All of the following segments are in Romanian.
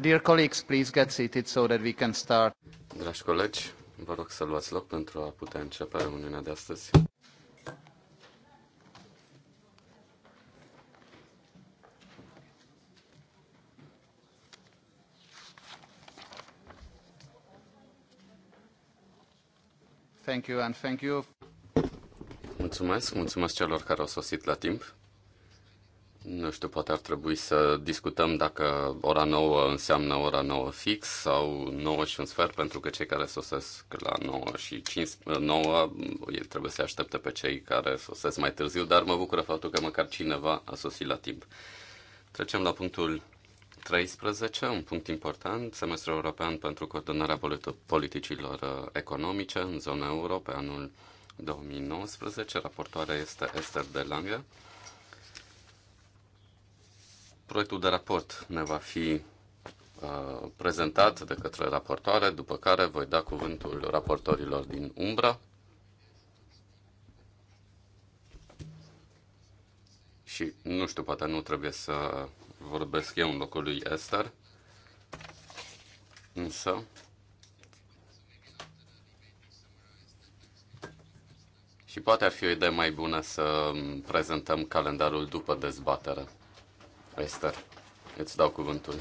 Dear colleagues, please get seated so that we can start. Dragi colegi, vă rog să luați loc pentru a putea începe reuniunea de astăzi. Thank you and thank you. Mulțumesc, mulțumesc celor care au sosit la timp nu știu, poate ar trebui să discutăm dacă ora 9 înseamnă ora 9 fix sau 9 și un sfert, pentru că cei care sosesc la 9 și 5, 9 el trebuie să aștepte pe cei care sosesc mai târziu, dar mă bucură faptul că măcar cineva a sosit la timp. Trecem la punctul 13, un punct important, semestrul european pentru coordonarea politicilor uh, economice în zona euro pe anul 2019. Raportoarea este Esther de Lange. Proiectul de raport ne va fi uh, prezentat de către raportoare, după care voi da cuvântul raportorilor din umbra. Și nu știu, poate nu trebuie să vorbesc eu în locul lui Esther, însă Și poate ar fi o idee mai bună să prezentăm calendarul după dezbatere. Esther, îți dau cuvântul.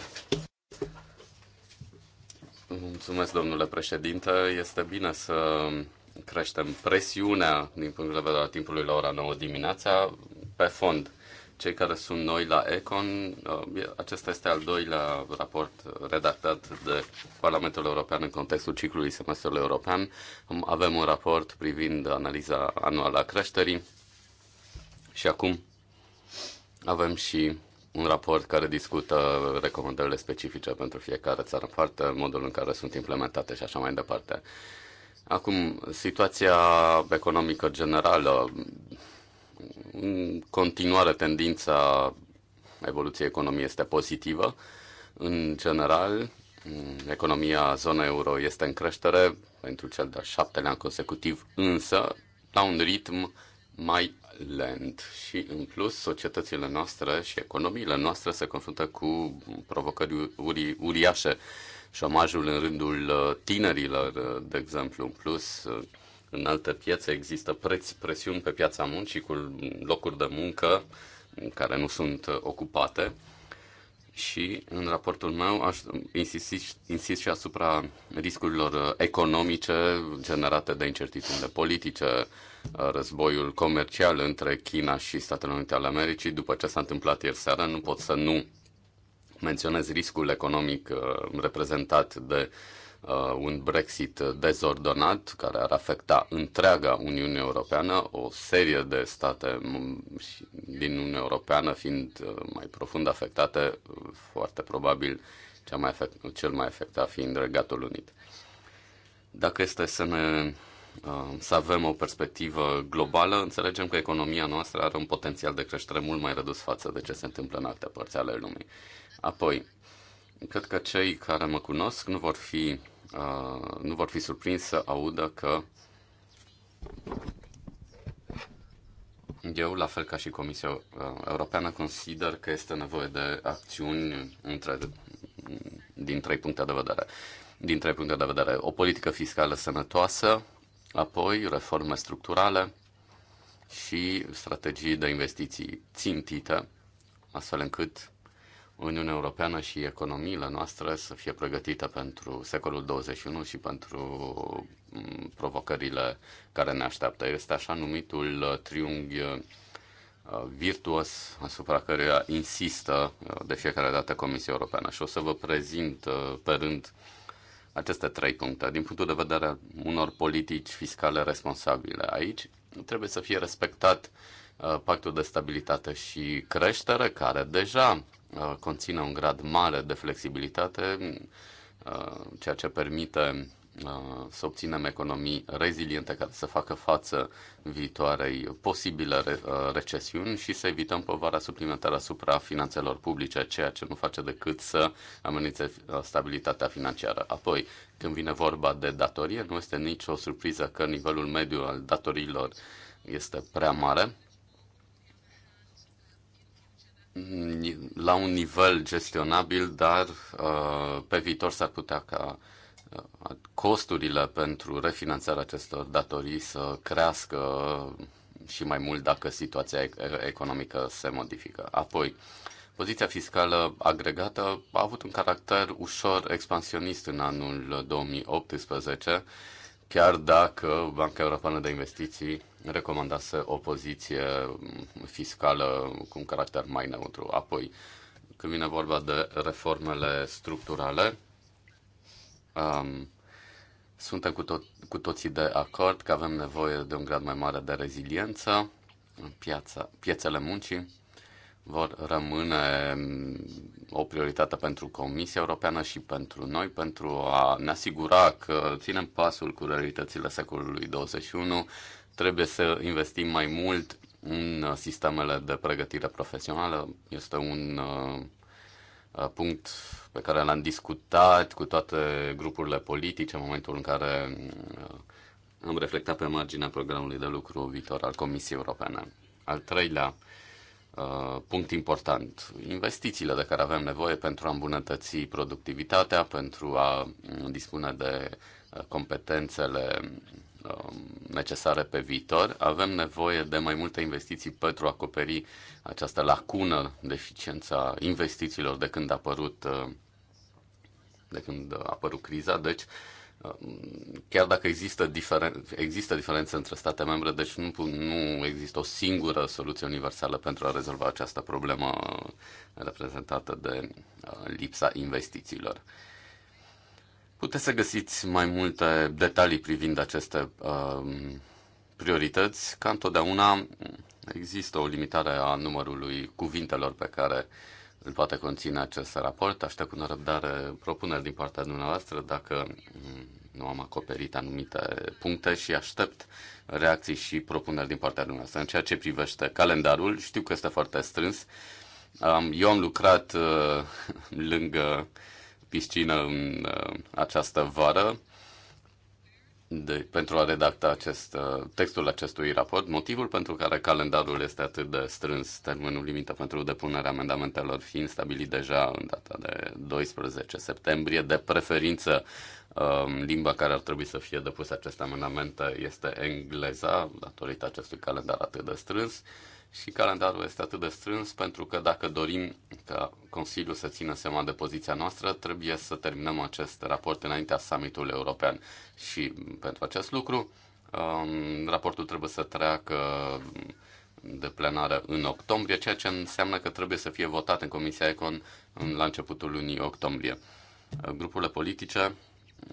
Mulțumesc, domnule președinte. Este bine să creștem presiunea din punctul de vedere al timpului la ora 9 dimineața pe fond. Cei care sunt noi la Econ, uh, acesta este al doilea raport redactat de Parlamentul European în contextul ciclului semestrului european. Avem un raport privind analiza anuală a creșterii și acum avem și un raport care discută recomandările specifice pentru fiecare țară în parte, modul în care sunt implementate și așa mai departe. Acum, situația economică generală, în continuare tendința evoluției economiei este pozitivă. În general, economia zonei euro este în creștere pentru cel de-al șaptelea an consecutiv, însă la un ritm mai lent și, în plus, societățile noastre și economiile noastre se confruntă cu provocări uri, uriașe. Șomajul în rândul uh, tinerilor, uh, de exemplu, în plus, uh, în alte piețe există preț, presiuni pe piața muncii cu locuri de muncă care nu sunt ocupate. Și în raportul meu aș insist, insist și asupra riscurilor economice generate de incertitudine politice, războiul comercial între China și Statele Unite ale Americii, după ce s-a întâmplat ieri seara, nu pot să nu menționez riscul economic uh, reprezentat de uh, un Brexit dezordonat care ar afecta întreaga Uniune Europeană, o serie de state mm, din Uniunea Europeană fiind uh, mai profund afectate, foarte probabil cea mai afect, cel mai afectat fiind Regatul Unit. Dacă este să ne Um, să avem o perspectivă globală, înțelegem că economia noastră are un potențial de creștere mult mai redus față de ce se întâmplă în alte părți ale lumii. Apoi, cred că cei care mă cunosc nu vor fi, uh, nu vor fi surprinși să audă că eu, la fel ca și Comisia uh, Europeană, consider că este nevoie de acțiuni între, din trei puncte de vedere. Din trei puncte de vedere, o politică fiscală sănătoasă, apoi reforme structurale și strategii de investiții țintite, astfel încât Uniunea Europeană și economiile noastre să fie pregătite pentru secolul 21 și pentru mm, provocările care ne așteaptă. Este așa numitul uh, triunghi uh, virtuos asupra căruia insistă uh, de fiecare dată Comisia Europeană. Și o să vă prezint pe rând aceste trei puncte din punctul de vedere unor politici fiscale responsabile. Aici trebuie să fie respectat uh, pactul de stabilitate și creștere, care deja uh, conține un grad mare de flexibilitate, uh, ceea ce permite să obținem economii reziliente care să facă față viitoarei posibile uh, recesiuni și să evităm povara suplimentară asupra finanțelor publice, ceea ce nu face decât să amenințe uh, stabilitatea financiară. Apoi, când vine vorba de datorie, nu este nicio surpriză că nivelul mediu al datoriilor este prea mare, la un nivel gestionabil, dar uh, pe viitor s-ar putea ca costurile pentru refinanțarea acestor datorii să crească și mai mult dacă situația economică se modifică. Apoi, poziția fiscală agregată a avut un caracter ușor expansionist în anul 2018, chiar dacă Banca Europeană de Investiții recomandase o poziție fiscală cu un caracter mai neutru. Apoi, când vine vorba de reformele structurale, um, suntem cu, tot, cu toții de acord că avem nevoie de un grad mai mare de reziliență în piața, piețele muncii vor rămâne um, o prioritate pentru Comisia Europeană și pentru noi, pentru a ne asigura că ținem pasul cu realitățile secolului 21. Trebuie să investim mai mult în uh, sistemele de pregătire profesională. Este un uh, Uh, punct pe care l-am discutat cu toate grupurile politice în momentul în care uh, am reflectat pe marginea programului de lucru viitor al Comisiei Europene. Al treilea uh, punct important, investițiile de care avem nevoie pentru a îmbunătăți productivitatea, pentru a mm, dispune de competențele Um, necesare pe viitor. Avem nevoie de mai multe investiții pentru a acoperi această lacună, deficiența investițiilor de când a apărut, uh, de când a apărut criza. Deci, um, chiar dacă există, diferen- există diferențe între state membre, deci nu, nu există o singură soluție universală pentru a rezolva această problemă reprezentată de uh, lipsa investițiilor. Puteți să găsiți mai multe detalii privind aceste uh, priorități. Ca întotdeauna există o limitare a numărului cuvintelor pe care îl poate conține acest raport. Aștept cu nerăbdare propuneri din partea dumneavoastră dacă mm, nu am acoperit anumite puncte și aștept reacții și propuneri din partea dumneavoastră. În ceea ce privește calendarul, știu că este foarte strâns. Eu am lucrat uh, lângă piscină în uh, această vară de, pentru a redacta acest, uh, textul acestui raport, motivul pentru care calendarul este atât de strâns, termenul limită pentru depunerea amendamentelor fiind stabilit deja în data de 12 septembrie, de preferință um, limba care ar trebui să fie depusă aceste amendamente este engleza, datorită acestui calendar atât de strâns și calendarul este atât de strâns pentru că dacă dorim ca Consiliul să țină seama de poziția noastră, trebuie să terminăm acest raport înaintea summitului european. Și pentru acest lucru, um, raportul trebuie să treacă de plenară în octombrie, ceea ce înseamnă că trebuie să fie votat în Comisia Econ la începutul lunii octombrie. Grupurile politice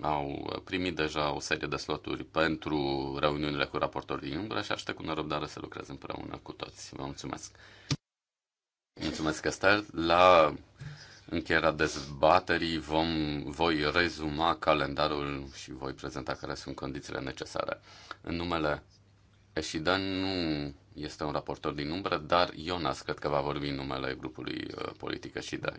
au primit deja o serie de sloturi pentru reuniunile cu raportori din umbră și aștept cu nerăbdare să lucrez împreună cu toți. Vă mulțumesc! Mulțumesc, Castel! La încheierea dezbaterii vom, voi rezuma calendarul și voi prezenta care sunt condițiile necesare. În numele Eșidan nu este un raportor din umbră, dar Ionas cred că va vorbi în numele grupului uh, politic Eșida.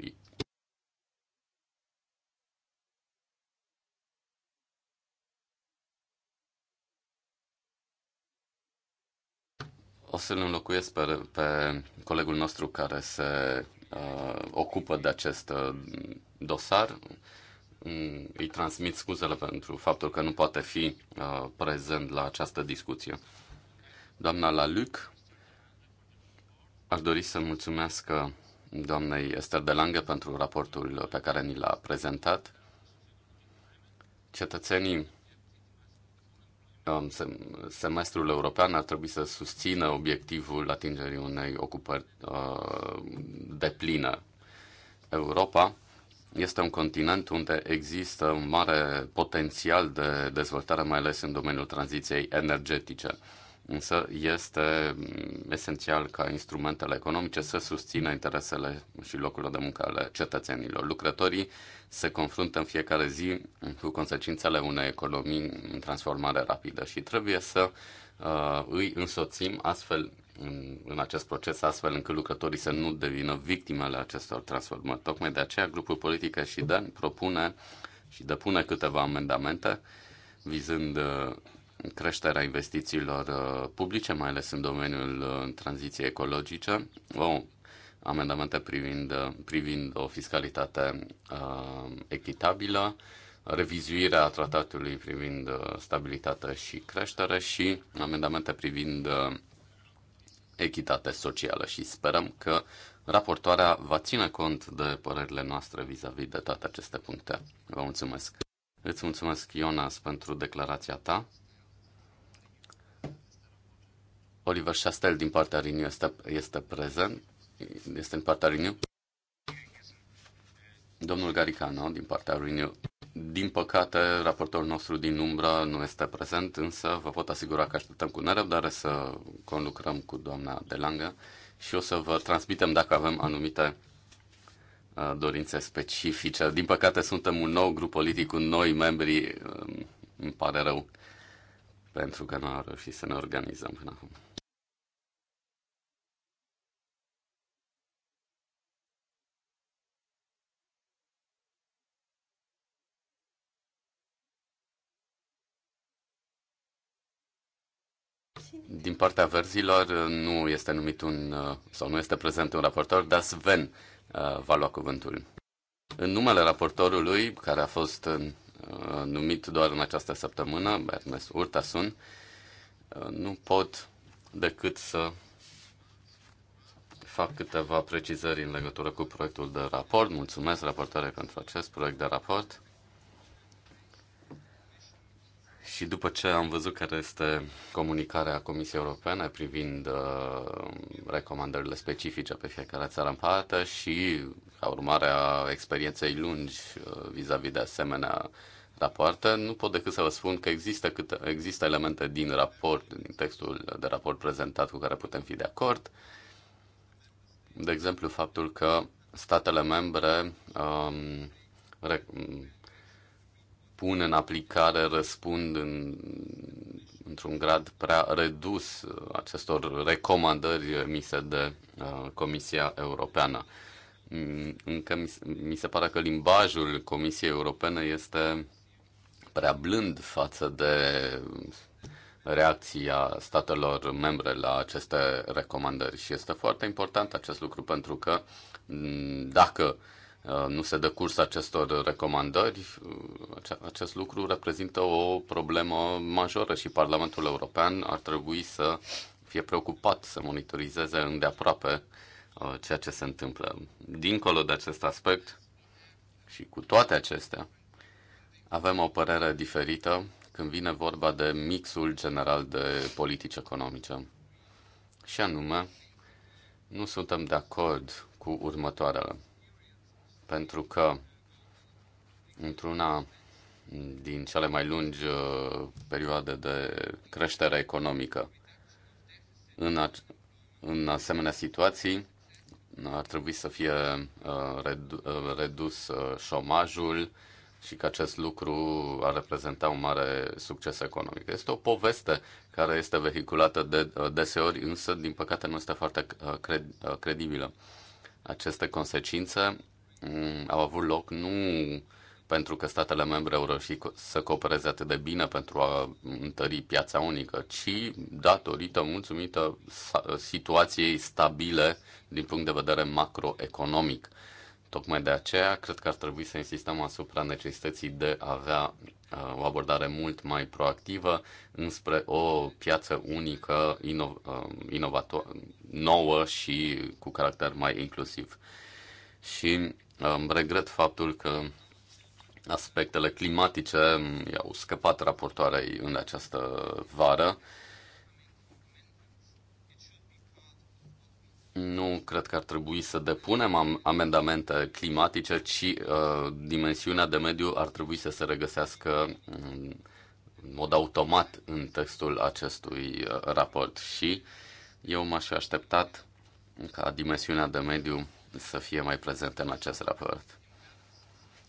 O să-l înlocuiesc pe, pe colegul nostru care se uh, ocupă de acest uh, dosar. Mm, îi transmit scuzele pentru faptul că nu poate fi uh, prezent la această discuție. Doamna Laluc, aș dori să mulțumesc uh, doamnei Esther de Lange pentru raportul pe care ni l-a prezentat. Cetățenii Um, semestrul european ar trebui să susțină obiectivul atingerii unei ocupări uh, de plină. Europa este un continent unde există un mare potențial de dezvoltare, mai ales în domeniul tranziției energetice. Însă este mm, esențial ca instrumentele economice să susțină interesele și locurile de muncă ale cetățenilor. Lucrătorii se confruntă în fiecare zi cu consecințele unei economii în transformare rapidă și trebuie să uh, îi însoțim astfel în, în acest proces, astfel încât lucrătorii să nu devină victimele acestor transformări. Tocmai de aceea grupul politic și Dan propune și depune câteva amendamente vizând uh, creșterea investițiilor uh, publice, mai ales în domeniul uh, tranziției ecologice, o amendamente privind, uh, privind o fiscalitate uh, echitabilă, revizuirea tratatului privind stabilitatea și creștere și amendamente privind uh, echitate socială și sperăm că raportoarea va ține cont de părerile noastre vis-a-vis -vis de toate aceste puncte. Vă mulțumesc! Îți mulțumesc, Ionas, pentru declarația ta. Oliver Chastel din partea Renew este, este prezent, este în partea Renew. Domnul Garicano din partea Renew. Din păcate, raportorul nostru din umbră nu este prezent, însă vă pot asigura că așteptăm cu nerăbdare să conlucrăm cu doamna Delanga și o să vă transmitem dacă avem anumite uh, dorințe specifice. Din păcate, suntem un nou grup politic, un noi membri. Um, îmi pare rău pentru că nu am reușit să ne organizăm până acum. Din partea verzilor nu este numit un, uh, sau nu este prezent un raportor, dar Sven uh, va lua cuvântul. În numele raportorului, care a fost uh, numit doar în această săptămână, Ernest Urtasun, nu pot decât să fac câteva precizări în legătură cu proiectul de raport. Mulțumesc raportare pentru acest proiect de raport. Și după ce am văzut care este comunicarea Comisiei Europene privind uh, recomandările specifice pe fiecare țară în parte și ca urmare a experienței lungi uh, vis-a-vis de asemenea rapoarte, nu pot decât să vă spun că există, câte, există elemente din raport, din textul de raport prezentat cu care putem fi de acord. De exemplu, faptul că statele membre um, pun în aplicare răspund în, într-un grad prea redus uh, acestor recomandări emise uh, de uh, Comisia Europeană. Mm, încă mi, mi se pare că limbajul Comisiei Europene este prea blând față de reacția statelor membre la aceste recomandări și este foarte important acest lucru pentru că mm, dacă uh, Uh, nu se dă curs acestor recomandări, uh, acest lucru reprezintă o problemă majoră și Parlamentul European ar trebui să fie preocupat să monitorizeze îndeaproape uh, ceea ce se întâmplă. Dincolo de acest aspect și cu toate acestea, avem o părere diferită când vine vorba de mixul general de politici economice. Și anume, nu suntem de acord cu următoarele pentru că într-una din cele mai lungi uh, perioade de creștere economică, în, în asemenea situații, ar trebui să fie uh, uh, redus șomajul și că acest lucru ar reprezenta un mare succes economic. Este o poveste care este vehiculată de deseori, însă, din păcate, nu este foarte credibilă. Aceste consecințe Mm, au avut loc nu pentru că statele membre au reușit să coopereze atât de bine pentru a întări piața unică, ci datorită, mulțumită situației stabile din punct de vedere macroeconomic. Tocmai de aceea, cred că ar trebui să insistăm asupra necesității de a avea uh, o abordare mult mai proactivă înspre o piață unică, ino- uh, nouă și cu caracter mai inclusiv. Și regret faptul că aspectele climatice i-au scăpat raportoarei în această vară. Nu cred că ar trebui să depunem amendamente climatice, ci uh, dimensiunea de mediu ar trebui să se regăsească în mod automat în textul acestui uh, raport. Și eu m-aș fi așteptat ca dimensiunea de mediu să fie mai prezente în acest raport.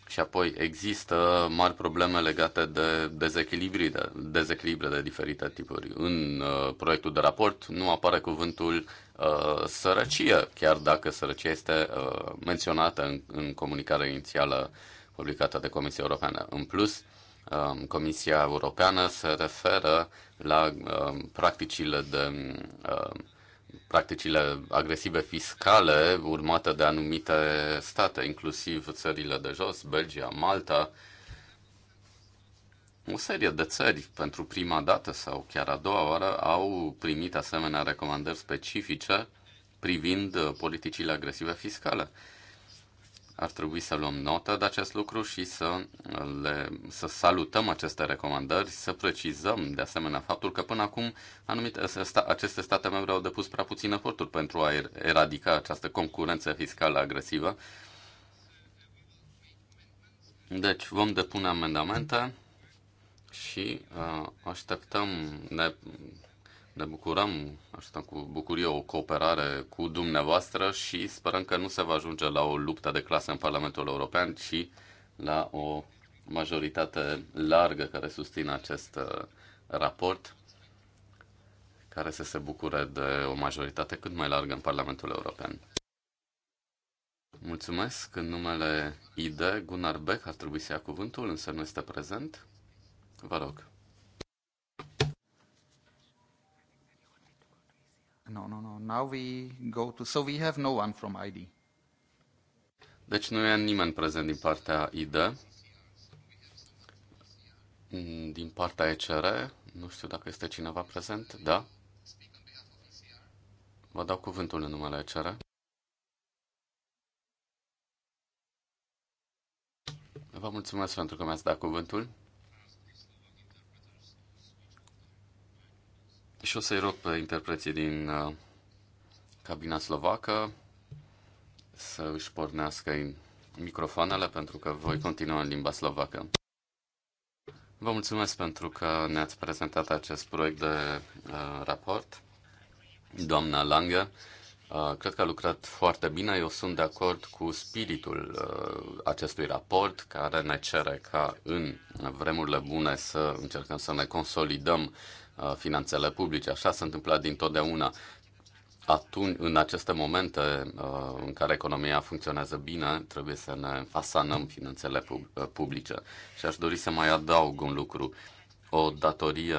Și apoi există mari probleme legate de dezechilibre, de, dezechilibre de diferite tipuri. În uh, proiectul de raport nu apare cuvântul uh, sărăcie, chiar dacă sărăcia este uh, menționată în, în comunicarea inițială publicată de Comisia Europeană. În plus, uh, Comisia Europeană se referă la uh, practicile de uh, practicile agresive fiscale urmate de anumite state, inclusiv țările de jos, Belgia, Malta, o serie de țări, pentru prima dată sau chiar a doua oară, au primit asemenea recomandări specifice privind politicile agresive fiscale. Ar trebui să luăm notă de acest lucru și să, le, să salutăm aceste recomandări, să precizăm de asemenea faptul că până acum anumite, aceste state membre au depus prea puține eforturi pentru a er, eradica această concurență fiscală agresivă. Deci vom depune amendamente și uh, așteptăm, ne ne bucurăm, așteptăm cu bucurie o cooperare cu dumneavoastră și sperăm că nu se va ajunge la o luptă de clasă în Parlamentul European, ci la o majoritate largă care susține acest uh, raport, care să se bucure de o majoritate cât mai largă în Parlamentul European. Mulțumesc. În numele ID, Gunnar Beck ar trebui să ia cuvântul, însă nu este prezent. Vă rog. No, no, no. Now we go to... So we have no one from ID. Deci nu e nimeni prezent din partea ID. Mm, din partea ECR, nu știu dacă este cineva prezent, da? Vă dau cuvântul în numele ECR. Vă mulțumesc pentru că mi-ați dat cuvântul. Și o să-i rog pe interpreții din uh, cabina slovacă să își pornească microfoanele pentru că voi continua în limba slovacă. Vă mulțumesc pentru că ne-ați prezentat acest proiect de uh, raport. Doamna Lange, uh, cred că a lucrat foarte bine. Eu sunt de acord cu spiritul uh, acestui raport care ne cere ca în vremurile bune să încercăm să ne consolidăm Uh, finanțele publice. Așa s-a întâmplat dintotdeauna. Atunci, în aceste momente uh, în care economia funcționează bine, trebuie să ne asanăm finanțele uh, publice. Și aș dori să mai adaug un lucru. O datorie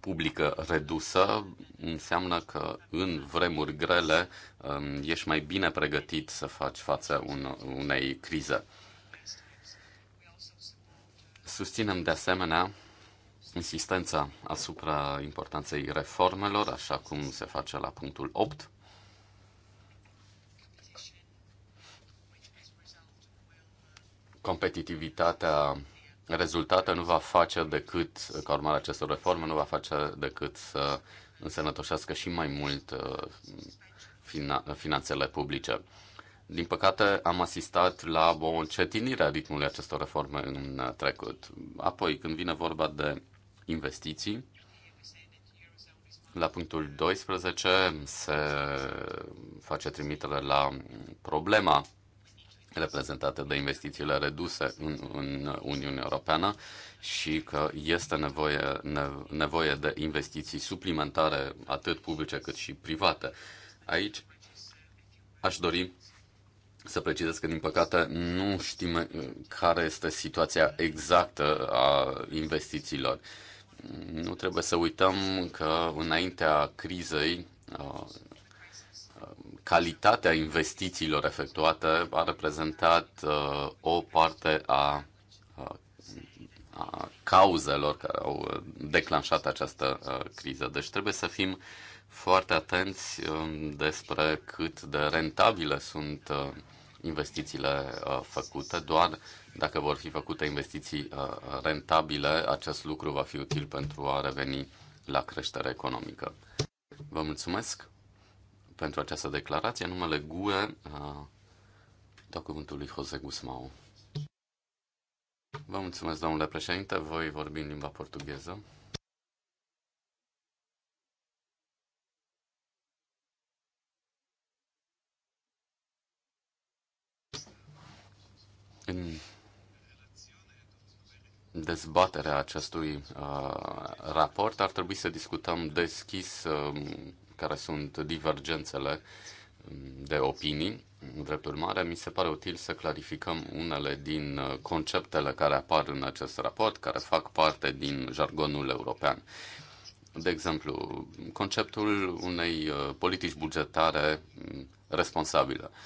publică redusă înseamnă că în vremuri grele um, ești mai bine pregătit să faci față unei crize. Susținem de asemenea insistența asupra importanței reformelor, așa cum se face la punctul 8. Competitivitatea rezultată nu va face decât, ca urmare acestor reforme, nu va face decât să însănătoșească și mai mult uh, finanțele publice. Din păcate, am asistat la o încetinire a ritmului acestor reforme în trecut. Apoi, când vine vorba de investiții. La punctul 12 se face trimitere la problema reprezentată de investițiile reduse în, în Uniunea Europeană și că este nevoie, nevoie de investiții suplimentare, atât publice cât și private. Aici aș dori să precizez că, din păcate, nu știm care este situația exactă a investițiilor. Uh, nu trebuie să uităm că înaintea crizei uh, uh, calitatea investițiilor efectuate a reprezentat uh, o parte a, a cauzelor care au declanșat această criză. Deci trebuie să fim foarte atenți um, despre cât de rentabile sunt investițiile făcute. Doar dacă vor fi făcute investiții uh, uh, rentabile, acest lucru va fi util pentru a reveni la creștere economică. Vă mulțumesc pentru această declarație. Numele GUE uh, dau cuvântul lui Jose Guzmao. Vă mulțumesc, domnule președinte. Voi vorbi în limba portugheză. În dezbaterea acestui uh, raport, ar trebui să discutăm deschis uh, care sunt divergențele um, de opinii. Drept urmare, mi se pare util să clarificăm unele din uh, conceptele care apar în acest raport, care fac parte din jargonul european. De exemplu, conceptul unei uh, politici bugetare um, responsabile. Uh,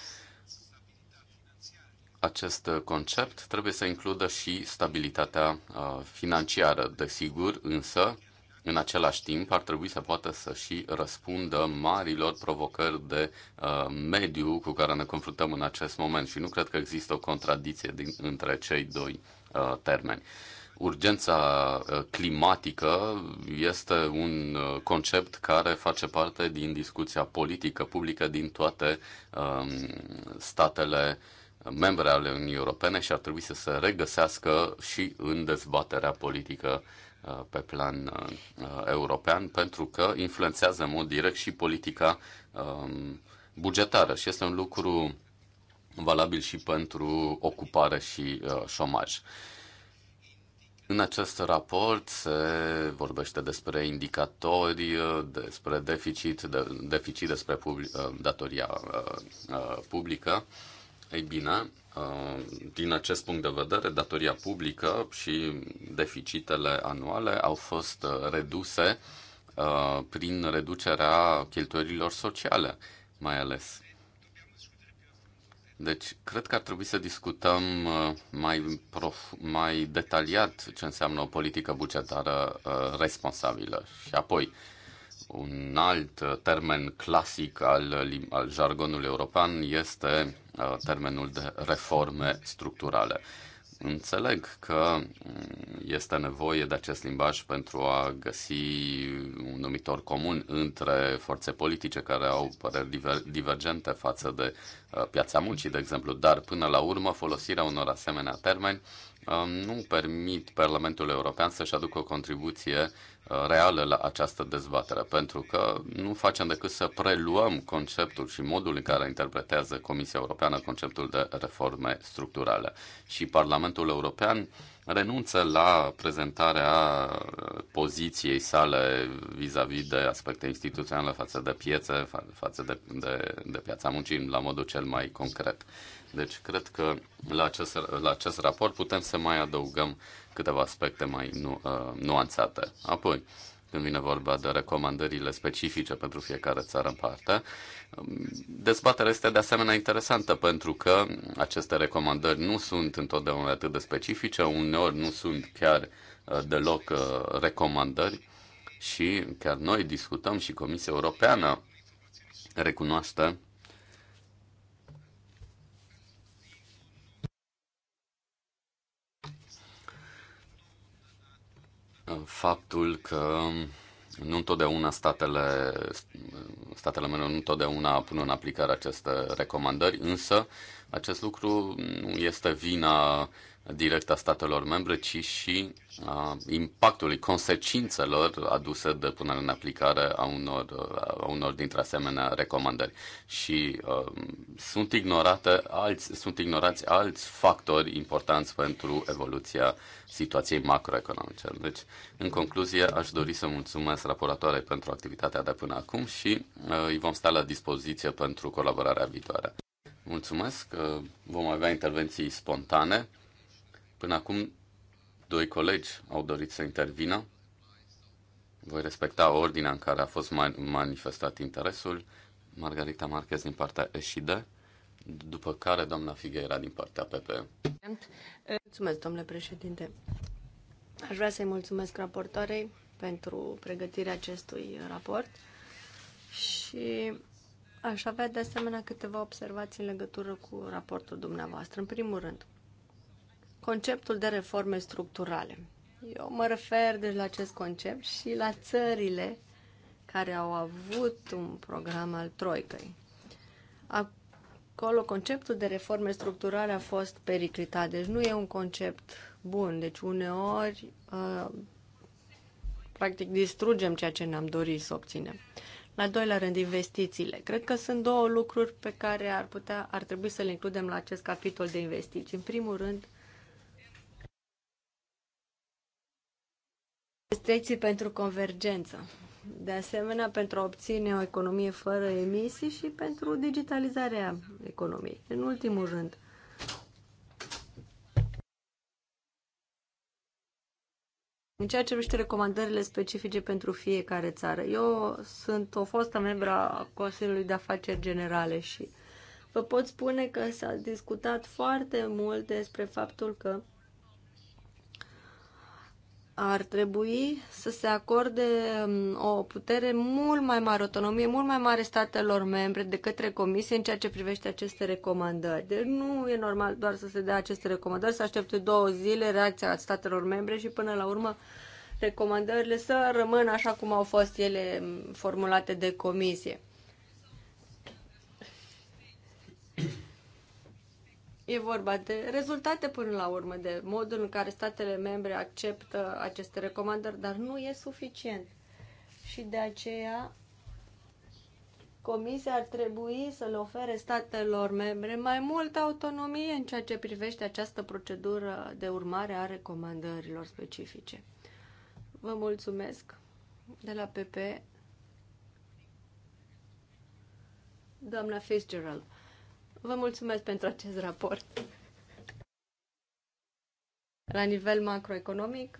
acest uh, concept trebuie să includă și stabilitatea uh, financiară, desigur, însă, în același timp, ar trebui să poată să și răspundă marilor provocări de uh, mediu cu care ne confruntăm în acest moment și nu cred că există o contradicție din, între cei doi termeni. Urgența climatică este un concept care face parte din discuția politică publică din toate um, statele uh, membre ale Uniunii Europene și ar trebui să se regăsească și în dezbaterea politică uh, pe plan uh, european, pentru că influențează în mod direct și politica um, bugetară și este un lucru valabil și pentru ocupare și uh, șomaj. În acest raport se vorbește despre indicatori, despre deficit, de, deficit despre public, datoria publică ei bine, uh, din acest punct de vedere, datoria publică și deficitele anuale au fost uh, reduse uh, prin reducerea cheltuielilor sociale, mai ales. Deci, cred că ar trebui să discutăm mai, prof, mai detaliat ce înseamnă o politică bugetară responsabilă. Și apoi, un alt uh, termen clasic al, al jargonului european este uh, termenul de reforme structurale. Înțeleg că mm, este nevoie de acest limbaj pentru a găsi un numitor comun între forțe politice care au păreri diver, divergente față de uh, piața muncii, de exemplu, dar până la urmă folosirea unor asemenea termeni Um, nu permit Parlamentul European să-și aducă o contribuție uh, reală la această dezbatere, pentru că nu facem decât să preluăm conceptul și modul în care interpretează Comisia Europeană conceptul de reforme structurale. Și Parlamentul European renunță la prezentarea poziției sale vis-a-vis -vis de aspecte instituționale față de piețe, față de, de, de piața muncii, la modul cel mai concret. Deci cred că la acest, la acest raport putem să mai adăugăm câteva aspecte mai nu, uh, nuanțate. Apoi, când vine vorba de recomandările specifice pentru fiecare țară în parte. Um, dezbaterea este de asemenea interesantă pentru că aceste recomandări nu sunt întotdeauna atât de specifice, uneori nu sunt chiar uh, deloc uh, recomandări și chiar noi discutăm și Comisia Europeană recunoaște faptul că nu întotdeauna statele, statele mele nu întotdeauna pun în aplicare aceste recomandări, însă acest lucru nu este vina direct a statelor membre, ci și a impactului, consecințelor aduse de punerea în aplicare a unor, a unor dintre asemenea recomandări. Și uh, sunt, ignorate alți, sunt ignorați alți factori importanți pentru evoluția situației macroeconomice. Deci, în concluzie, aș dori să mulțumesc raportoarei pentru activitatea de până acum și uh, îi vom sta la dispoziție pentru colaborarea viitoare. Mulțumesc, uh, vom avea intervenții spontane Până acum, doi colegi au dorit să intervină. Voi respecta ordinea în care a fost manifestat interesul. Margarita Marquez din partea Eșidă, după care doamna Figueira din partea PP. Mulțumesc, domnule președinte. Aș vrea să-i mulțumesc raportoarei pentru pregătirea acestui raport și aș avea de asemenea câteva observații în legătură cu raportul dumneavoastră. În primul rând, conceptul de reforme structurale. Eu mă refer deci la acest concept și la țările care au avut un program al Troicăi. Acolo conceptul de reforme structurale a fost periclitat, deci nu e un concept bun. Deci uneori, uh, practic, distrugem ceea ce ne-am dorit să obținem. La doilea rând, investițiile. Cred că sunt două lucruri pe care ar, putea, ar trebui să le includem la acest capitol de investiții. În primul rând, restricții pentru convergență. De asemenea, pentru a obține o economie fără emisii și pentru digitalizarea economiei. În ultimul rând, În ceea ce privește recomandările specifice pentru fiecare țară, eu sunt o fostă membra a Consiliului de Afaceri Generale și vă pot spune că s-a discutat foarte mult despre faptul că ar trebui să se acorde um, o putere mult mai mare, autonomie mult mai mare statelor membre de către comisie în ceea ce privește aceste recomandări. Deci nu e normal doar să se dea aceste recomandări, să aștepte două zile reacția statelor membre și până la urmă recomandările să rămână așa cum au fost ele um, formulate de comisie. E vorba de rezultate până la urmă, de modul în care statele membre acceptă aceste recomandări, dar nu e suficient. Și de aceea Comisia ar trebui să le ofere statelor membre mai multă autonomie în ceea ce privește această procedură de urmare a recomandărilor specifice. Vă mulțumesc de la PP, doamna Fitzgerald. Vă mulțumesc pentru acest raport. La nivel macroeconomic,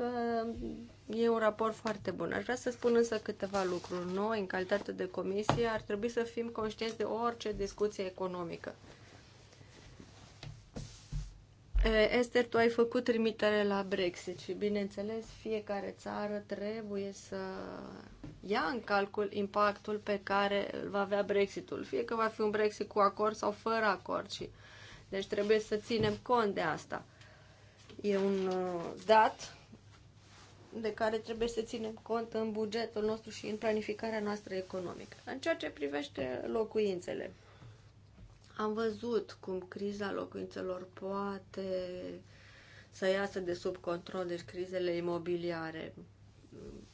e un raport foarte bun. Aș vrea să spun însă câteva lucruri. Noi, în calitate de comisie, ar trebui să fim conștienți de orice discuție economică. Esther, tu ai făcut trimitere la Brexit și, bineînțeles, fiecare țară trebuie să ia în calcul impactul pe care îl va avea Brexitul, fie că va fi un Brexit cu acord sau fără acord. Și... Deci trebuie să ținem cont de asta. E un uh, dat de care trebuie să ținem cont în bugetul nostru și în planificarea noastră economică. În ceea ce privește locuințele, am văzut cum criza locuințelor poate să iasă de sub control, deci crizele imobiliare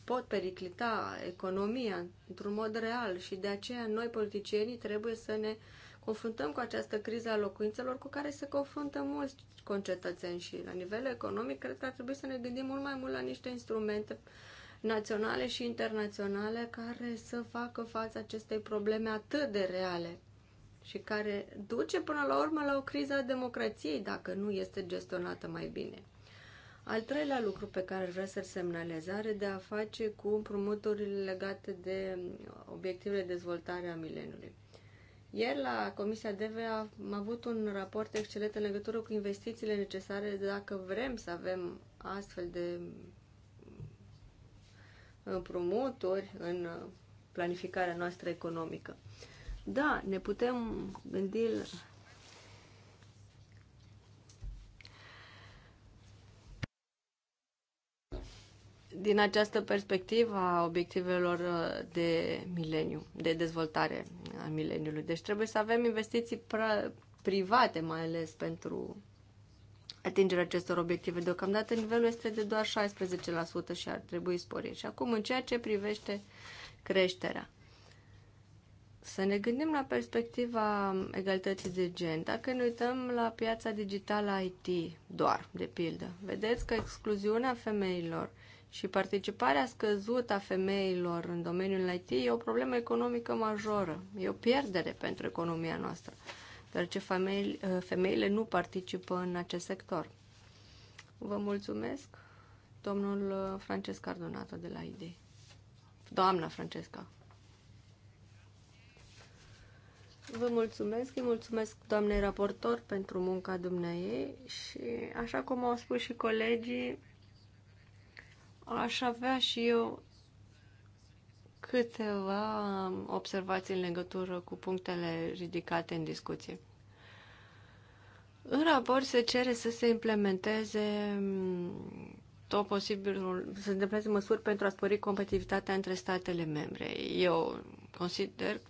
pot periclita economia într-un mod real și de aceea noi politicienii trebuie să ne confruntăm cu această criză a locuințelor cu care se confruntă mulți concetățeni și la nivel economic cred că ar trebui să ne gândim mult mai mult la niște instrumente naționale și internaționale care să facă față acestei probleme atât de reale și care duce până la urmă la o criză a democrației dacă nu este gestionată mai bine. Al treilea lucru pe care vreau să-l semnalez are de a face cu împrumuturile legate de obiectivele de dezvoltare a mileniului. Ieri la Comisia DV am avut un raport excelent în legătură cu investițiile necesare dacă vrem să avem astfel de împrumuturi în planificarea noastră economică. Da, ne putem gândi din această perspectivă a obiectivelor uh, de mileniu, de dezvoltare a mileniului. Deci trebuie să avem investiții private, mai ales pentru atingerea acestor obiective. Deocamdată nivelul este de doar 16% și ar trebui sporit. Și acum, în ceea ce privește creșterea să ne gândim la perspectiva egalității de gen. Dacă ne uităm la piața digitală IT doar, de pildă, vedeți că excluziunea femeilor și participarea scăzută a femeilor în domeniul IT e o problemă economică majoră, e o pierdere pentru economia noastră, deoarece femeile nu participă în acest sector. Vă mulțumesc, domnul Francesc Ardonato de la ID. Doamna Francesca Vă mulțumesc, îi mulțumesc doamnei raportor pentru munca dumneai și așa cum au spus și colegii, aș avea și eu câteva observații în legătură cu punctele ridicate în discuție. În raport se cere să se implementeze tot posibilul, să se măsuri pentru a spori competitivitatea între statele membre. Eu consider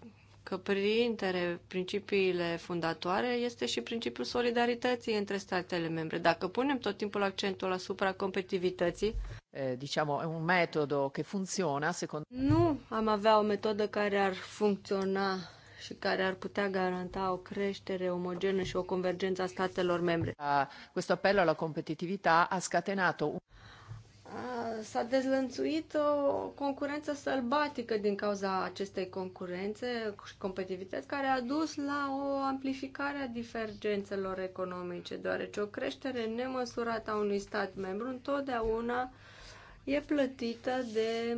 că printre principiile fundatoare este și principiul solidarității între statele membre. Dacă punem tot timpul accentul asupra competitivității, eh, diciamo, è un metodo che funziona secondo Nu am avea o metodă care ar funcționa și care ar putea garanta o creștere omogenă și o convergență a statelor membre. A, ah, questo appello alla competitività ha scatenato un s-a dezlănțuit o concurență sălbatică din cauza acestei concurențe și competitivități care a dus la o amplificare a divergențelor economice, deoarece o creștere nemăsurată a unui stat membru întotdeauna e plătită de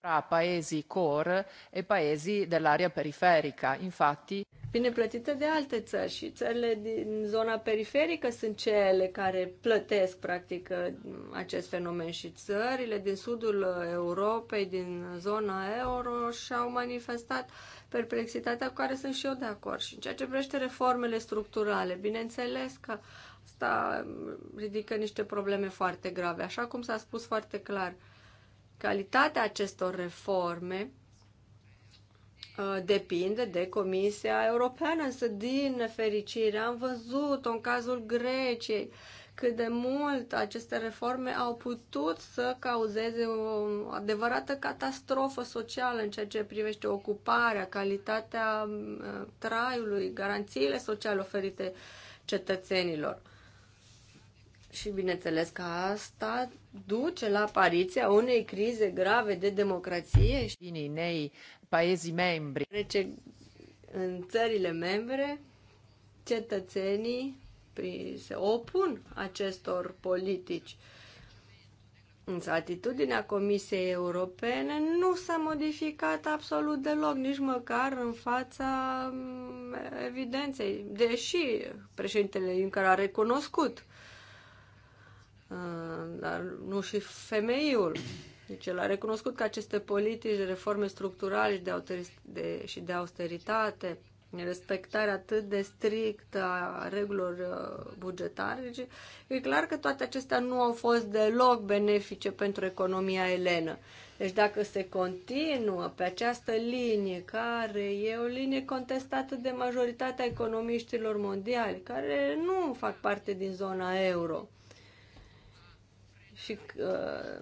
tra paesi core e paesi dell'area periferica. Infatti, bine plătită de alte țări și țările din zona periferică sunt cele care plătesc practic acest fenomen și țările din sudul Europei, din zona euro și-au manifestat perplexitatea cu care sunt și eu de acord. Și în ceea ce privește reformele structurale, bineînțeles că asta ridică niște probleme foarte grave. Așa cum s-a spus foarte clar, uh, Calitatea acestor reforme uh, depinde de Comisia Europeană, însă din nefericire am văzut în cazul Greciei cât de mult aceste reforme au putut să cauzeze o adevărată catastrofă socială în ceea ce privește ocuparea, calitatea uh, traiului, garanțiile sociale oferite cetățenilor. Și bineînțeles că asta duce la apariția unei crize grave de democrație și din nei paesi membri. Trece în țările membre, cetățenii se opun acestor politici. Însă atitudinea Comisiei Europene nu s-a modificat absolut deloc, nici măcar în fața mm, evidenței, deși președintele Juncker a recunoscut Ah, dar nu și femeiul. Deci el a recunoscut că aceste politici de reforme structurale și de, de, și de austeritate, respectarea atât de strictă a regulilor uh, bugetare, deci e clar că toate acestea nu au fost deloc benefice pentru economia elenă. Deci dacă se continuă pe această linie, care e o linie contestată de majoritatea economiștilor mondiali, care nu fac parte din zona euro, și uh,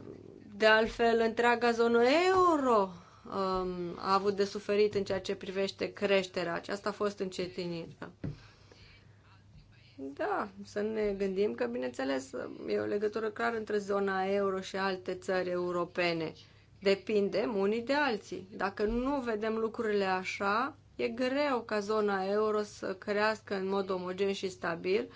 de altfel, întreaga zonă euro um, a avut de suferit în ceea ce privește creșterea. Aceasta a fost încetinită. Da, să ne gândim că, bineînțeles, e o legătură clară între zona euro și alte țări europene. Depindem unii de alții. Dacă nu vedem lucrurile așa, e greu ca zona euro să crească în mod omogen și stabil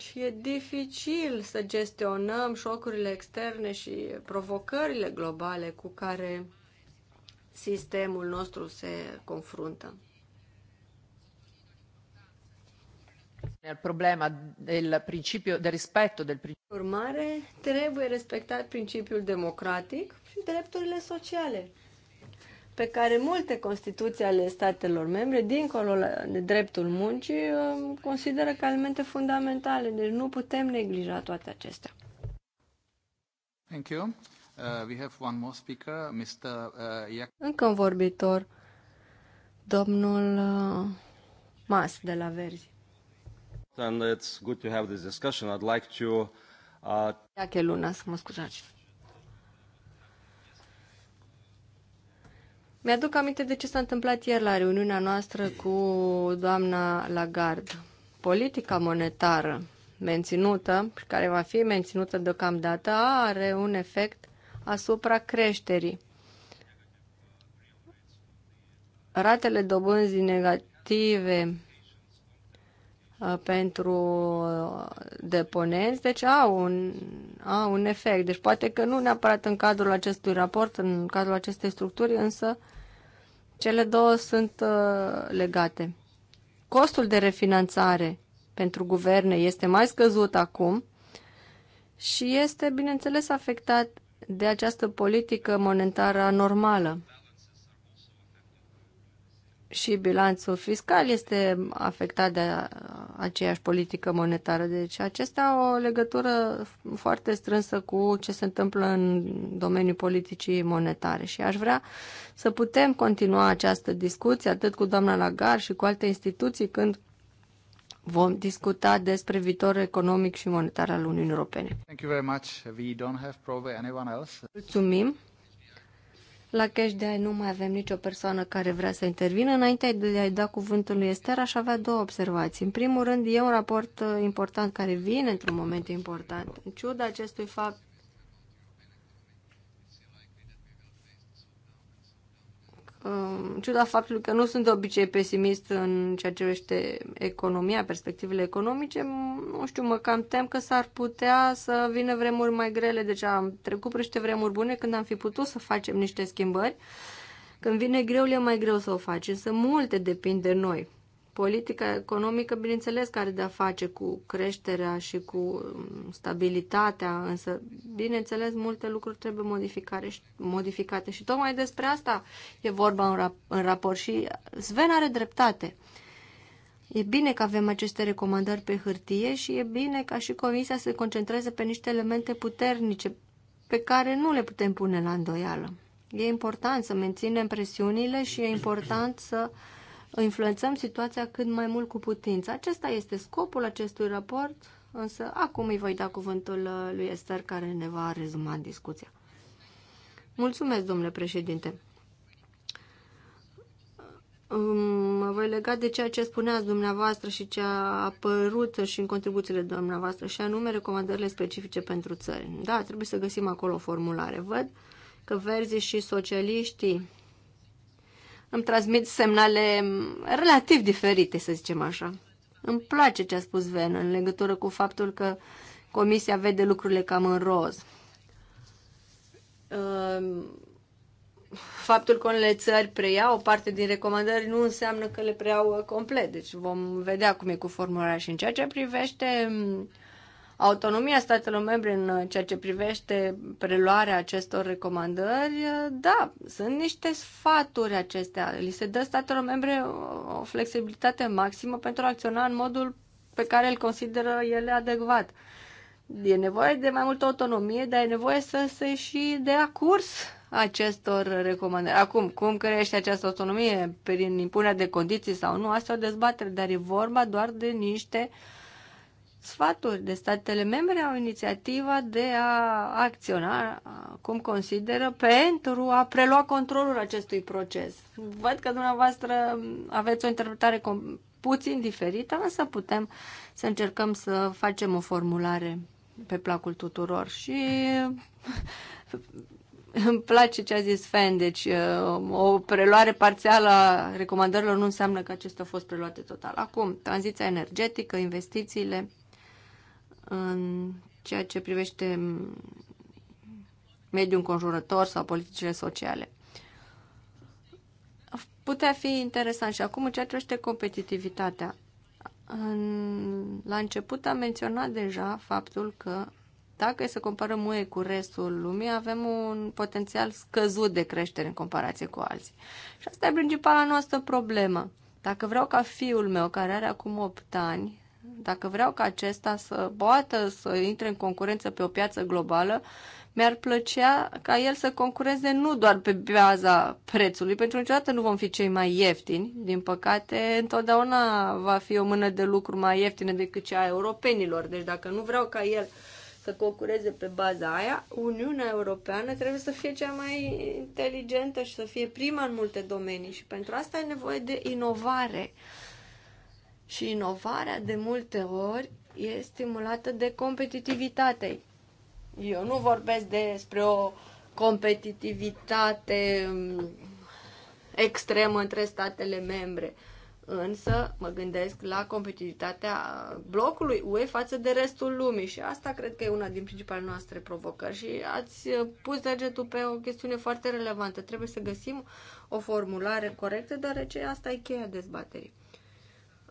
și e dificil să gestionăm șocurile externe și provocările globale cu care sistemul nostru se confruntă. Il problema del principio del rispetto del principio. Urmare, trebuie respectat principiul democratic și drepturile sociale pe care multe constituții ale statelor membre, dincolo de dreptul muncii, um, consideră ca elemente fundamentale. Deci nu putem neglija toate acestea. Thank you. Uh, we have one more speaker, Mr. Uh, Încă un vorbitor, domnul uh, Mas de la Verzi. And it's good to have this discussion. I'd like to... Uh... Iache Luna, să mă scuzați. Mi-aduc aminte de ce s-a întâmplat ieri la reuniunea noastră cu doamna Lagarde. Politica monetară menținută și care va fi menținută deocamdată are un efect asupra creșterii. Ratele dobânzii negative Uh, pentru uh, deponenți, deci au un, au un efect. Deci poate că nu neapărat în cadrul acestui raport, în cadrul acestei structuri, însă cele două sunt uh, legate. Costul de refinanțare pentru guverne este mai scăzut acum și este, bineînțeles, afectat de această politică monetară normală și bilanțul fiscal este afectat de aceeași politică monetară. Deci acestea au o legătură foarte strânsă cu ce se întâmplă în domeniul politicii monetare și aș vrea să putem continua această discuție atât cu doamna Lagarde și cu alte instituții când vom discuta despre viitorul economic și monetar al Uniunii Europene. Mulțumim. La cash de nu mai avem nicio persoană care vrea să intervină. Înainte de a-i da cuvântul lui Ester, aș avea două observații. În primul rând, e un raport uh, important care vine într-un moment important. În ciuda acestui fapt în ciuda faptului că nu sunt de obicei pesimist în ceea ce privește economia, perspectivele economice, nu știu, mă cam tem că s-ar putea să vină vremuri mai grele. Deci am trecut prin niște vremuri bune când am fi putut să facem niște schimbări. Când vine greu, e mai greu să o faci, însă multe depind de noi politica economică, bineînțeles, care de-a face cu creșterea și cu um, stabilitatea, însă, bineînțeles, multe lucruri trebuie modificare și, modificate și tocmai despre asta e vorba în, rap- în raport și Sven are dreptate. E bine că avem aceste recomandări pe hârtie și e bine ca și Comisia să se concentreze pe niște elemente puternice pe care nu le putem pune la îndoială. E important să menținem presiunile și e important să uh, influențăm situația cât mai mult cu putință. Acesta este scopul acestui raport, însă acum îi voi da cuvântul uh, lui Ester care ne va rezuma discuția. Mulțumesc, domnule președinte. Um, mă voi lega de ceea ce spuneați dumneavoastră și ce a apărut și în contribuțiile dumneavoastră, și anume recomandările specifice pentru țări. Da, trebuie să găsim acolo o formulare. Văd că verzii și socialiștii îmi transmit semnale relativ diferite, să zicem așa. Îmi place ce a spus Ven în legătură cu faptul că comisia vede lucrurile cam în roz. Ehm, faptul că unele țări preiau o parte din recomandări nu înseamnă că le preiau complet, deci vom vedea cum e cu formularea și în ceea ce privește mm, autonomia statelor membre în ceea ce privește preluarea acestor recomandări, da, sunt niște sfaturi acestea. Li se dă statelor membre o flexibilitate maximă pentru a acționa în modul pe care îl consideră ele adecvat. E nevoie de mai multă autonomie, dar e nevoie să se și dea curs acestor recomandări. Acum, cum crește această autonomie? Prin impunerea de condiții sau nu? Asta e o dezbatere, dar e vorba doar de niște uh, sfaturi de statele membre au inițiativa de a acționa, cum consideră, pentru a prelua controlul acestui proces. Văd că dumneavoastră aveți o interpretare puțin diferită, însă putem să încercăm să facem o formulare pe placul tuturor și îmi place ce a zis Fan, deci uh, o preluare parțială a recomandărilor nu înseamnă că acestea au fost preluate total. Acum, tranziția energetică, investițiile, în ceea ce privește mediul înconjurător sau politicile sociale. Putea fi interesant și acum în ceea ce privește competitivitatea. În, la început am menționat deja faptul că dacă e să comparăm UE cu restul lumii, avem un potențial scăzut de creștere în comparație cu alții. Și asta e principala noastră problemă. Dacă vreau ca fiul meu, care are acum 8 ani, dacă vreau ca acesta să poată să intre în concurență pe o piață globală, mi-ar plăcea ca el să concureze nu doar pe baza prețului, pentru că niciodată nu vom fi cei mai ieftini. Din păcate, întotdeauna va fi o mână de lucru mai ieftină decât cea a europenilor. Deci dacă nu vreau ca el să concureze pe baza aia, Uniunea Europeană trebuie să fie cea mai inteligentă și să fie prima în multe domenii. Și pentru asta e nevoie de inovare. Și inovarea de multe ori e stimulată de competitivitatea. Eu nu vorbesc despre o competitivitate um, extremă între statele membre, însă mă gândesc la competitivitatea blocului UE față de restul lumii și asta cred că e una din principalele noastre provocări și ați pus degetul pe o chestiune foarte relevantă. Trebuie să găsim o formulare corectă, deoarece asta e cheia dezbaterii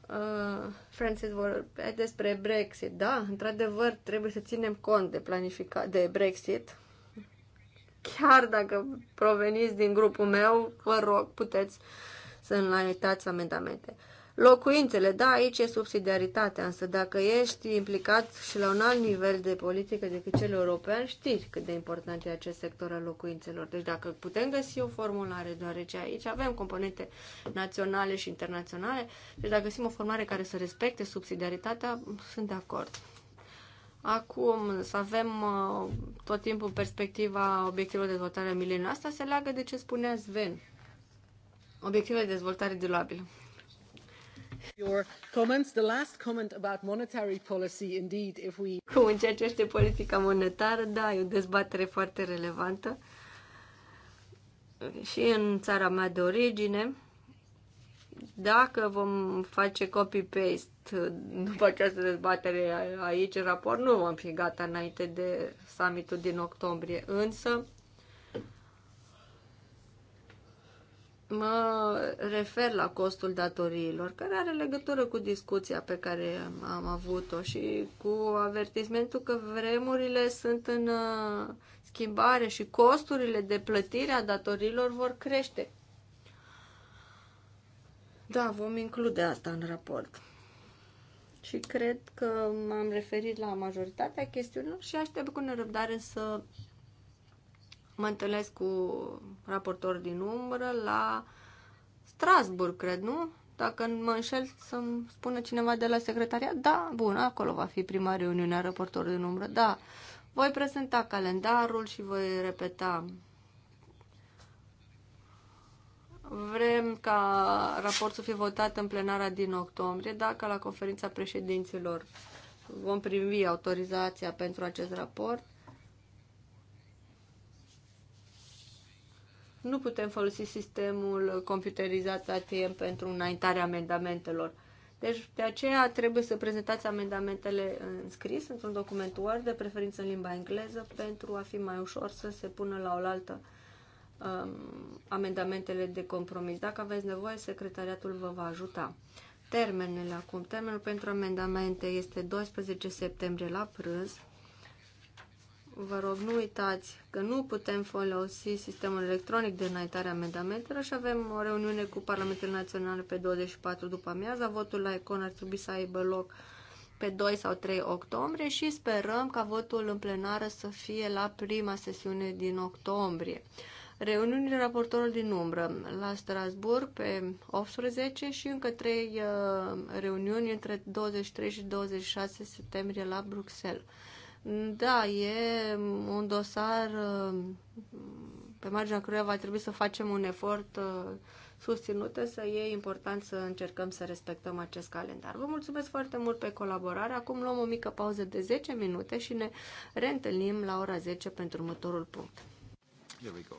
uh, Francis vorbea despre Brexit. Da, într-adevăr, trebuie să ținem cont de, planifica- de Brexit. Chiar dacă proveniți din grupul meu, vă rog, puteți să înaintați amendamente locuințele. Da, aici e subsidiaritatea, însă dacă ești implicat și la un alt nivel de politică decât cel european, știi cât de important e acest sector al locuințelor. Deci dacă putem găsi o formulare, deoarece aici avem componente naționale și internaționale, deci dacă găsim o formulare care să respecte subsidiaritatea, sunt de acord. Acum, să avem uh, tot timpul perspectiva obiectivelor de dezvoltare a Asta se leagă de ce spunea Sven. Obiectivele de dezvoltare durabilă. Your comments, the last comment about monetary policy, indeed, if we... Cum în ceea ce este politica monetară, da, e o dezbatere foarte relevantă. Și în țara mea de origine, dacă vom face copy-paste uh, după această dezbatere aici în raport, nu vom fi gata înainte de summitul din octombrie. Însă, mă refer la costul datoriilor, care are legătură cu discuția pe care am avut-o și cu avertismentul că vremurile sunt în uh, schimbare și costurile de plătire a datoriilor vor crește. Da, vom include asta în raport. Și cred că m-am referit la majoritatea chestiunilor și aștept cu nerăbdare să Mă întâlnesc cu raportor din umbră la Strasburg, cred, nu? Dacă mă înșel să-mi spună cineva de la secretariat, da, bun, acolo va fi prima reuniune a raportorului din umbră, da. Voi prezenta calendarul și voi repeta Vrem ca raportul să fie votat în plenara din octombrie, dacă la conferința președinților vom primi autorizația pentru acest raport. Nu putem folosi sistemul computerizat ATM pentru înaintarea amendamentelor. Deci, de aceea trebuie să prezentați amendamentele în scris, într-un document Word, de preferință în limba engleză, pentru a fi mai ușor să se pună la oaltă um, amendamentele de compromis. Dacă aveți nevoie, secretariatul vă va ajuta. Termenele acum. Termenul pentru amendamente este 12 septembrie la prânz vă rog, nu uitați că nu putem folosi sistemul electronic de înaintare a amendamentelor și avem o reuniune cu Parlamentul Național pe 24 după amiaza. Votul la ECON ar trebui să aibă loc pe 2 sau 3 octombrie și sperăm ca votul în plenară să fie la prima sesiune din octombrie. Reuniunile raportorilor din umbră la Strasburg pe 18 și încă 3 uh, reuniuni între 23 și 26 septembrie la Bruxelles. Da, e un dosar pe marginea căruia va trebui să facem un efort uh, susținut, să e important să încercăm să respectăm acest calendar. Vă mulțumesc foarte mult pe colaborare. Acum luăm o mică pauză de 10 minute și ne reîntâlnim la ora 10 pentru următorul punct. Here we go.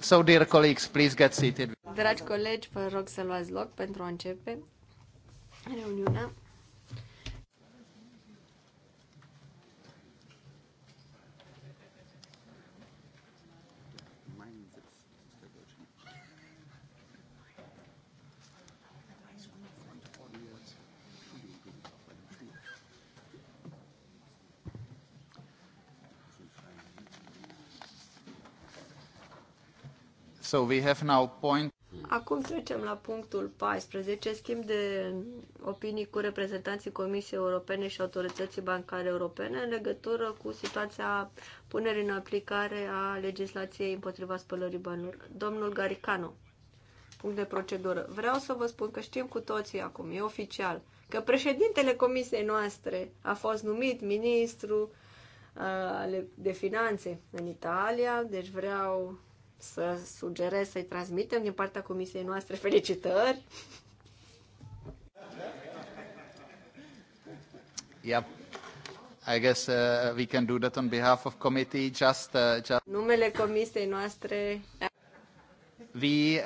So, dear colleagues, please get seated. Dragi colegi, vă rog să luați loc pentru a începe reuniunea. So we have now point... Acum trecem la punctul 14, schimb de opinii cu reprezentanții Comisiei Europene și Autorității Bancare Europene în legătură cu situația punerii în aplicare a legislației împotriva spălării banilor. Domnul Garicano, punct de procedură. Vreau să vă spun că știm cu toții acum, e oficial, că președintele comisiei noastre a fost numit ministru uh, de finanțe în Italia, deci vreau să sugerez să-i transmitem din partea comisiei noastre felicitări. Yep. I guess uh, we can do that on behalf of committee. Just, uh, just numele comisiei noastre. We, uh,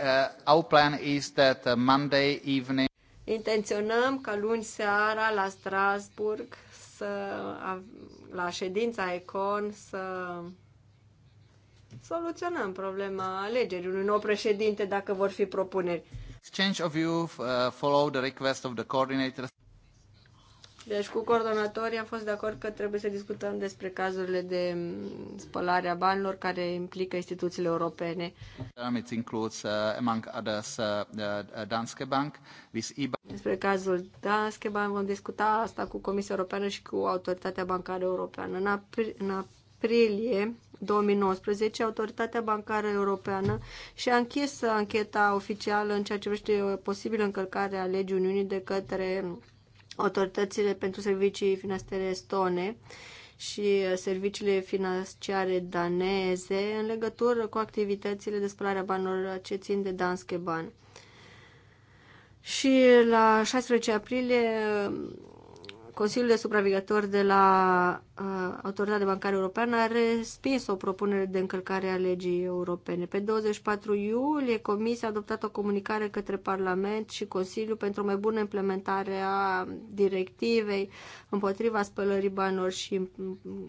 our plan is that uh, Monday evening. Intenționăm ca luni seara la Strasburg să la ședința Econ să soluționăm problema alegerii unui nou președinte dacă vor fi propuneri. Exchange of you uh, follow the request of the coordinator. Deci cu coordonatorii am fost de acord că trebuie să discutăm despre cazurile de spălare a banilor care implică instituțiile europene. Um, it includes, uh, among others, uh, uh Danske Bank, this IBA. Despre cazul Danske Bank vom discuta asta cu Comisia Europeană și cu Autoritatea Bancară Europeană. În, apri- în aprilie 2019, Autoritatea Bancară Europeană și-a închis ancheta oficială în ceea ce privește posibilă încălcare a legii Uniunii de către autoritățile pentru servicii financiare estone și serviciile financiare daneze în legătură cu activitățile de spălare a banilor ce țin de Danske Bank. Și la 16 aprilie Consiliul de Supraveghetori de la uh, Autoritatea Bancară Europeană a respins o propunere de încălcare a legii europene. Pe 24 iulie, Comisia a adoptat o comunicare către Parlament și Consiliu pentru o mai bună implementare a directivei împotriva spălării banilor și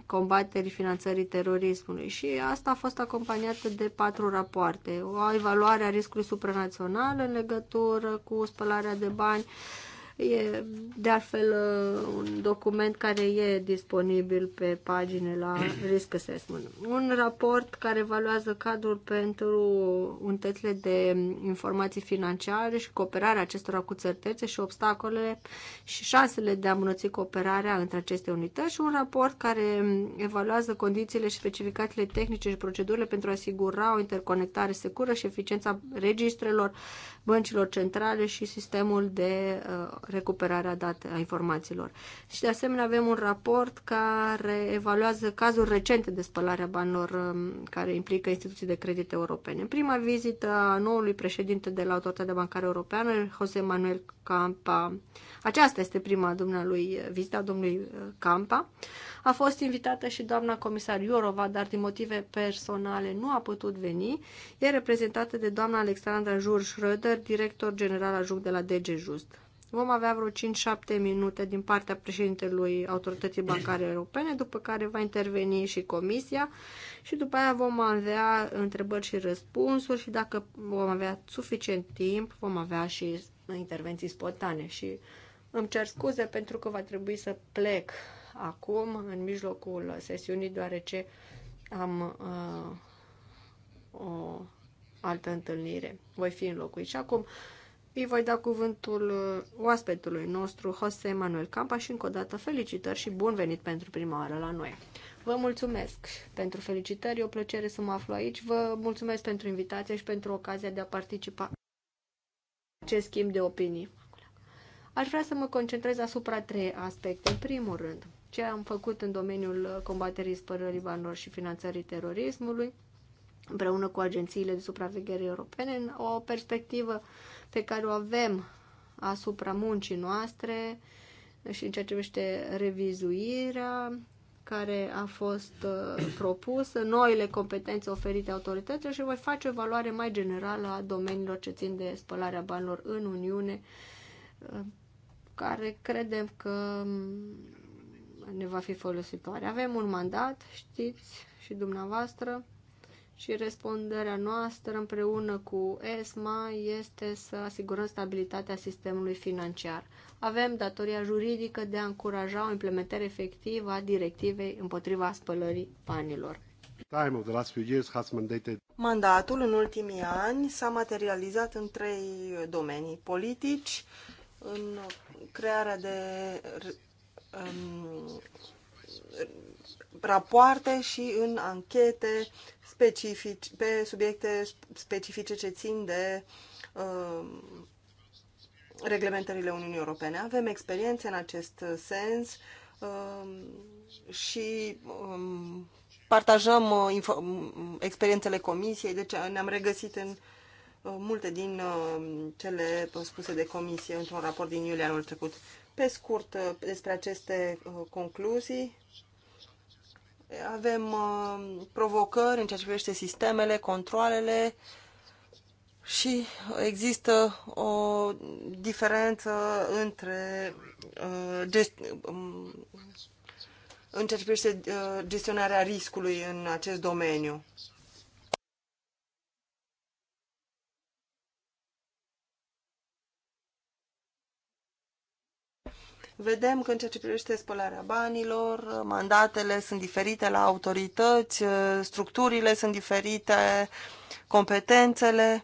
combaterii finanțării terorismului. Și asta a fost acompaniată de patru rapoarte. O evaluare a riscului supranațional în legătură cu spălarea de bani, uh, E de altfel uh, un document care e disponibil pe pagine la Risk Assessment. Un raport care evaluează cadrul pentru unitățile de informații financiare și cooperarea acestora cu țărtețe și obstacolele și șansele de a îmbunătăți cooperarea între aceste unități și un raport care evaluează condițiile și specificațiile tehnice și procedurile pentru a asigura o interconectare secură și eficiența registrelor băncilor centrale și sistemul de uh, recuperare a date a informațiilor. Și de asemenea avem un raport care evaluează cazuri recente de spălare a banilor um, care implică instituții de credit europene. În prima vizită a noului președinte de la Autoritatea Bancară Europeană, José Manuel Campa. Aceasta este prima dumnealui, eh, vizita domnului eh, Campa. A fost invitată și doamna comisar Iorova, dar din motive personale nu a putut veni. E reprezentată de doamna Alexandra Jur Schröder, director general al de la DG Just. Vom avea vreo 5-7 minute din partea președintelui Autorității Bancare Europene, după care va interveni și comisia și după aia vom avea întrebări și răspunsuri și dacă vom avea suficient timp, vom avea și intervenții spontane și îmi cer scuze pentru că va trebui să plec acum, în mijlocul sesiunii, deoarece am uh, o altă întâlnire. Voi fi înlocuit. Și acum îi voi da cuvântul uh, oaspetului nostru, Jose Manuel Campa, și încă o dată felicitări și bun venit pentru prima oară la noi. Vă mulțumesc pentru felicitări, e o plăcere să mă aflu aici. Vă mulțumesc pentru invitație și pentru ocazia de a participa acest schimb de opinii. Aș vrea să mă concentrez asupra trei aspecte. În primul rând, ce am făcut în domeniul combaterii spărării banilor și finanțării terorismului, împreună cu agențiile de supraveghere europene, în o perspectivă pe care o avem asupra muncii noastre și în ceea ce privește revizuirea care a fost uh, propusă, noile competențe oferite autorităților și voi face o evaluare mai generală a domeniilor ce țin de spălarea banilor în Uniune, uh, care credem că mm, ne va fi folositoare. Avem un mandat, știți și dumneavoastră, și răspunderea noastră împreună cu ESMA este să asigurăm stabilitatea sistemului financiar. Avem datoria juridică de a încuraja o implementare efectivă a directivei împotriva spălării banilor. Mandatul în ultimii ani s-a materializat în trei domenii politici, în crearea de um, rapoarte și în anchete specific, pe subiecte specifice ce țin de uh, reglementările Uniunii Europene. Avem experiențe în acest sens uh, și um, partajăm uh, um, experiențele Comisiei, deci uh, ne-am regăsit în uh, multe din uh, cele spuse de Comisie într-un raport din iulie anul trecut. Pe scurt, despre aceste concluzii, avem uh, provocări în ceea ce privește sistemele, controlele și există o diferență între uh, gest, um, în ceea ce privește uh, gestionarea riscului în acest domeniu. Vedem că în ceea ce privește spălarea banilor, mandatele sunt diferite la autorități, structurile sunt diferite, competențele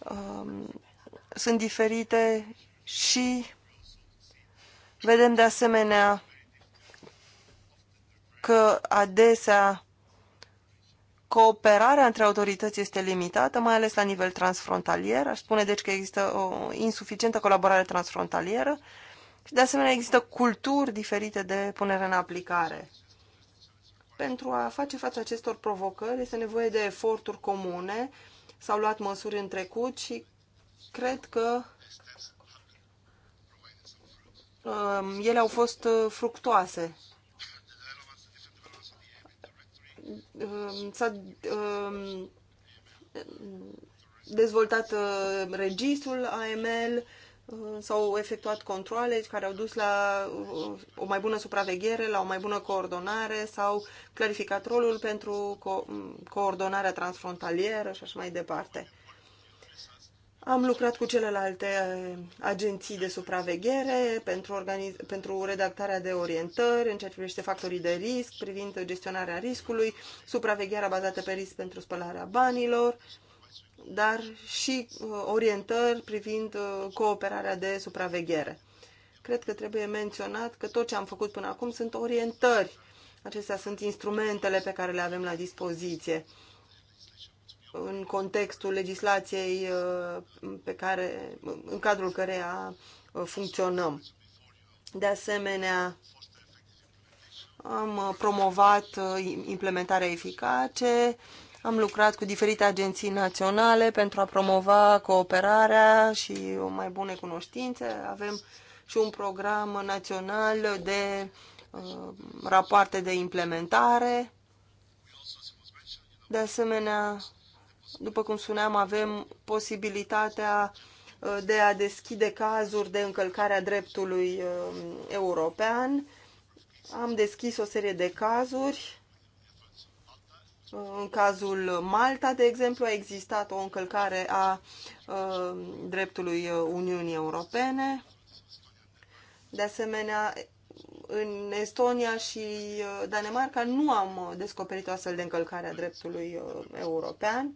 um, sunt diferite și vedem de asemenea că adesea cooperarea între autorități este limitată, mai ales la nivel transfrontalier. Aș spune deci că există o insuficientă colaborare transfrontalieră și de asemenea există culturi diferite de punere în aplicare. Pentru a face față acestor provocări este nevoie de eforturi comune. S-au luat măsuri în trecut și cred că um, ele au fost uh, fructoase. Um, s-a um, dezvoltat uh, registrul AML, Mm, s-au efectuat controle care au dus la uh, o mai bună supraveghere, la o mai bună coordonare, s-au clarificat rolul pentru co- mm, coordonarea transfrontalieră și așa mai departe. Am lucrat cu celelalte uh, agenții de supraveghere pentru, organiz- pentru redactarea de orientări în ceea ce privește factorii de risc, privind gestionarea riscului, supravegherea bazată pe risc pentru spălarea banilor, uh, dar și uh, orientări privind uh, cooperarea de supraveghere. Cred că trebuie menționat că tot ce am făcut până acum sunt orientări. Acestea sunt instrumentele pe care le avem la dispoziție în contextul legislației uh, pe care, în cadrul căreia funcționăm. De asemenea, am promovat implementarea eficace, am lucrat cu diferite agenții naționale pentru a promova cooperarea și o mai bune cunoștințe. Avem și un program național de uh, rapoarte de implementare. De asemenea, după cum spuneam, avem posibilitatea uh, de a deschide cazuri de încălcare a dreptului uh, european. Am deschis o serie de cazuri în cazul Malta, de exemplu, a existat o încălcare a dreptului Uniunii Europene. De asemenea, în Estonia și Danemarca nu am descoperit o astfel de încălcare a dreptului european.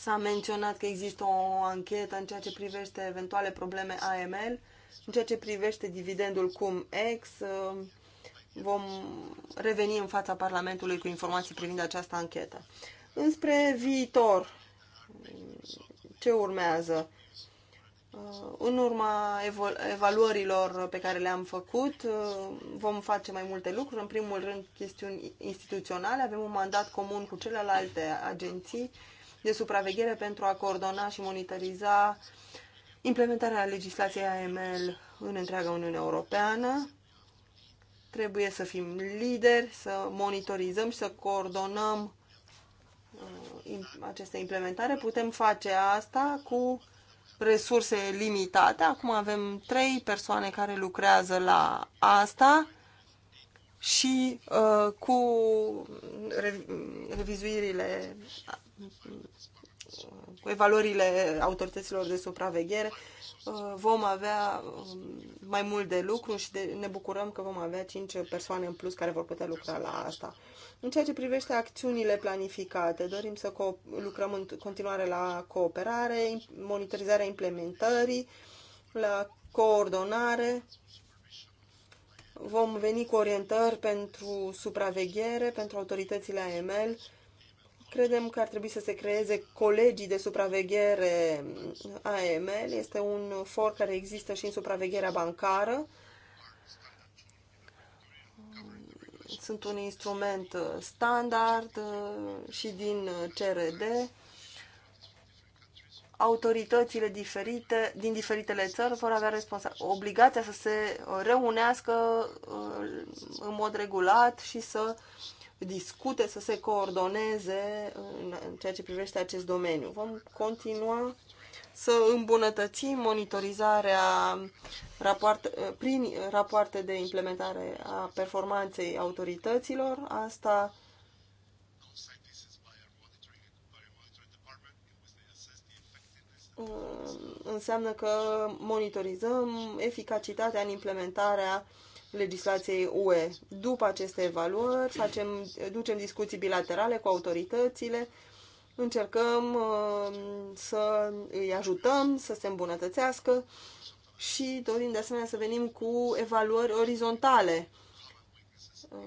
S-a menționat că există o anchetă în ceea ce privește eventuale probleme AML, în ceea ce privește dividendul cum ex, vom reveni în fața Parlamentului cu informații privind această anchetă. Înspre viitor, ce urmează? Uh, în urma evaluărilor pe care le-am făcut, uh, vom face mai multe lucruri. În primul rând, chestiuni instituționale. Avem un mandat comun cu celelalte agenții de supraveghere pentru a coordona și monitoriza implementarea legislației AML în întreaga Uniune Europeană Trebuie să fim lideri, să monitorizăm și să coordonăm uh, aceste implementare. Putem face asta cu resurse limitate. Acum avem trei persoane care lucrează la asta și uh, cu revizuirile cu evaluările autorităților de supraveghere, uh, vom avea um, mai mult de lucru și de, ne bucurăm că vom avea 5 persoane în plus care vor putea lucra la asta. În ceea ce privește acțiunile planificate, dorim să lucrăm în continuare la cooperare, monitorizarea implementării, la coordonare. Vom veni cu orientări pentru supraveghere, pentru autoritățile AML Credem că ar trebui să se creeze colegii de supraveghere AML. Este un for care există și în supravegherea bancară. Sunt un instrument standard și din CRD. Autoritățile diferite, din diferitele țări vor avea obligația să se reunească uh, în mod regulat și să discute, să se coordoneze în ceea ce privește acest domeniu. Vom continua să îmbunătățim monitorizarea rapoart, prin rapoarte de implementare a performanței autorităților. Asta înseamnă că monitorizăm eficacitatea în implementarea uh, legislației UE. După aceste evaluări, facem, ducem discuții bilaterale cu autoritățile, încercăm uh, să îi ajutăm să se îmbunătățească și dorim de asemenea să venim cu evaluări orizontale uh,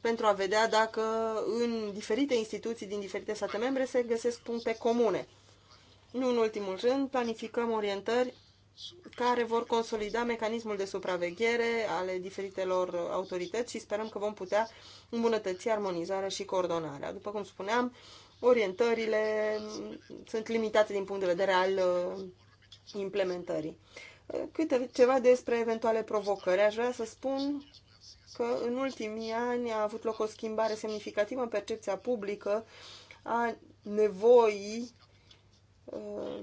pentru a vedea dacă în diferite instituții din diferite state membre se găsesc puncte comune. Nu în ultimul rând, planificăm orientări care vor consolida mecanismul de supraveghere ale diferitelor autorități și sperăm că vom putea îmbunătăți armonizarea și coordonarea. După cum spuneam, orientările sunt limitate din punct de vedere al uh, implementării. Uh, câte ceva despre eventuale provocări. Aș vrea să spun că în ultimii ani a avut loc o schimbare semnificativă în percepția publică a nevoii uh,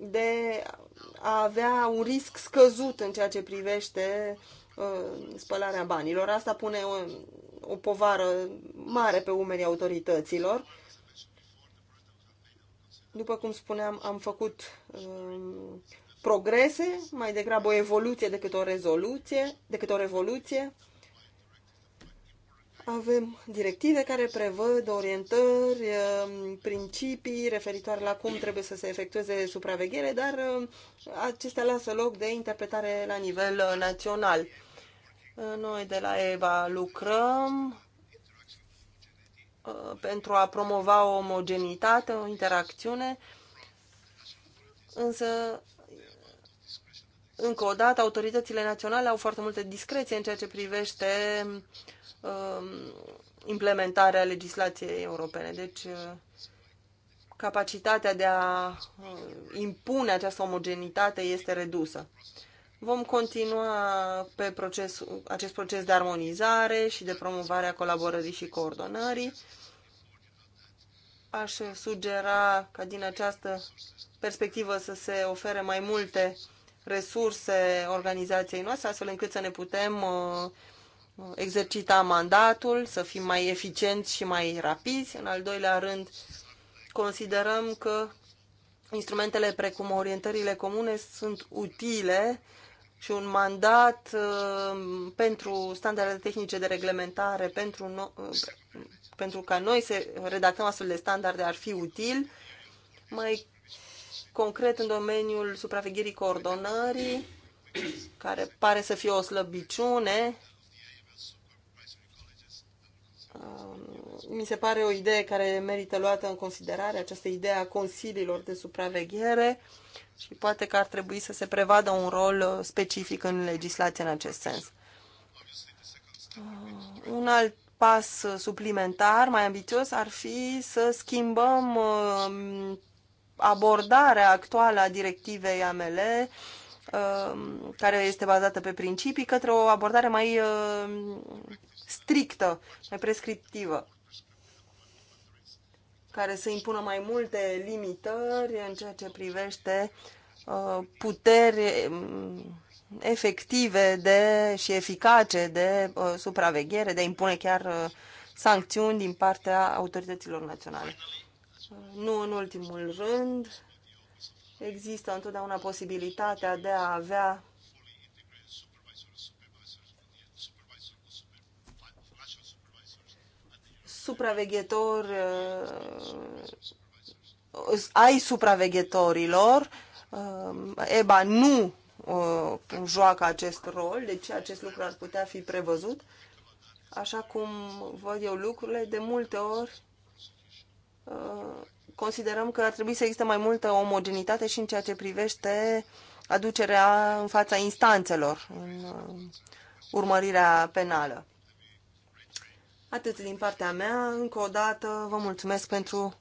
de a avea un risc scăzut în ceea ce privește uh, spălarea banilor. Asta pune o, o povară mare pe umerii autorităților. După cum spuneam, am făcut uh, progrese, mai degrabă o evoluție decât o rezoluție, decât o revoluție. Avem directive care prevăd orientări, um, principii referitoare la cum trebuie să se efectueze supraveghere, dar um, acestea lasă loc de interpretare la nivel uh, național. Uh, noi de la EVA lucrăm uh, pentru a promova o omogenitate, o interacțiune, însă încă o dată, autoritățile naționale au foarte multe discreție în ceea ce privește uh, Um, implementare a legislației europene. Deci, uh, capacitatea de a uh, impune această omogenitate este redusă. Vom continua pe proces, acest proces de armonizare și de promovare a colaborării și coordonării. Aș sugera ca din această perspectivă să se ofere mai multe resurse organizației noastre, astfel încât să ne putem uh, exercita mandatul, să fim mai eficienți și mai rapizi. În al doilea rând, considerăm că instrumentele precum orientările comune sunt utile și un mandat uh, pentru standarde tehnice de reglementare, pentru, no, uh, pentru ca noi să redactăm astfel de standarde, ar fi util. Mai concret, în domeniul supravegherii coordonării, care pare să fie o slăbiciune, mi se pare o idee care merită luată în considerare, această idee a consiliilor de supraveghere și poate că ar trebui să se prevadă un rol uh, specific în legislație în acest sens. Uh, un alt pas uh, suplimentar, mai ambițios, ar fi să schimbăm abordarea actuală a directivei AML, care este bazată pe principii, către o abordare mai strictă, mai prescriptivă care să impună mai multe limitări în ceea ce privește uh, puteri mm, efective de, și eficace de uh, supraveghere, de a impune chiar uh, sancțiuni din partea autorităților naționale. Nu în ultimul rând, există întotdeauna posibilitatea de a avea supraveghetori, uh, ai supraveghetorilor, uh, EBA nu uh, joacă acest rol, deci acest lucru ar putea fi prevăzut. Așa cum văd eu lucrurile, de multe ori considerăm că ar trebui să existe mai multă omogenitate și în ceea ce privește aducerea în fața instanțelor în urmărirea penală. Atât din partea mea. Încă o dată vă mulțumesc pentru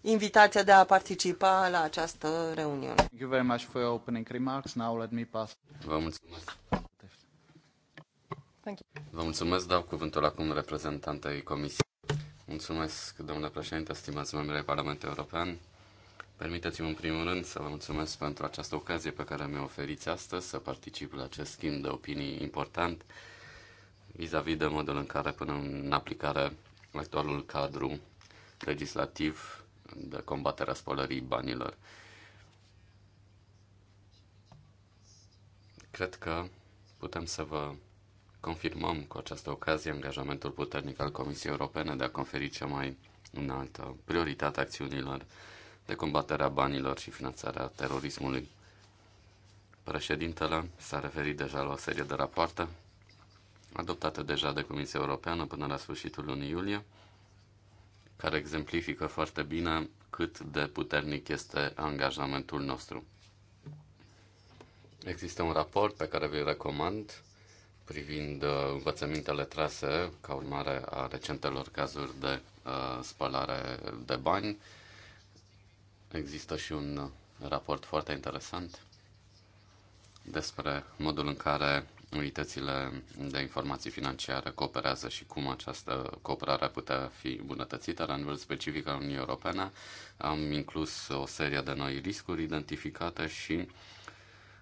invitația de a participa la această reuniune. Thank you very much for your opening remarks. Now let me pass. Vă mulțumesc. Thank you. Vă mulțumesc, dau cuvântul acum reprezentantei Comisiei. Mulțumesc, domnule președinte, stimați membri ai Parlamentului European. Permiteți-mi în primul rând să vă mulțumesc pentru această ocazie pe care mi-o oferiți astăzi să particip la acest schimb de opinii important vis-a-vis -vis de modul în care până în aplicare actualul cadru legislativ de combaterea spălării banilor. Cred că putem să vă confirmăm cu această ocazie angajamentul puternic al Comisiei Europene de a conferi cea mai înaltă prioritate acțiunilor de combaterea banilor și finanțarea terorismului. Președintele s-a referit deja la o serie de rapoarte adoptată deja de Comisia Europeană până la sfârșitul lunii iulie, care exemplifică foarte bine cât de puternic este angajamentul nostru. Există un raport pe care vi-l recomand privind uh, învățămintele trase ca urmare a recentelor cazuri de uh, spălare de bani. Există și un raport foarte interesant despre modul în care unitățile de informații financiare cooperează și cum această cooperare putea fi îmbunătățită. La nivel specific al Uniunii Europene am inclus o serie de noi riscuri identificate și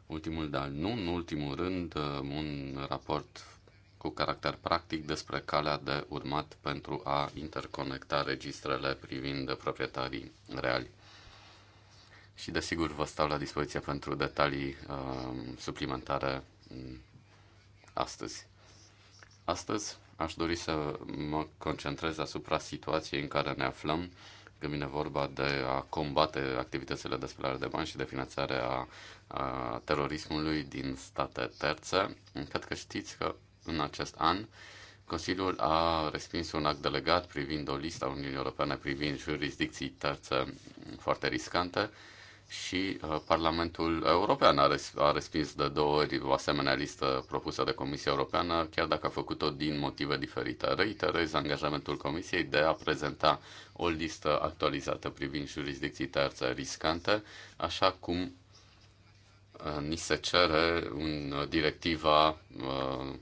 ultimul, dar nu în ultimul rând, un raport cu caracter practic despre calea de urmat pentru a interconecta registrele privind proprietarii reali. Și desigur vă stau la dispoziție pentru detalii uh, suplimentare astăzi. Astăzi aș dori să mă concentrez asupra situației în care ne aflăm când vine vorba de a combate activitățile de spălare de bani și de finanțare a, a terorismului din state terțe. Cred că știți că în acest an Consiliul a respins un act delegat privind o listă a Uniunii Europene privind jurisdicții terțe foarte riscante și uh, Parlamentul European a, res- a respins de două ori o asemenea listă propusă de Comisia Europeană, chiar dacă a făcut-o din motive diferite. Reiterez angajamentul Comisiei de a prezenta o listă actualizată privind jurisdicții terțe riscante, așa cum uh, ni se cere în directiva uh,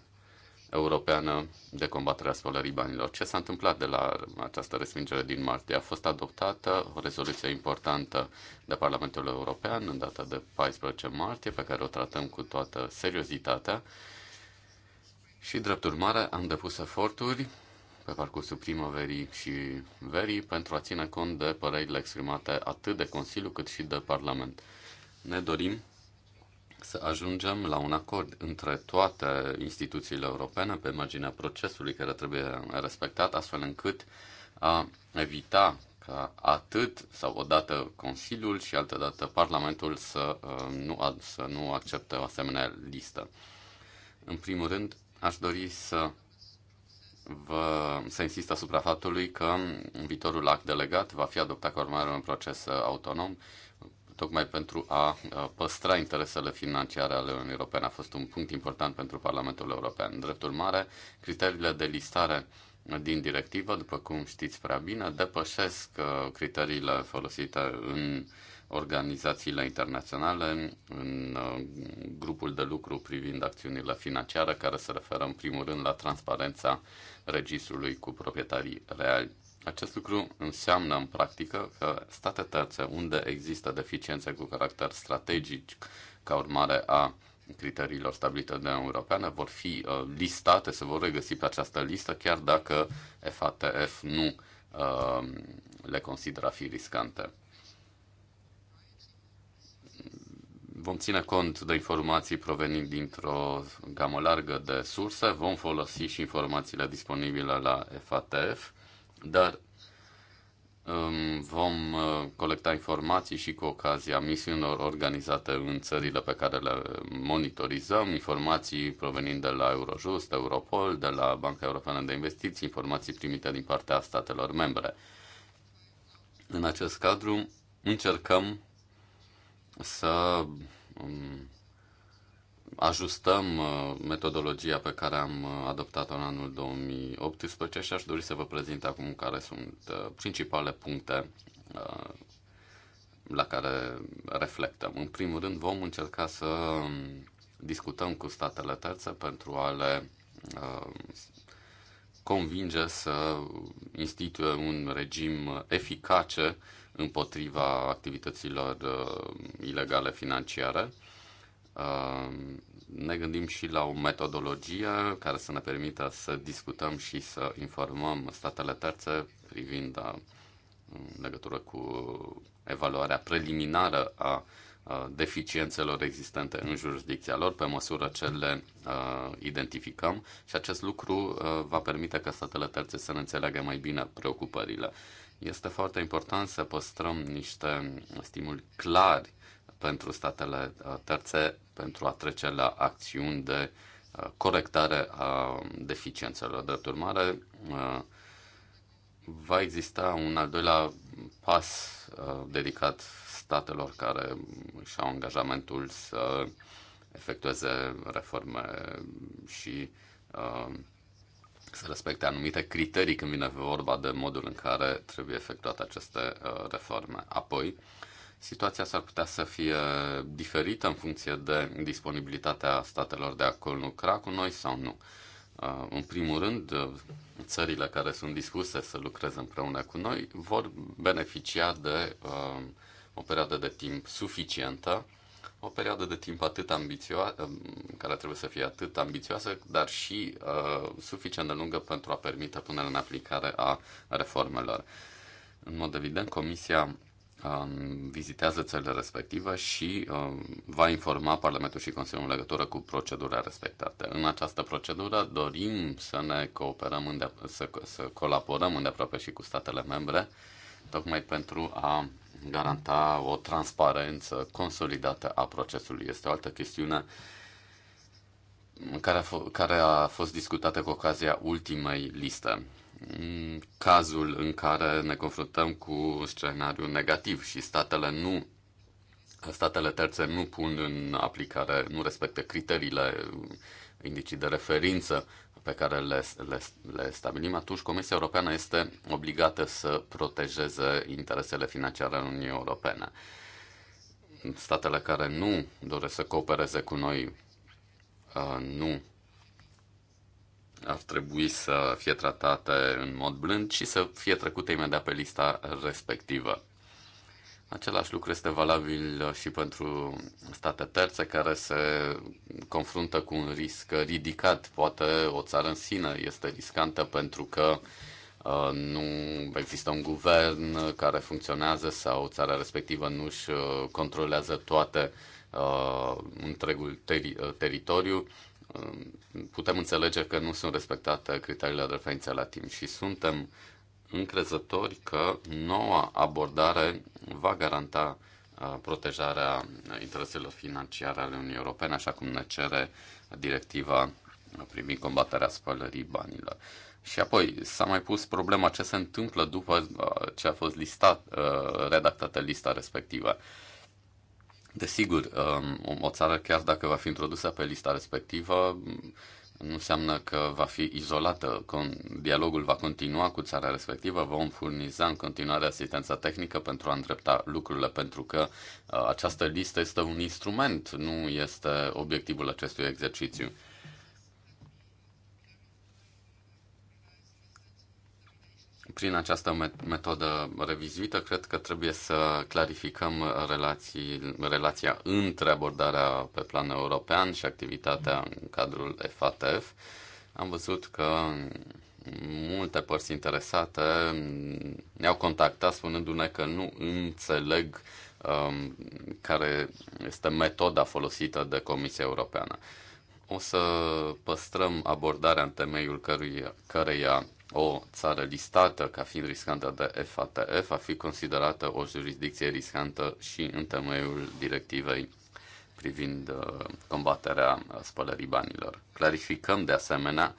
Europeană de combatere a spălării banilor. Ce s-a întâmplat de la această respingere din martie? A fost adoptată o rezoluție importantă de Parlamentul European în data de 14 martie, pe care o tratăm cu toată seriozitatea și, drept urmare, am depus eforturi pe parcursul primăverii și verii pentru a ține cont de părerile exprimate atât de Consiliu cât și de Parlament. Ne dorim să ajungem la un acord între toate instituțiile europene pe marginea procesului care trebuie respectat, astfel încât a evita ca atât sau odată Consiliul și altădată Parlamentul să uh, nu, să nu accepte o asemenea listă. În primul rând, aș dori să vă, să insist asupra faptului că viitorul act delegat va fi adoptat ca urmare un proces uh, autonom tocmai pentru a păstra interesele financiare ale Uniunii Europene. A fost un punct important pentru Parlamentul European. drept urmare, criteriile de listare din directivă, după cum știți prea bine, depășesc criteriile folosite în organizațiile internaționale, în grupul de lucru privind acțiunile financiare, care se referă în primul rând la transparența registrului cu proprietarii reali acest lucru înseamnă în practică că state terțe unde există deficiențe cu caracter strategic ca urmare a criteriilor stabilite de Uniunea Europeană vor fi uh, listate, se vor regăsi pe această listă, chiar dacă FATF nu uh, le consideră a fi riscante. Vom ține cont de informații provenind dintr-o gamă largă de surse, vom folosi și informațiile disponibile la FATF dar um, vom uh, colecta informații și cu ocazia misiunilor organizate în țările pe care le monitorizăm, informații provenind de la Eurojust, Europol, de la Banca Europeană de Investiții, informații primite din partea statelor membre. În acest cadru încercăm să um, ajustăm uh, metodologia pe care am uh, adoptat-o în anul 2018 și aș dori să vă prezint acum care sunt uh, principalele puncte la care reflectăm. În primul rând, vom încerca să um, discutăm cu statele terțe pentru a le convinge să instituie un regim eficace împotriva activităților ilegale financiare ne gândim și la o metodologie care să ne permită să discutăm și să informăm statele terțe privind în legătură cu evaluarea preliminară a deficiențelor existente în jurisdicția lor pe măsură ce le uh, identificăm și acest lucru uh, va permite ca statele terțe să ne înțeleagă mai bine preocupările. Este foarte important să păstrăm niște stimuli clari pentru statele uh, terțe pentru a trece la acțiuni de uh, corectare a deficiențelor. Drept urmare, uh, va exista un al doilea pas dedicat statelor care și-au angajamentul să efectueze reforme și să respecte anumite criterii când vine vorba de modul în care trebuie efectuate aceste reforme. Apoi, Situația s-ar putea să fie diferită în funcție de disponibilitatea statelor de a lucra cu noi sau nu. Uh, în primul rând, uh, țările care sunt dispuse să lucreze împreună cu noi vor beneficia de uh, o perioadă de timp suficientă, o perioadă de timp atât ambițioasă, care trebuie să fie atât ambițioasă, dar și suficient de lungă pentru a permite punerea în aplicare a reformelor. În mod evident, Comisia Um, vizitează țările respective și um, va informa Parlamentul și Consiliul în legătură cu procedura respectată. În această procedură dorim să ne cooperăm, să, să colaborăm îndeaproape și cu statele membre, tocmai pentru a garanta o transparență consolidată a procesului. Este o altă chestiune care a, care a fost discutată cu ocazia ultimei liste cazul în care ne confruntăm cu scenariu negativ și statele nu statele terțe nu pun în aplicare, nu respectă criteriile, indicii de referință pe care le, le, le stabilim, atunci Comisia Europeană este obligată să protejeze interesele financiare ale Uniunii Europene. Statele care nu doresc să coopereze cu noi uh, nu ar trebui să fie tratate în mod blând și să fie trecute imediat pe lista respectivă. Același lucru este valabil și pentru state terțe care se confruntă cu un risc ridicat. Poate o țară în sine este riscantă pentru că uh, nu există un guvern care funcționează sau țara respectivă nu își uh, controlează toate uh, întregul teri- teritoriu Um, putem înțelege că nu sunt respectate criteriile de referință la timp și suntem încrezători că noua abordare va garanta uh, protejarea intereselor financiare ale Uniunii Europene, așa cum ne cere directiva privind combaterea spălării banilor. Și apoi s-a mai pus problema ce se întâmplă după uh, ce a fost listat, uh, redactată lista respectivă. Desigur, um, o țară, chiar dacă va fi introdusă pe lista respectivă, nu înseamnă că va fi izolată. Dialogul va continua cu țara respectivă, vom furniza în continuare asistența tehnică pentru a îndrepta lucrurile, pentru că uh, această listă este un instrument, nu este obiectivul acestui exercițiu. prin această metodă revizuită, cred că trebuie să clarificăm relații, relația între abordarea pe plan european și activitatea în cadrul FATF. Am văzut că multe părți interesate ne-au contactat spunându-ne că nu înțeleg um, care este metoda folosită de Comisia Europeană. O să păstrăm abordarea în temeiul căruia, căreia o țară listată ca fiind riscantă de FATF a fi considerată o jurisdicție riscantă și în temeiul directivei privind uh, combaterea uh, spălării banilor. Clarificăm de asemenea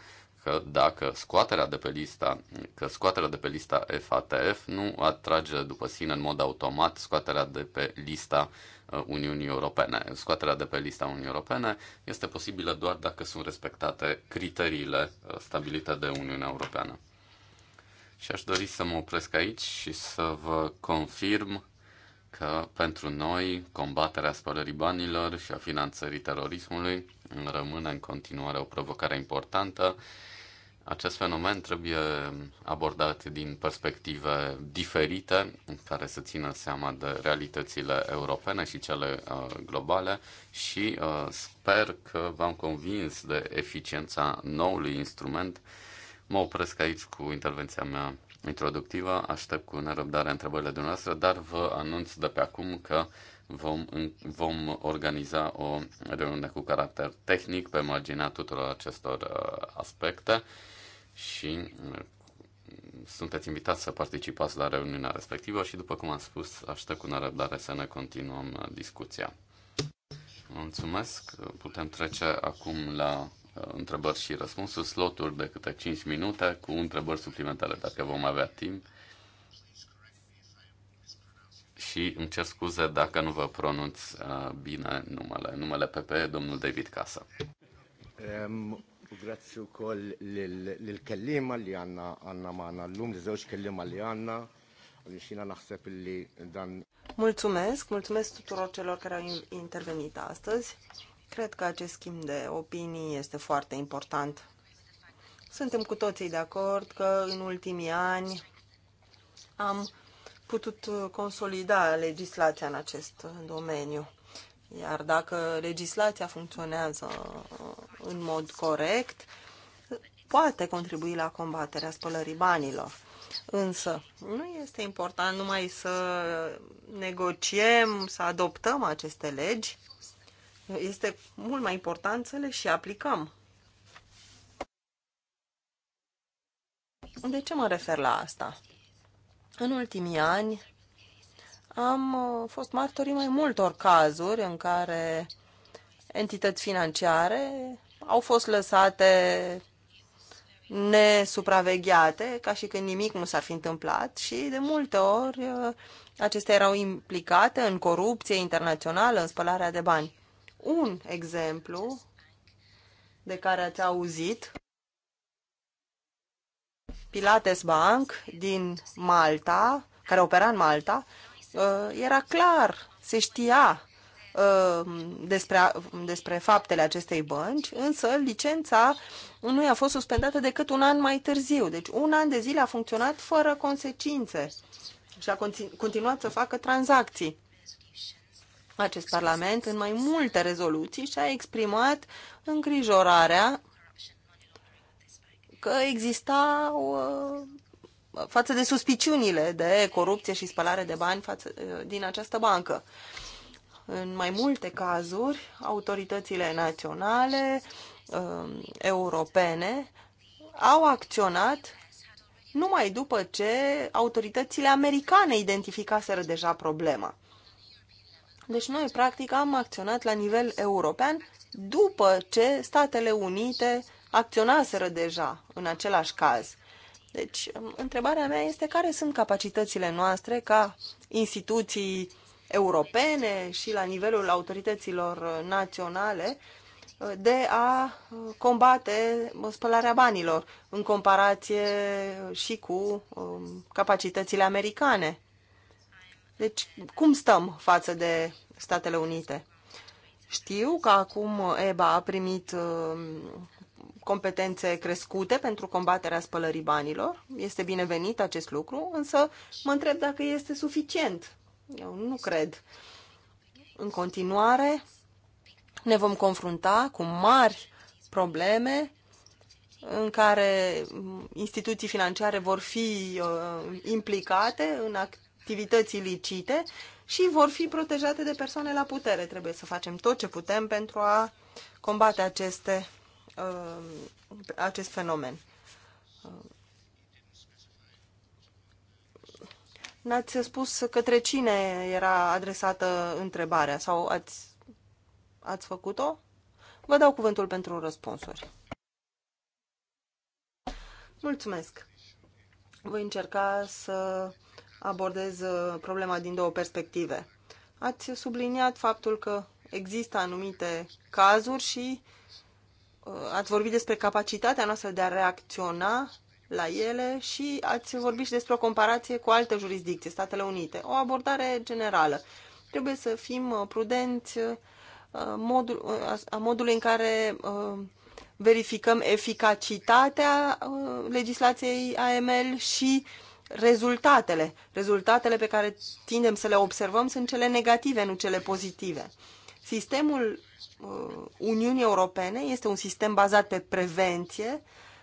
că dacă scoaterea de pe lista, că scoaterea de pe lista FATF nu atrage după sine în mod automat scoaterea de pe lista uh, Uniunii Europene. Scoaterea de pe lista Uniunii Europene este posibilă doar dacă sunt respectate criteriile uh, stabilite de Uniunea Europeană. Și aș dori să mă opresc aici și să vă confirm că pentru noi combaterea spălării banilor și a finanțării terorismului rămâne în continuare o provocare importantă acest fenomen trebuie abordat din perspective diferite, care să țină seama de realitățile europene și cele uh, globale și uh, sper că v-am convins de eficiența noului instrument. Mă opresc aici cu intervenția mea introductivă, aștept cu nerăbdare întrebările dumneavoastră, dar vă anunț de pe acum că vom, vom organiza o reuniune cu caracter tehnic pe marginea tuturor acestor uh, aspecte și mm, sunteți invitați să participați la reuniunea respectivă și, după cum am spus, aștept cu nerăbdare să ne continuăm uh, discuția. Mulțumesc. Putem trece acum la uh, întrebări și răspunsuri, Slotul de câte 5 minute cu întrebări suplimentare dacă vom avea timp. Și îmi cer scuze dacă nu vă pronunț uh, bine numele, numele PP, domnul David Casa li li li naħseb li dan. Mulțumesc, mulțumesc tuturor celor care au intervenit astăzi. Cred că acest schimb de opinii este foarte important. Suntem cu toții de acord că în ultimii ani am putut consolida legislația în acest domeniu iar dacă legislația funcționează uh, în mod corect, poate contribui la combaterea spălării banilor. Însă, nu este important numai să negociem, să adoptăm aceste legi, este mult mai important să le și aplicăm. De ce mă refer la asta? În ultimii ani, am uh, fost martorii mai multor cazuri în care entități financiare au fost lăsate nesupravegheate, ca și când nimic nu s-ar fi întâmplat și de multe ori uh, acestea erau implicate în corupție internațională, în spălarea de bani. Un exemplu de care ați auzit, Pilates Bank din Malta, care opera în Malta, Uh, era clar, se știa uh, despre, despre faptele acestei bănci, însă licența nu i-a fost suspendată decât un an mai târziu. Deci un an de zile a funcționat fără consecințe și a continuat să facă tranzacții. Acest Parlament, în mai multe rezoluții, și-a exprimat îngrijorarea că existau față de suspiciunile de corupție și spălare de bani față, uh, din această bancă. În mai multe cazuri, autoritățile naționale, um, europene, au acționat numai după ce autoritățile americane identificaseră deja problema. Deci noi, practic, am acționat la nivel european după ce Statele Unite acționaseră deja în același caz. Deci, um, întrebarea mea este care sunt capacitățile noastre ca instituții europene și la nivelul autorităților naționale uh, de a uh, combate uh, spălarea banilor în comparație și cu um, capacitățile americane. Deci, cum stăm față de Statele Unite? Știu că acum EBA a primit um, competențe crescute pentru combaterea spălării banilor. Este binevenit acest lucru, însă mă întreb dacă este suficient. Eu nu cred. În continuare, ne vom confrunta cu mari probleme în care instituții financiare vor fi uh, implicate în activități ilicite și vor fi protejate de persoane la putere. Trebuie să facem tot ce putem pentru a combate aceste Um, acest fenomen. Um, N-ați spus către cine era adresată întrebarea sau ați, ați făcut-o? Vă dau cuvântul pentru răspunsuri. Mulțumesc! Voi încerca să abordez uh, problema din două perspective. Ați subliniat faptul că există anumite cazuri și uh, Uh, ați vorbit despre capacitatea noastră de a reacționa la ele și ați vorbit și despre o comparație cu alte jurisdicții, Statele Unite. O abordare generală. Trebuie să fim uh, prudenți uh, modul, a modului în care verificăm eficacitatea legislației AML și rezultatele. Rezultatele pe care tindem să le observăm sunt cele negative, nu cele pozitive. Sistemul uh, Uniunii Europene este un sistem bazat pe prevenție,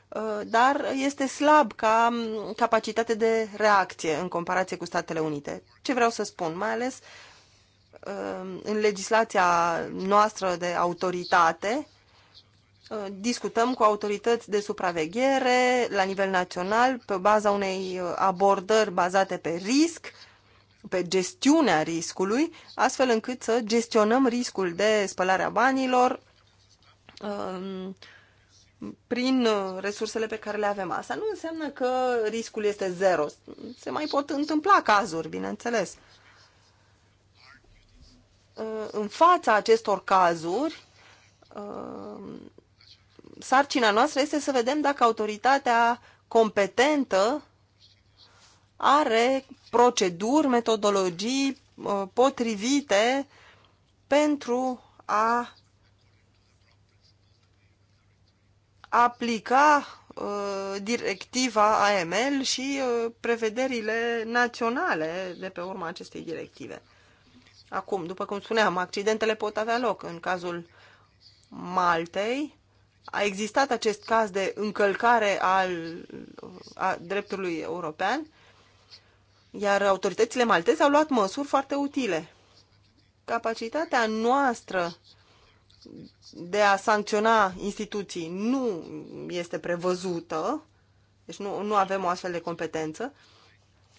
uh, dar este slab ca um, capacitate de reacție în comparație cu Statele Unite. Ce vreau să spun? Mai ales uh, în legislația noastră de autoritate, discutăm cu autorități de supraveghere la nivel național pe baza unei abordări bazate pe risc pe gestiunea riscului, astfel încât să gestionăm riscul de spălare a banilor um, prin uh, resursele pe care le avem. Asta nu înseamnă că riscul este zero. Se mai pot întâmpla cazuri, bineînțeles. Uh, în fața acestor cazuri, uh, sarcina noastră este să vedem dacă autoritatea competentă are proceduri, metodologii uh, potrivite pentru a aplica uh, directiva AML și uh, prevederile naționale de pe urma acestei directive. Acum, după cum spuneam, accidentele pot avea loc. În cazul Maltei a existat acest caz de încălcare al a dreptului european iar autoritățile malteze au luat măsuri foarte utile. Capacitatea noastră de a sancționa instituții nu este prevăzută, deci nu, nu avem o astfel de competență.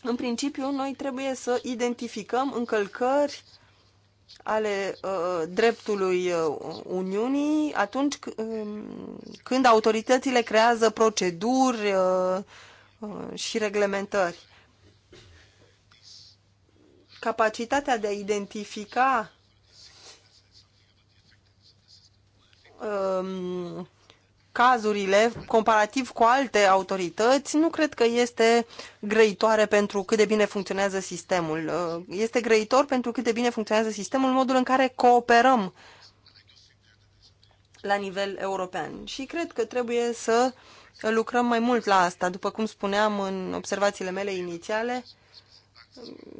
În principiu, noi trebuie să identificăm încălcări ale uh, dreptului uh, Uniunii atunci um, când autoritățile creează proceduri uh, uh, și reglementări capacitatea de a identifica um, cazurile comparativ cu alte autorități, nu cred că este grăitoare pentru cât de bine funcționează sistemul. Uh, este grăitor pentru cât de bine funcționează sistemul, modul în care cooperăm la nivel european. Și cred că trebuie să lucrăm mai mult la asta. După cum spuneam în observațiile mele inițiale, uh,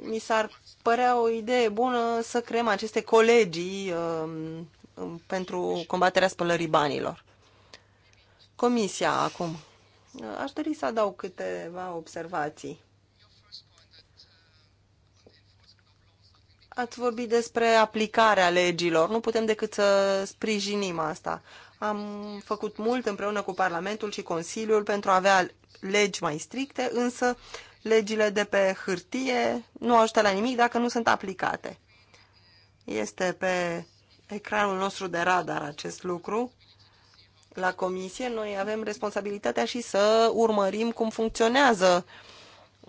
mi s-ar părea o idee bună să creăm aceste colegii um, um, pentru combaterea spălării banilor. Comisia acum. Aș dori să adaug câteva observații. Ați vorbit despre aplicarea legilor. Nu putem decât să sprijinim asta. Am făcut mult împreună cu Parlamentul și Consiliul pentru a avea legi mai stricte, însă legile de pe hârtie nu ajută la nimic dacă nu sunt aplicate. Este pe ecranul nostru de radar acest lucru. La comisie noi avem responsabilitatea și să urmărim cum funcționează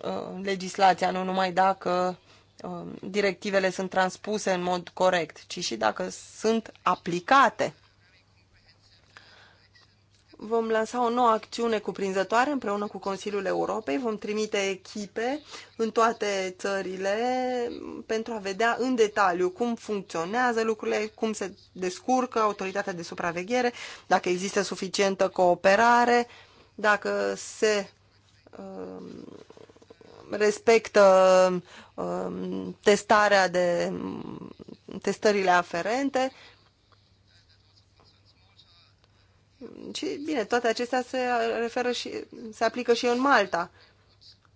uh, legislația, nu numai dacă uh, directivele sunt transpuse în mod corect, ci și dacă sunt aplicate vom lansa o nouă acțiune cuprinzătoare împreună cu Consiliul Europei. Vom trimite echipe în toate țările pentru a vedea în detaliu cum funcționează lucrurile, cum se descurcă autoritatea de supraveghere, dacă există suficientă cooperare, dacă se um, respectă um, testarea de testările aferente și bine, toate acestea se referă și se aplică și în Malta.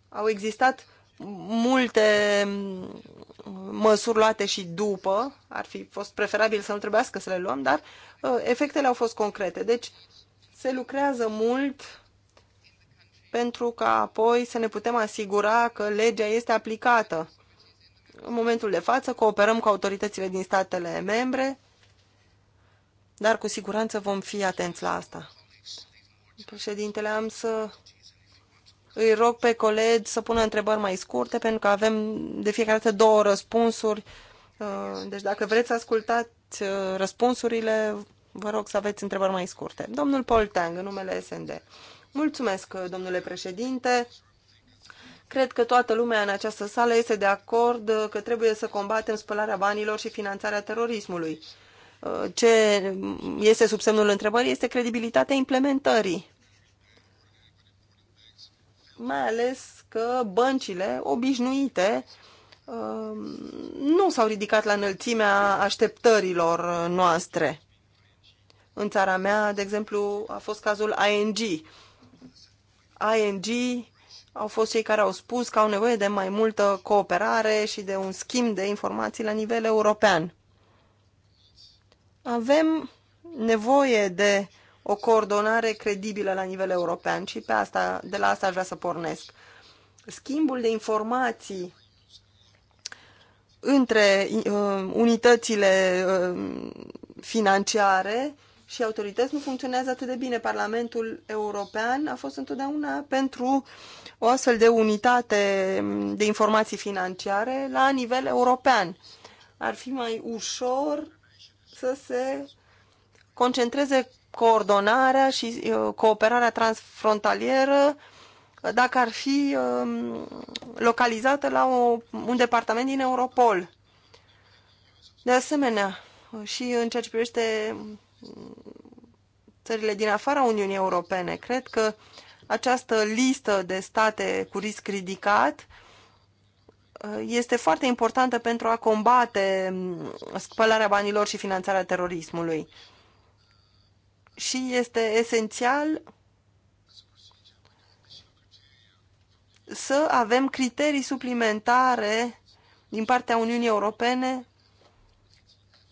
Au existat multe măsuri luate și după, ar fi fost preferabil să nu trebuiască să le luăm, dar uh, efectele au fost concrete. Deci se lucrează mult pentru ca apoi să ne putem asigura că legea este aplicată. În momentul de față cooperăm cu autoritățile din statele membre dar cu siguranță vom fi atenți la asta. Președintele, am să îi rog pe colegi să pună întrebări mai scurte, pentru că avem de fiecare dată două răspunsuri. Uh, deci dacă vreți să ascultați uh, răspunsurile, vă rog să aveți întrebări mai scurte. Domnul Paul Tang, în numele SND. Mulțumesc, uh, domnule președinte. Cred că toată lumea în această sală este de acord că trebuie să combatem spălarea banilor și finanțarea terorismului ce este sub semnul întrebării este credibilitatea implementării. Mai ales că băncile obișnuite um, nu s-au ridicat la înălțimea așteptărilor noastre. În țara mea, de exemplu, a fost cazul ING. ING au fost cei care au spus că au nevoie de mai multă cooperare și de un schimb de informații la nivel european. Avem nevoie de o coordonare credibilă la nivel european și pe asta, de la asta aș vrea să pornesc. Schimbul de informații între uh, unitățile uh, financiare și autorități nu funcționează atât de bine. Parlamentul European a fost întotdeauna pentru o astfel de unitate de informații financiare la nivel european. Ar fi mai ușor să se concentreze coordonarea și uh, cooperarea transfrontalieră uh, dacă ar fi um, localizată la un departament din Europol. De asemenea, uh, și în ceea ce privește um, țările din afara Uniunii Europene, cred că această listă de state cu risc ridicat Uh, este foarte importantă pentru a combate um, spălarea banilor și finanțarea terorismului. Și este esențial să avem criterii suplimentare din partea Uniunii Europene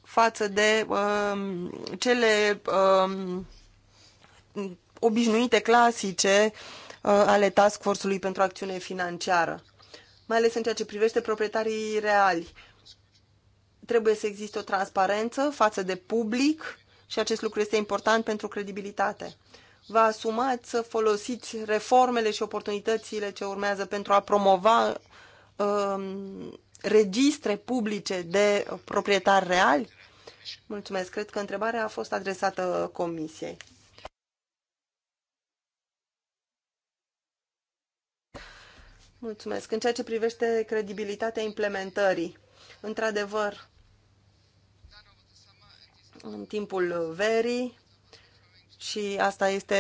față de uh, cele uh, obișnuite, clasice uh, ale Task Force-ului pentru acțiune financiară mai ales în ceea ce privește proprietarii reali. Trebuie să existe o transparență față de public și acest lucru este important pentru credibilitate. Vă asumați să folosiți reformele și oportunitățile ce urmează pentru a promova um, registre publice de proprietari reali? Mulțumesc. Cred că întrebarea a fost adresată Comisiei. Mulțumesc. În ceea ce privește credibilitatea implementării, într-adevăr, în timpul verii, și asta este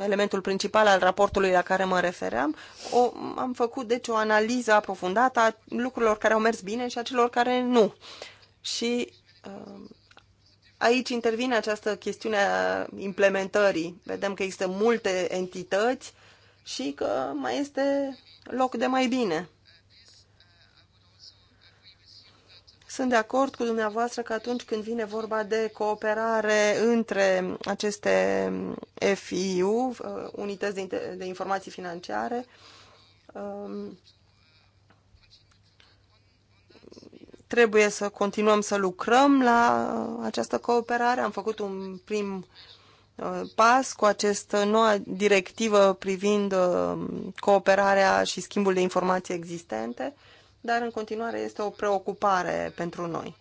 elementul principal al raportului la care mă refeream, o, am făcut deci o analiză aprofundată a lucrurilor care au mers bine și a celor care nu. Și um, aici intervine această chestiune a implementării. Vedem că există multe entități și că mai este loc de mai bine. Sunt de acord cu dumneavoastră că atunci când vine vorba de cooperare între aceste FIU, uh, unități de, de informații financiare, um, trebuie să continuăm să lucrăm la uh, această cooperare. Am făcut un prim pas cu această nouă directivă privind uh, cooperarea și schimbul de informații existente, dar în continuare este o preocupare pentru noi.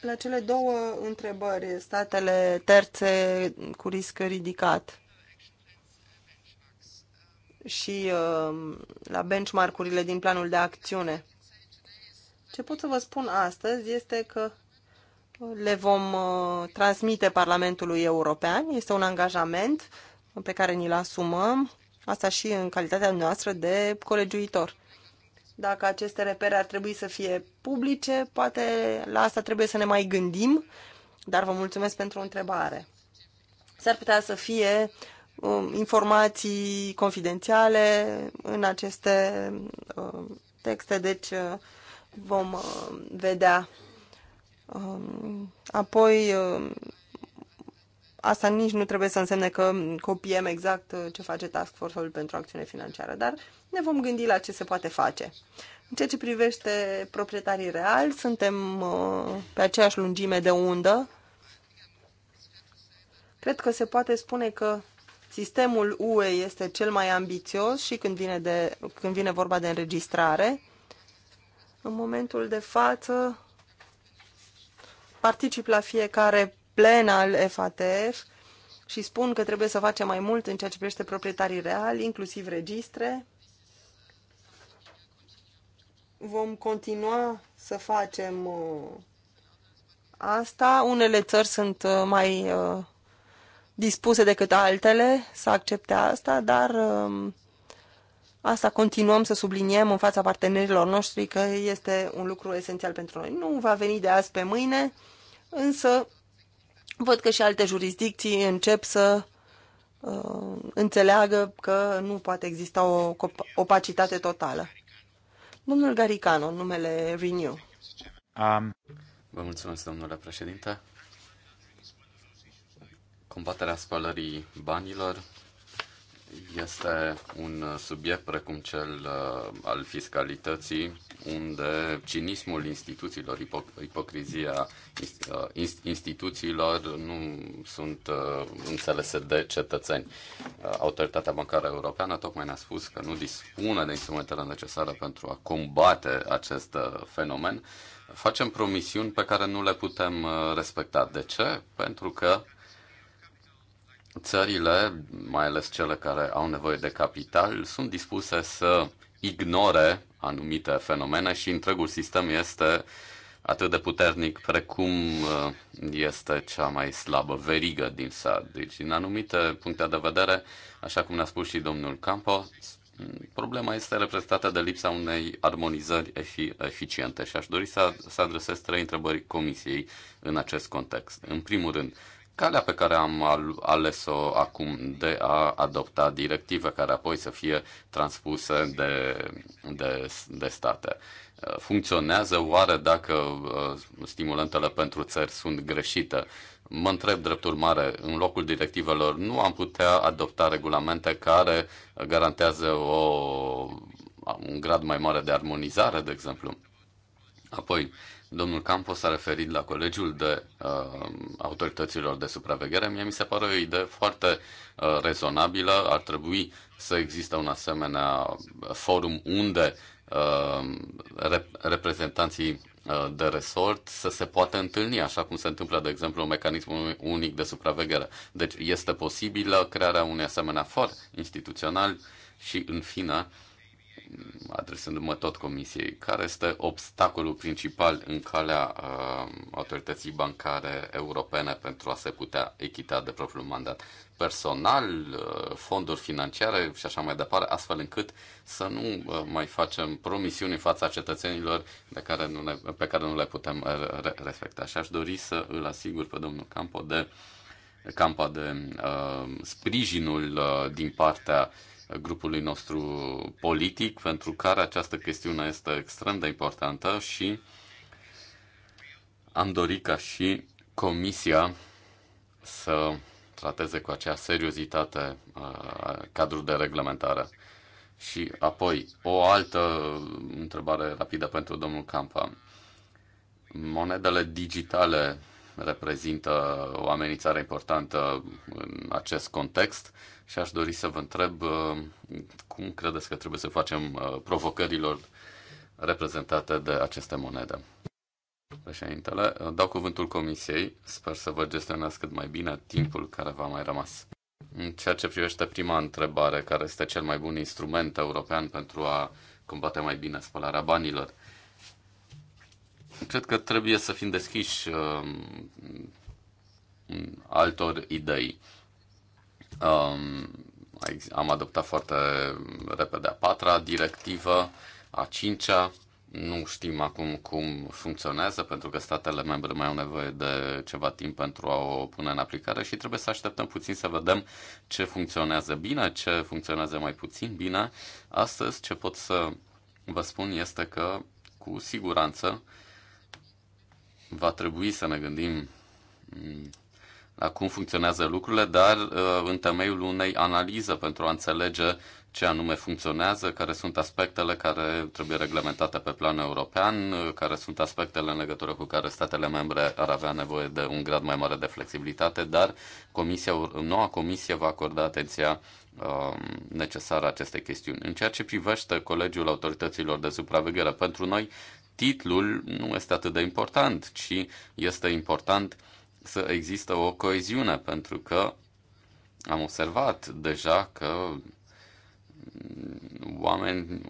La cele două întrebări, statele terțe cu risc ridicat și uh, la benchmark-urile din planul de acțiune. Ce pot să vă spun astăzi este că le vom uh, transmite Parlamentului European. Este un angajament pe care ni-l asumăm, asta și în calitatea noastră de colegiuitor. Dacă aceste repere ar trebui să fie publice, poate la asta trebuie să ne mai gândim, dar vă mulțumesc pentru întrebare. S-ar putea să fie um, informații confidențiale în aceste um, texte, deci uh, vom uh, vedea Um, apoi, um, asta nici nu trebuie să însemne că copiem exact uh, ce face Task Force-ul pentru acțiune financiară, dar ne vom gândi la ce se poate face. În ceea ce privește proprietarii reali, suntem uh, pe aceeași lungime de undă. Cred că se poate spune că sistemul UE este cel mai ambițios și când vine, de, când vine vorba de înregistrare. În momentul de față, particip la fiecare plen al FATF și spun că trebuie să facem mai mult în ceea ce privește proprietarii reali, inclusiv registre. Vom continua să facem uh, asta. Unele țări sunt uh, mai uh, dispuse decât altele să accepte asta, dar um, asta continuăm să subliniem în fața partenerilor noștri că este un lucru esențial pentru noi. Nu va veni de azi pe mâine însă văd că și alte jurisdicții încep să uh, înțeleagă că nu poate exista o opacitate totală. Domnul Garicano, numele Renew. Um, vă mulțumesc, domnule președinte. Combaterea spălării banilor este un uh, subiect precum cel uh, al fiscalității, unde cinismul instituțiilor, ipo- ipocrizia uh, instituțiilor nu sunt înțelese de cetățeni. Autoritatea Bancară Europeană tocmai ne-a spus că nu dispune de instrumentele necesare pentru a combate acest fenomen. Facem promisiuni pe care nu le putem respecta. De ce? Pentru că țările, mai ales cele care au nevoie de capital, sunt dispuse să ignore anumite fenomene și întregul sistem este atât de puternic precum uh, este cea mai slabă verigă din sat. Deci, din anumite puncte de vedere, așa cum ne-a spus și domnul Campo, problema este reprezentată de lipsa unei armonizări efi- eficiente și aș dori să, să adresez trei întrebări comisiei în acest context. În primul rând, calea pe care am ales-o acum de a adopta directive care apoi să fie transpuse de, de, de state. Uh, funcționează oare dacă uh, stimulantele pentru țări sunt greșite? Mă întreb drept urmare, în locul directivelor nu am putea adopta regulamente care garantează o, un grad mai mare de armonizare, de exemplu? Apoi, Domnul Campos a referit la colegiul de uh, autorităților de supraveghere. Mie mi se pare o idee foarte uh, rezonabilă. Ar trebui să există un asemenea forum unde uh, rep- reprezentanții uh, de resort să se poată întâlni, așa cum se întâmplă, de exemplu, un mecanism unic de supraveghere. Deci este posibilă crearea unui asemenea for instituțional și, în fine, adresându-mă tot comisiei, care este obstacolul principal în calea uh, autorității bancare europene pentru a se putea echita de propriul mandat personal, uh, fonduri financiare și așa mai departe, astfel încât să nu uh, mai facem promisiuni în fața cetățenilor de care nu le, pe care nu le putem uh, re- respecta. Și aș dori să îl asigur pe domnul Campo de Campa de uh, sprijinul uh, din partea uh, grupului nostru politic, pentru care această chestiune este extrem de importantă și am dorit ca și Comisia să trateze cu acea seriozitate uh, cadrul de reglementare. Și apoi, o altă întrebare rapidă pentru domnul Campa. Monedele digitale reprezintă o amenințare importantă în acest context și aș dori să vă întreb uh, cum credeți că trebuie să facem uh, provocărilor reprezentate de aceste monede. Președintele, uh, dau cuvântul comisiei, sper să vă gestionați cât mai bine timpul care v-a mai rămas. În ceea ce privește prima întrebare, care este cel mai bun instrument european pentru a combate mai bine spălarea banilor? Cred că trebuie să fim deschiși um, altor idei. Um, am adoptat foarte repede a patra directivă, a cincea, nu știm acum cum funcționează, pentru că statele membre mai au nevoie de ceva timp pentru a o pune în aplicare și trebuie să așteptăm puțin să vedem ce funcționează bine, ce funcționează mai puțin bine. Astăzi, ce pot să vă spun este că, cu siguranță, va trebui să ne gândim mm, la cum funcționează lucrurile, dar uh, în temeiul unei analize pentru a înțelege ce anume funcționează, care sunt aspectele care trebuie reglementate pe plan european, uh, care sunt aspectele în legătură cu care statele membre ar avea nevoie de un grad mai mare de flexibilitate, dar comisia, noua comisie va acorda atenția um, necesară acestei chestiuni. În ceea ce privește Colegiul Autorităților de Supraveghere, pentru noi titlul nu este atât de important, ci este important să există o coeziune, pentru că am observat deja că oameni,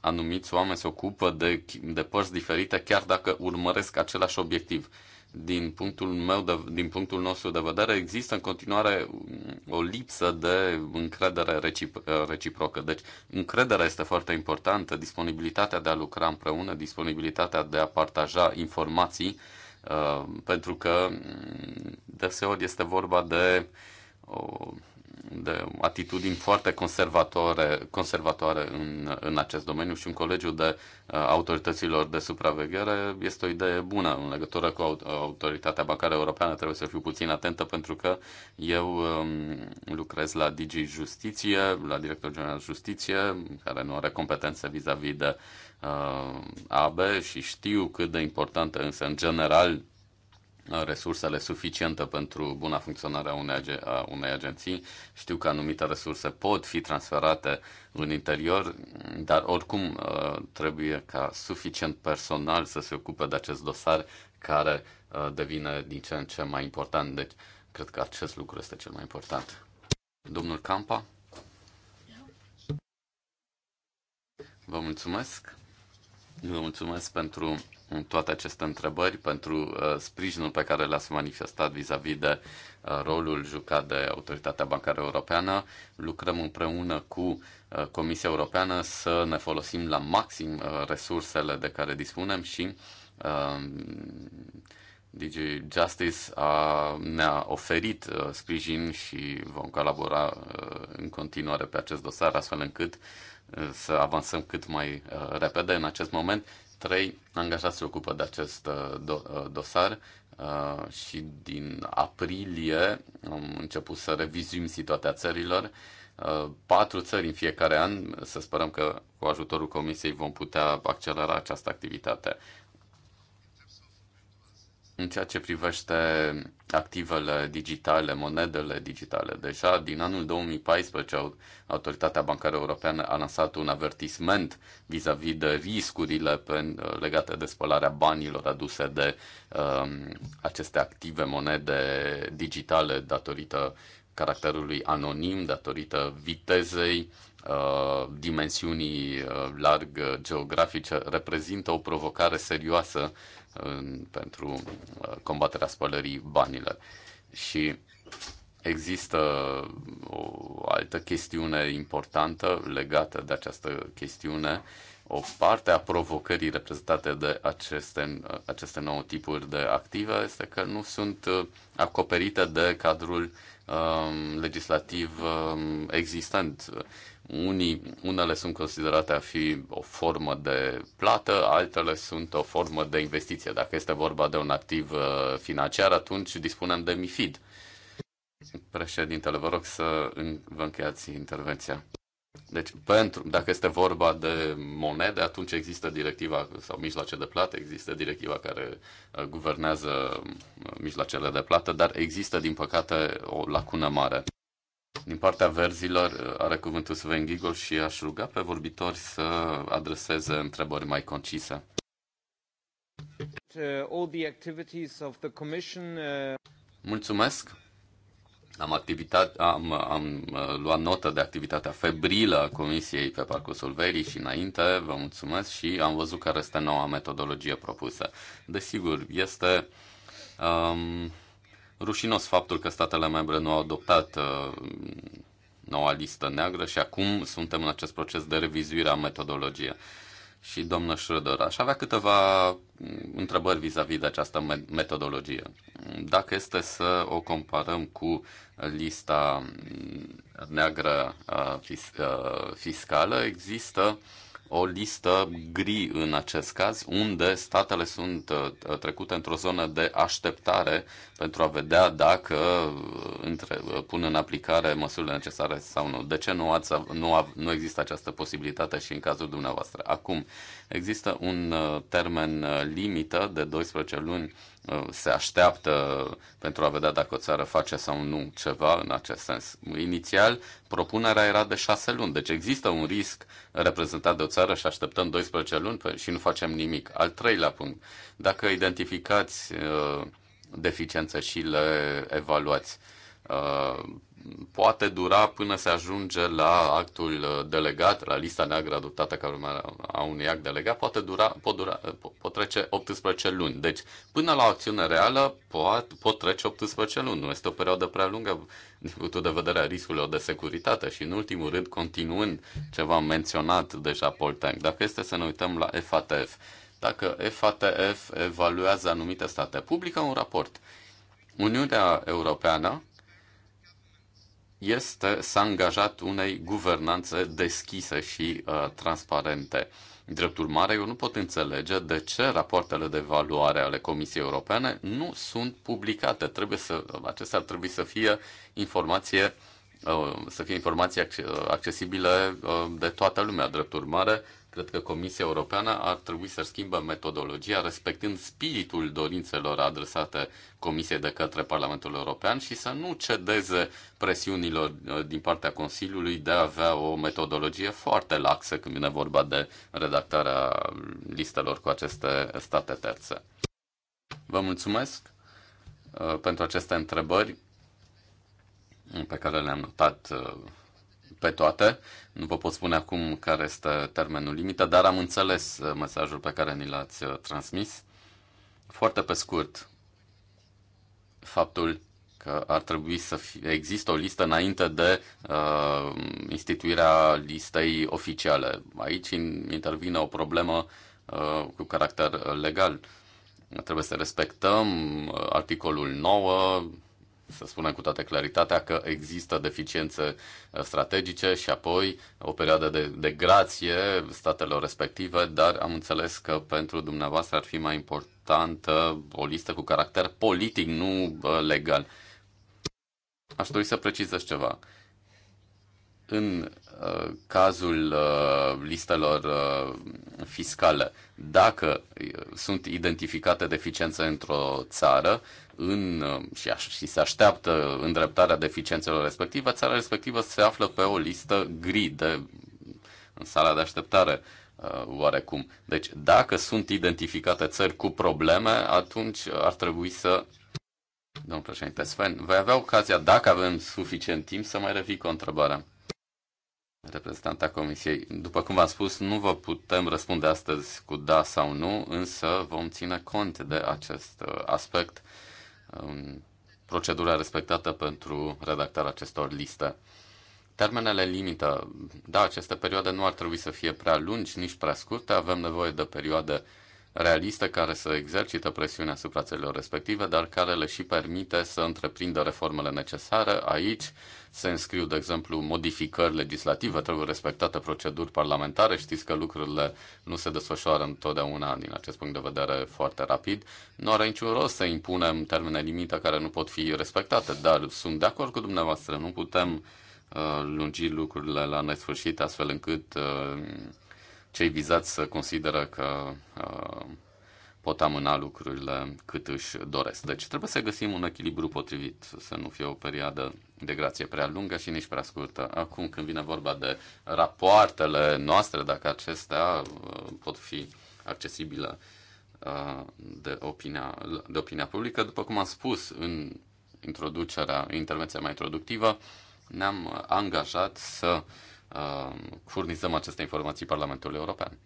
anumiți oameni se ocupă de, de părți diferite chiar dacă urmăresc același obiectiv. Din punctul, meu de, din punctul nostru de vedere, există în continuare o lipsă de încredere recipro- reciprocă. Deci, încrederea este foarte importantă, disponibilitatea de a lucra împreună, disponibilitatea de a partaja informații, uh, pentru că mm, deseori este vorba de de atitudini foarte conservatoare, conservatoare în, în acest domeniu și în colegiul de uh, autorităților de supraveghere este o idee bună în legătură cu autoritatea bancară europeană. Trebuie să fiu puțin atentă pentru că eu um, lucrez la Digi Justiție, la Director General Justiție, care nu are competențe vis-a-vis de uh, AB și știu cât de importantă însă în general Uh, resursele suficiente pentru buna funcționare a unei, ag- a unei agenții. Știu că anumite resurse pot fi transferate în interior, dar oricum uh, trebuie ca suficient personal să se ocupe de acest dosar care uh, devine din ce în ce mai important. Deci, cred că acest lucru este cel mai important. Domnul Campa? Vă mulțumesc. Vă mulțumesc pentru în toate aceste întrebări pentru uh, sprijinul pe care l-ați manifestat vis-a-vis -vis de uh, rolul jucat de Autoritatea Bancară Europeană. Lucrăm împreună cu uh, Comisia Europeană să ne folosim la maxim resursele de care dispunem și um, DG Justice a, ne-a oferit uh, sprijin și vom colabora uh, în continuare pe acest dosar, astfel încât să avansăm cât mai uh, repede. În acest moment trei angajați se ocupă de acest uh, uh, dosar uh, și din aprilie am început să revizuim situația țărilor. Patru țări în fiecare an, să sperăm că cu ajutorul Comisiei vom putea accelera această activitate în ceea ce privește activele digitale, monedele digitale. Deja din anul 2014 Autoritatea Bancară Europeană a lansat un avertisment vis-a-vis -vis de riscurile legate de spălarea banilor aduse de um, aceste active monede digitale datorită caracterului anonim, datorită vitezei, uh, dimensiunii uh, larg geografice, reprezintă o provocare serioasă uh, în, pentru uh, combaterea spălării banilor. Și există o altă chestiune importantă legată de această chestiune, o parte a provocării reprezentate de aceste, aceste nouă tipuri de active este că nu sunt uh, acoperite de cadrul um, legislativ um, existent. Unii, unele sunt considerate a fi o formă de plată, altele sunt o formă de investiție. Dacă este vorba de un activ uh, financiar, atunci dispunem de MIFID. Președintele, vă rog să vă încheiați intervenția. Deci, pentru, dacă este vorba de monede, atunci există directiva sau mijloace de plată, există directiva care uh, guvernează uh, mijloacele de plată, dar există, din păcate, o lacună mare. Din partea verzilor uh, are cuvântul Sven Ghigol și aș ruga pe vorbitori să adreseze întrebări mai concise. Uh, uh, mulțumesc! Am, activitat, am, am luat notă de activitatea febrilă a Comisiei pe parcursul verii și înainte, vă mulțumesc și am văzut care este noua metodologie propusă. Desigur, este um, rușinos faptul că statele membre nu au adoptat uh, noua listă neagră și acum suntem în acest proces de revizuire a metodologiei. Și domnul Schröder, aș avea câteva mm, întrebări vis-a-vis -vis de această metodologie. Dacă este să o comparăm cu lista mm, neagră uh, uh, fiscală, există o listă gri în acest caz, unde statele sunt uh, uh, trecute într-o zonă de așteptare pentru a vedea dacă uh, între, pun în aplicare măsurile necesare sau nu. De ce nu, ați, nu, nu există această posibilitate și în cazul dumneavoastră? Acum, Există un uh, termen uh, limită de 12 luni, uh, se așteaptă pentru a vedea dacă o țară face sau nu ceva în acest sens. Inițial, propunerea era de 6 luni, deci există un risc reprezentat de o țară și așteptăm 12 luni și nu facem nimic. Al treilea punct, dacă identificați deficiențe și le evaluați, poate dura până se ajunge la actul uh, delegat, la lista neagră adoptată ca urmare a unui act delegat, poate dura, pot, dura, uh, pot trece 18 luni. Deci, până la o acțiune reală, pot, pot trece 18 luni. Nu este o perioadă prea lungă din punctul de vedere a riscurilor de securitate și, în ultimul rând, continuând ce v-am menționat deja, Paul Tank, dacă este să ne uităm la FATF, dacă FATF evaluează anumite state, publică un raport. Uniunea Europeană este să a angajat unei guvernanțe deschise și uh, transparente. Drept urmare, eu nu pot înțelege de ce rapoartele de evaluare ale Comisiei Europene nu sunt publicate. Trebuie să, acestea ar trebui să fie informație uh, să fie informații uh, accesibilă uh, de toată lumea. Drept urmare, Cred că Comisia Europeană ar trebui să schimbă metodologia respectând spiritul dorințelor adresate Comisiei de către Parlamentul European și să nu cedeze presiunilor uh, din partea Consiliului de a avea o metodologie foarte laxă când vine vorba de redactarea listelor cu aceste state terțe. Vă mulțumesc uh, pentru aceste întrebări pe care le-am notat uh, pe toate. Nu vă pot spune acum care este termenul limită, dar am înțeles uh, mesajul pe care ni l-ați uh, transmis. Foarte pe scurt, faptul că ar trebui să fie, există o listă înainte de uh, instituirea listei oficiale. Aici intervine o problemă uh, cu caracter legal. Trebuie să respectăm uh, articolul 9 să spunem cu toată claritatea că există deficiențe uh, strategice și apoi o perioadă de, de grație statelor respective, dar am înțeles că pentru dumneavoastră ar fi mai importantă o listă cu caracter politic, nu uh, legal. Aș dori să precizez ceva. În Uh, cazul uh, listelor uh, fiscale. Dacă sunt identificate deficiențe într-o țară în, și, și se așteaptă îndreptarea deficiențelor respective, țara respectivă se află pe o listă gri de, în sala de așteptare oarecum. Deci dacă sunt identificate țări cu probleme, atunci ar trebui să Domnul președinte Sven, vei avea ocazia, dacă avem suficient timp, să mai revii cu întrebarea reprezentanta Comisiei. După cum v-am spus, nu vă putem răspunde astăzi cu da sau nu, însă vom ține cont de acest uh, aspect în um, procedura respectată pentru redactarea acestor liste. Termenele limită, da, aceste perioade nu ar trebui să fie prea lungi, nici prea scurte, avem nevoie de perioade realiste care să exercită presiunea asupra țărilor respective, dar care le și permite să întreprindă reformele necesare. Aici, se înscriu, de exemplu, modificări legislative, trebuie respectate proceduri parlamentare. Știți că lucrurile nu se desfășoară întotdeauna, din acest punct de vedere, foarte rapid. Nu are niciun rost să impunem termene limită care nu pot fi respectate, dar sunt de acord cu dumneavoastră. Nu putem uh, lungi lucrurile la nesfârșit, astfel încât uh, cei vizați să consideră că uh, pot amâna lucrurile cât își doresc. Deci trebuie să găsim un echilibru potrivit, să nu fie o perioadă de grație prea lungă și nici prea scurtă. Acum, când vine vorba de rapoartele noastre, dacă acestea uh, pot fi accesibile uh, de opinia, de opinia publică, după cum am spus în introducerea, intervenția mai introductivă, ne-am angajat să uh, furnizăm aceste informații Parlamentului European.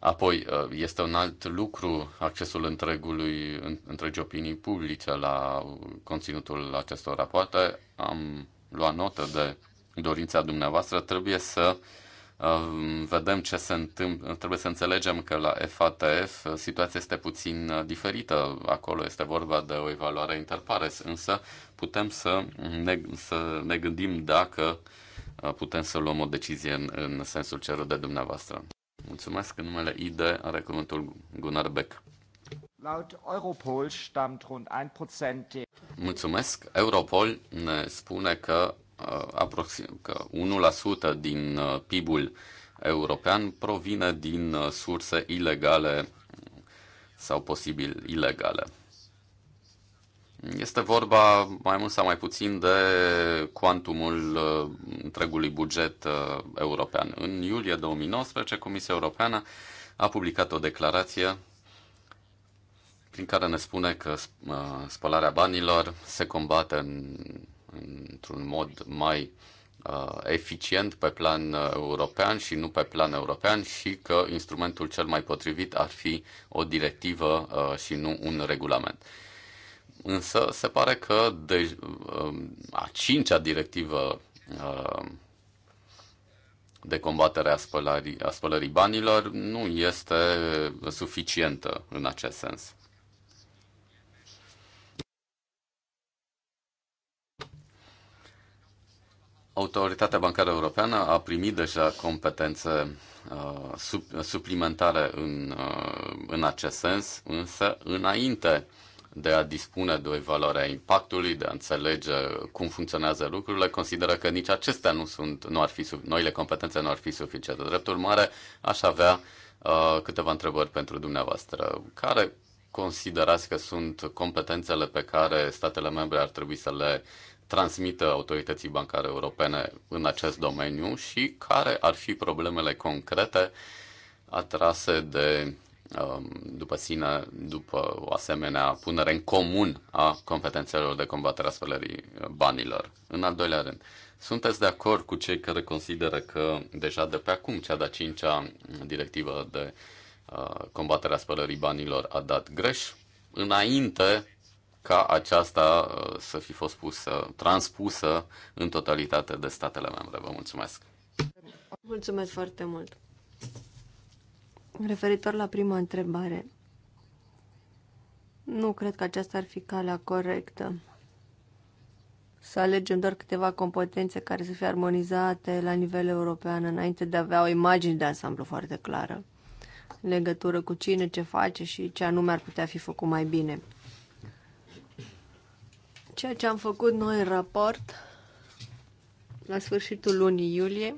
Apoi, uh, este un alt lucru accesul întregului, întregii opinii publice la uh, conținutul acestor rapoarte. Am luat notă de dorința dumneavoastră. Trebuie să uh, vedem ce se întâmplă. Trebuie să înțelegem că la FATF situația este puțin diferită. Acolo este vorba de o evaluare interpares, însă putem să ne, să ne gândim dacă putem să luăm o decizie în, în sensul cerut de dumneavoastră. Mulțumesc. În numele ID are cuvântul Gunnar Beck. Laut Europol stammt rund 1% Mulțumesc. Europol ne spune că, uh, aproxim, că 1% din uh, PIB-ul european provine din uh, surse ilegale sau posibil ilegale. Este vorba mai mult sau mai puțin de cuantumul uh, întregului buget uh, european. În iulie 2019, Comisia Europeană a publicat o declarație prin care ne spune că uh, spălarea banilor se combate în, într-un mod mai eficient pe plan european și nu pe plan european și că instrumentul cel mai potrivit ar fi o directivă și nu un regulament. Însă se pare că de, um, a cincea directivă um, de combatere a spălării, a spălării banilor nu este suficientă în acest sens. Autoritatea Bancară Europeană a primit deja competențe uh, sub, suplimentare în, uh, în acest sens, însă înainte uh, de a dispune de o evaluare a impactului, de a înțelege cum funcționează lucrurile, consideră că nici acestea nu sunt, nu ar fi, noile competențe nu ar fi suficiente. Drept urmare, aș avea uh, câteva întrebări pentru dumneavoastră. Care considerați că sunt competențele pe care statele membre ar trebui să le transmită autorității bancare europene în acest domeniu și care ar fi problemele concrete atrase de Um, după sine, după o asemenea punere în comun a competențelor de combatere a spălării uh, banilor. În al doilea rând, sunteți de acord cu cei care consideră că deja de pe acum cea de-a cincea directivă de uh, combaterea spălării banilor a dat greș, înainte ca aceasta uh, să fi fost pusă, transpusă în totalitate de statele membre. Vă mulțumesc! Mulțumesc foarte mult! Referitor la prima întrebare, nu cred că aceasta ar fi calea corectă. Să alegem doar câteva competențe care să fie armonizate la nivel european înainte de a avea o imagine de ansamblu foarte clară în legătură cu cine, ce face și ce anume ar putea fi făcut mai bine. Ceea ce am făcut noi în raport la sfârșitul lunii iulie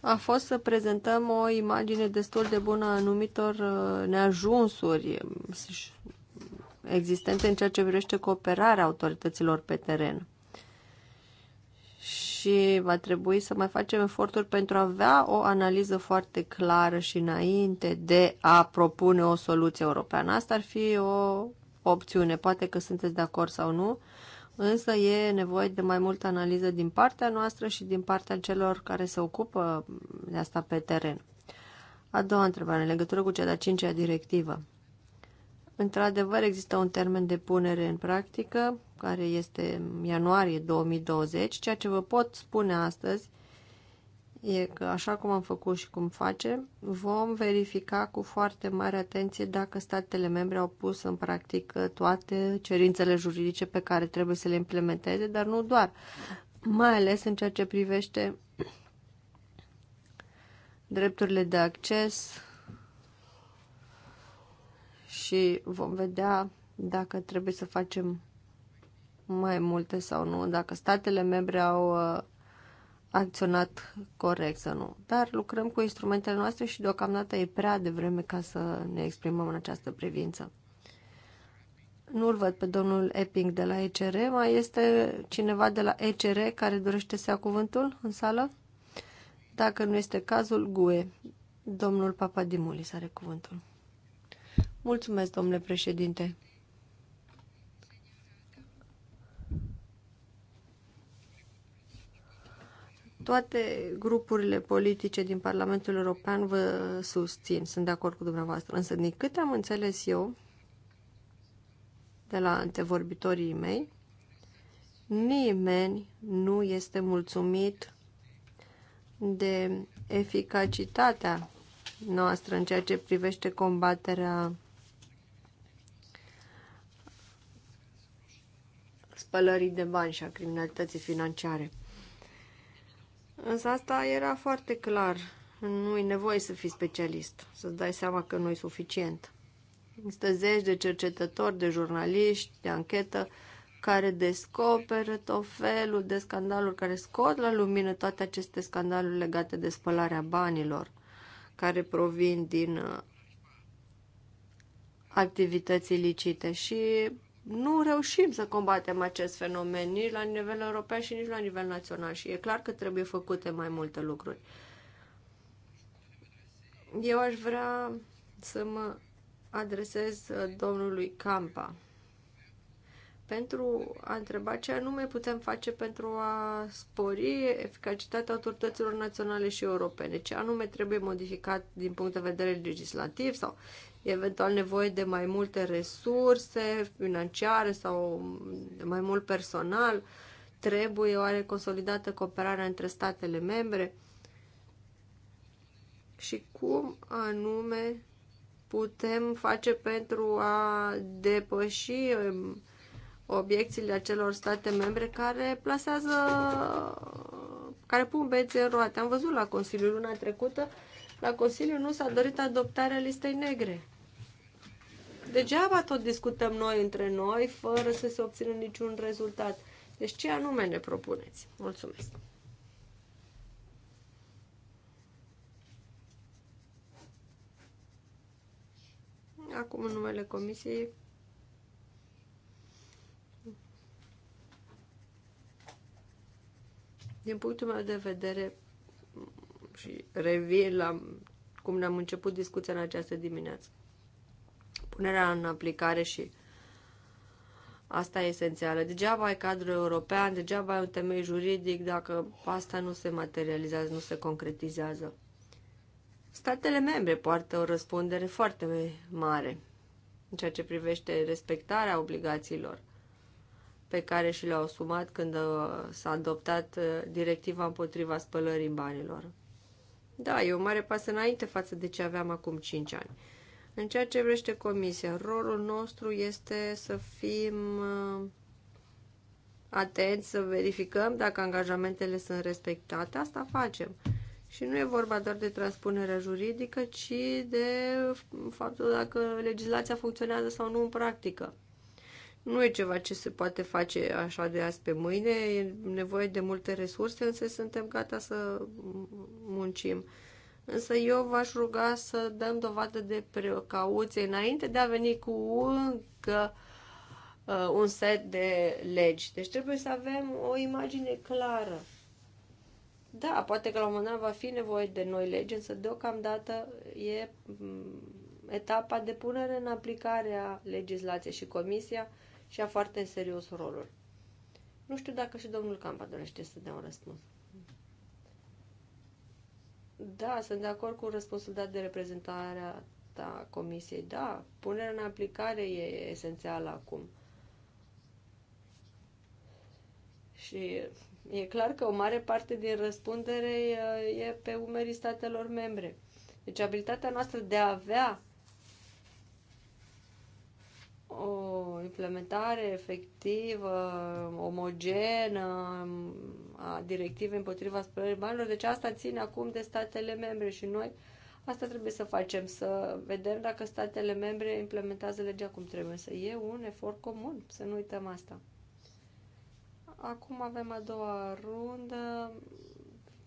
a fost să prezentăm o imagine destul de bună a anumitor uh, neajunsuri um, existente în ceea ce privește cooperarea autorităților pe teren. Și va trebui să mai facem eforturi pentru a avea o analiză foarte clară și înainte de a propune o soluție europeană. Asta ar fi o opțiune, poate că sunteți de acord sau nu. Însă e nevoie de mai multă analiză din partea noastră și din partea celor care se ocupă de asta pe teren. A doua întrebare, în legătură cu cea de-a cincea directivă. Într-adevăr, există un termen de punere în practică, care este ianuarie 2020. Ceea ce vă pot spune astăzi e că, așa cum am făcut și cum facem, vom verifica cu foarte mare atenție dacă statele membre au pus în practică toate cerințele juridice pe care trebuie să le implementeze, dar nu doar, mai ales în ceea ce privește drepturile de acces și vom vedea dacă trebuie să facem mai multe sau nu, dacă statele membre au uh, acționat corect sau nu. Dar lucrăm cu instrumentele noastre și deocamdată e prea devreme ca să ne exprimăm în această privință. Nu-l văd pe domnul Epping de la ECR. Mai este cineva de la ECR care dorește să ia cuvântul în sală? Dacă nu este cazul, GUE. Domnul Papadimulis are cuvântul. Mulțumesc, domnule președinte. Toate grupurile politice din Parlamentul European vă susțin, sunt de acord cu dumneavoastră. Însă, din câte am înțeles eu, de la antevorbitorii mei, nimeni nu este mulțumit de eficacitatea noastră în ceea ce privește combaterea spălării de bani și a criminalității financiare. Însă asta era foarte clar. nu e nevoie să fii specialist, să-ți dai seama că nu e suficient. Există zeci de cercetători, de jurnaliști, de anchetă, care descoperă tot felul de scandaluri, care scot la lumină toate aceste scandaluri legate de spălarea banilor, care provin din uh, activități ilicite și nu reușim să combatem acest fenomen nici la nivel european și nici la nivel național și e clar că trebuie făcute mai multe lucruri. Eu aș vrea să mă adresez uh, domnului Campa pentru a întreba ce anume putem face pentru a spori eficacitatea autorităților naționale și europene, ce anume trebuie modificat din punct de vedere legislativ sau eventual nevoie de mai multe resurse financiare sau de mai mult personal? Trebuie oare consolidată cooperarea între statele membre? Și cum anume putem face pentru a depăși um, obiecțiile acelor state membre care plasează, care pun bețe în roate. Am văzut la Consiliul luna trecută la Consiliu nu s-a dorit adoptarea listei negre. Degeaba tot discutăm noi între noi, fără să se obțină niciun rezultat. Deci ce anume ne propuneți? Mulțumesc! Acum în numele comisiei din punctul meu de vedere, și revin la cum ne-am început discuția în această dimineață. Punerea în aplicare și asta e esențială. Degeaba ai cadrul european, degeaba ai un temei juridic dacă asta nu se materializează, nu se concretizează. Statele membre poartă o răspundere foarte mare în ceea ce privește respectarea obligațiilor pe care și le-au asumat când s-a adoptat uh, directiva împotriva spălării banilor. Da, e o mare pas înainte față de ce aveam acum 5 ani. În ceea ce vrește comisia, rolul nostru este să fim uh, atenți, să verificăm dacă angajamentele sunt respectate. Asta facem. Și nu e vorba doar de transpunerea juridică, ci de faptul dacă legislația funcționează sau nu în practică. Nu e ceva ce se poate face așa de azi pe mâine, e nevoie de multe resurse, însă suntem gata să muncim. Însă eu v-aș ruga să dăm dovadă de precauție înainte de a veni cu încă uh, un set de legi. Deci trebuie să avem o imagine clară. Da, poate că la un moment dat va fi nevoie de noi legi, însă deocamdată e mm, etapa de punere în aplicare a legislației și Comisia și a foarte în serios rolul. Nu știu dacă și domnul Campa dorește să dea un răspuns. Da, sunt de acord cu răspunsul dat de reprezentarea ta comisiei. Da, punerea în aplicare e esențială acum. Și e clar că o mare parte din răspundere e pe umerii statelor membre. Deci abilitatea noastră de a avea o implementare efectivă, omogenă a directivei împotriva spălării banilor. Deci asta ține acum de statele membre și noi asta trebuie să facem, să vedem dacă statele membre implementează legea cum trebuie. Să e un efort comun, să nu uităm asta. Acum avem a doua rundă.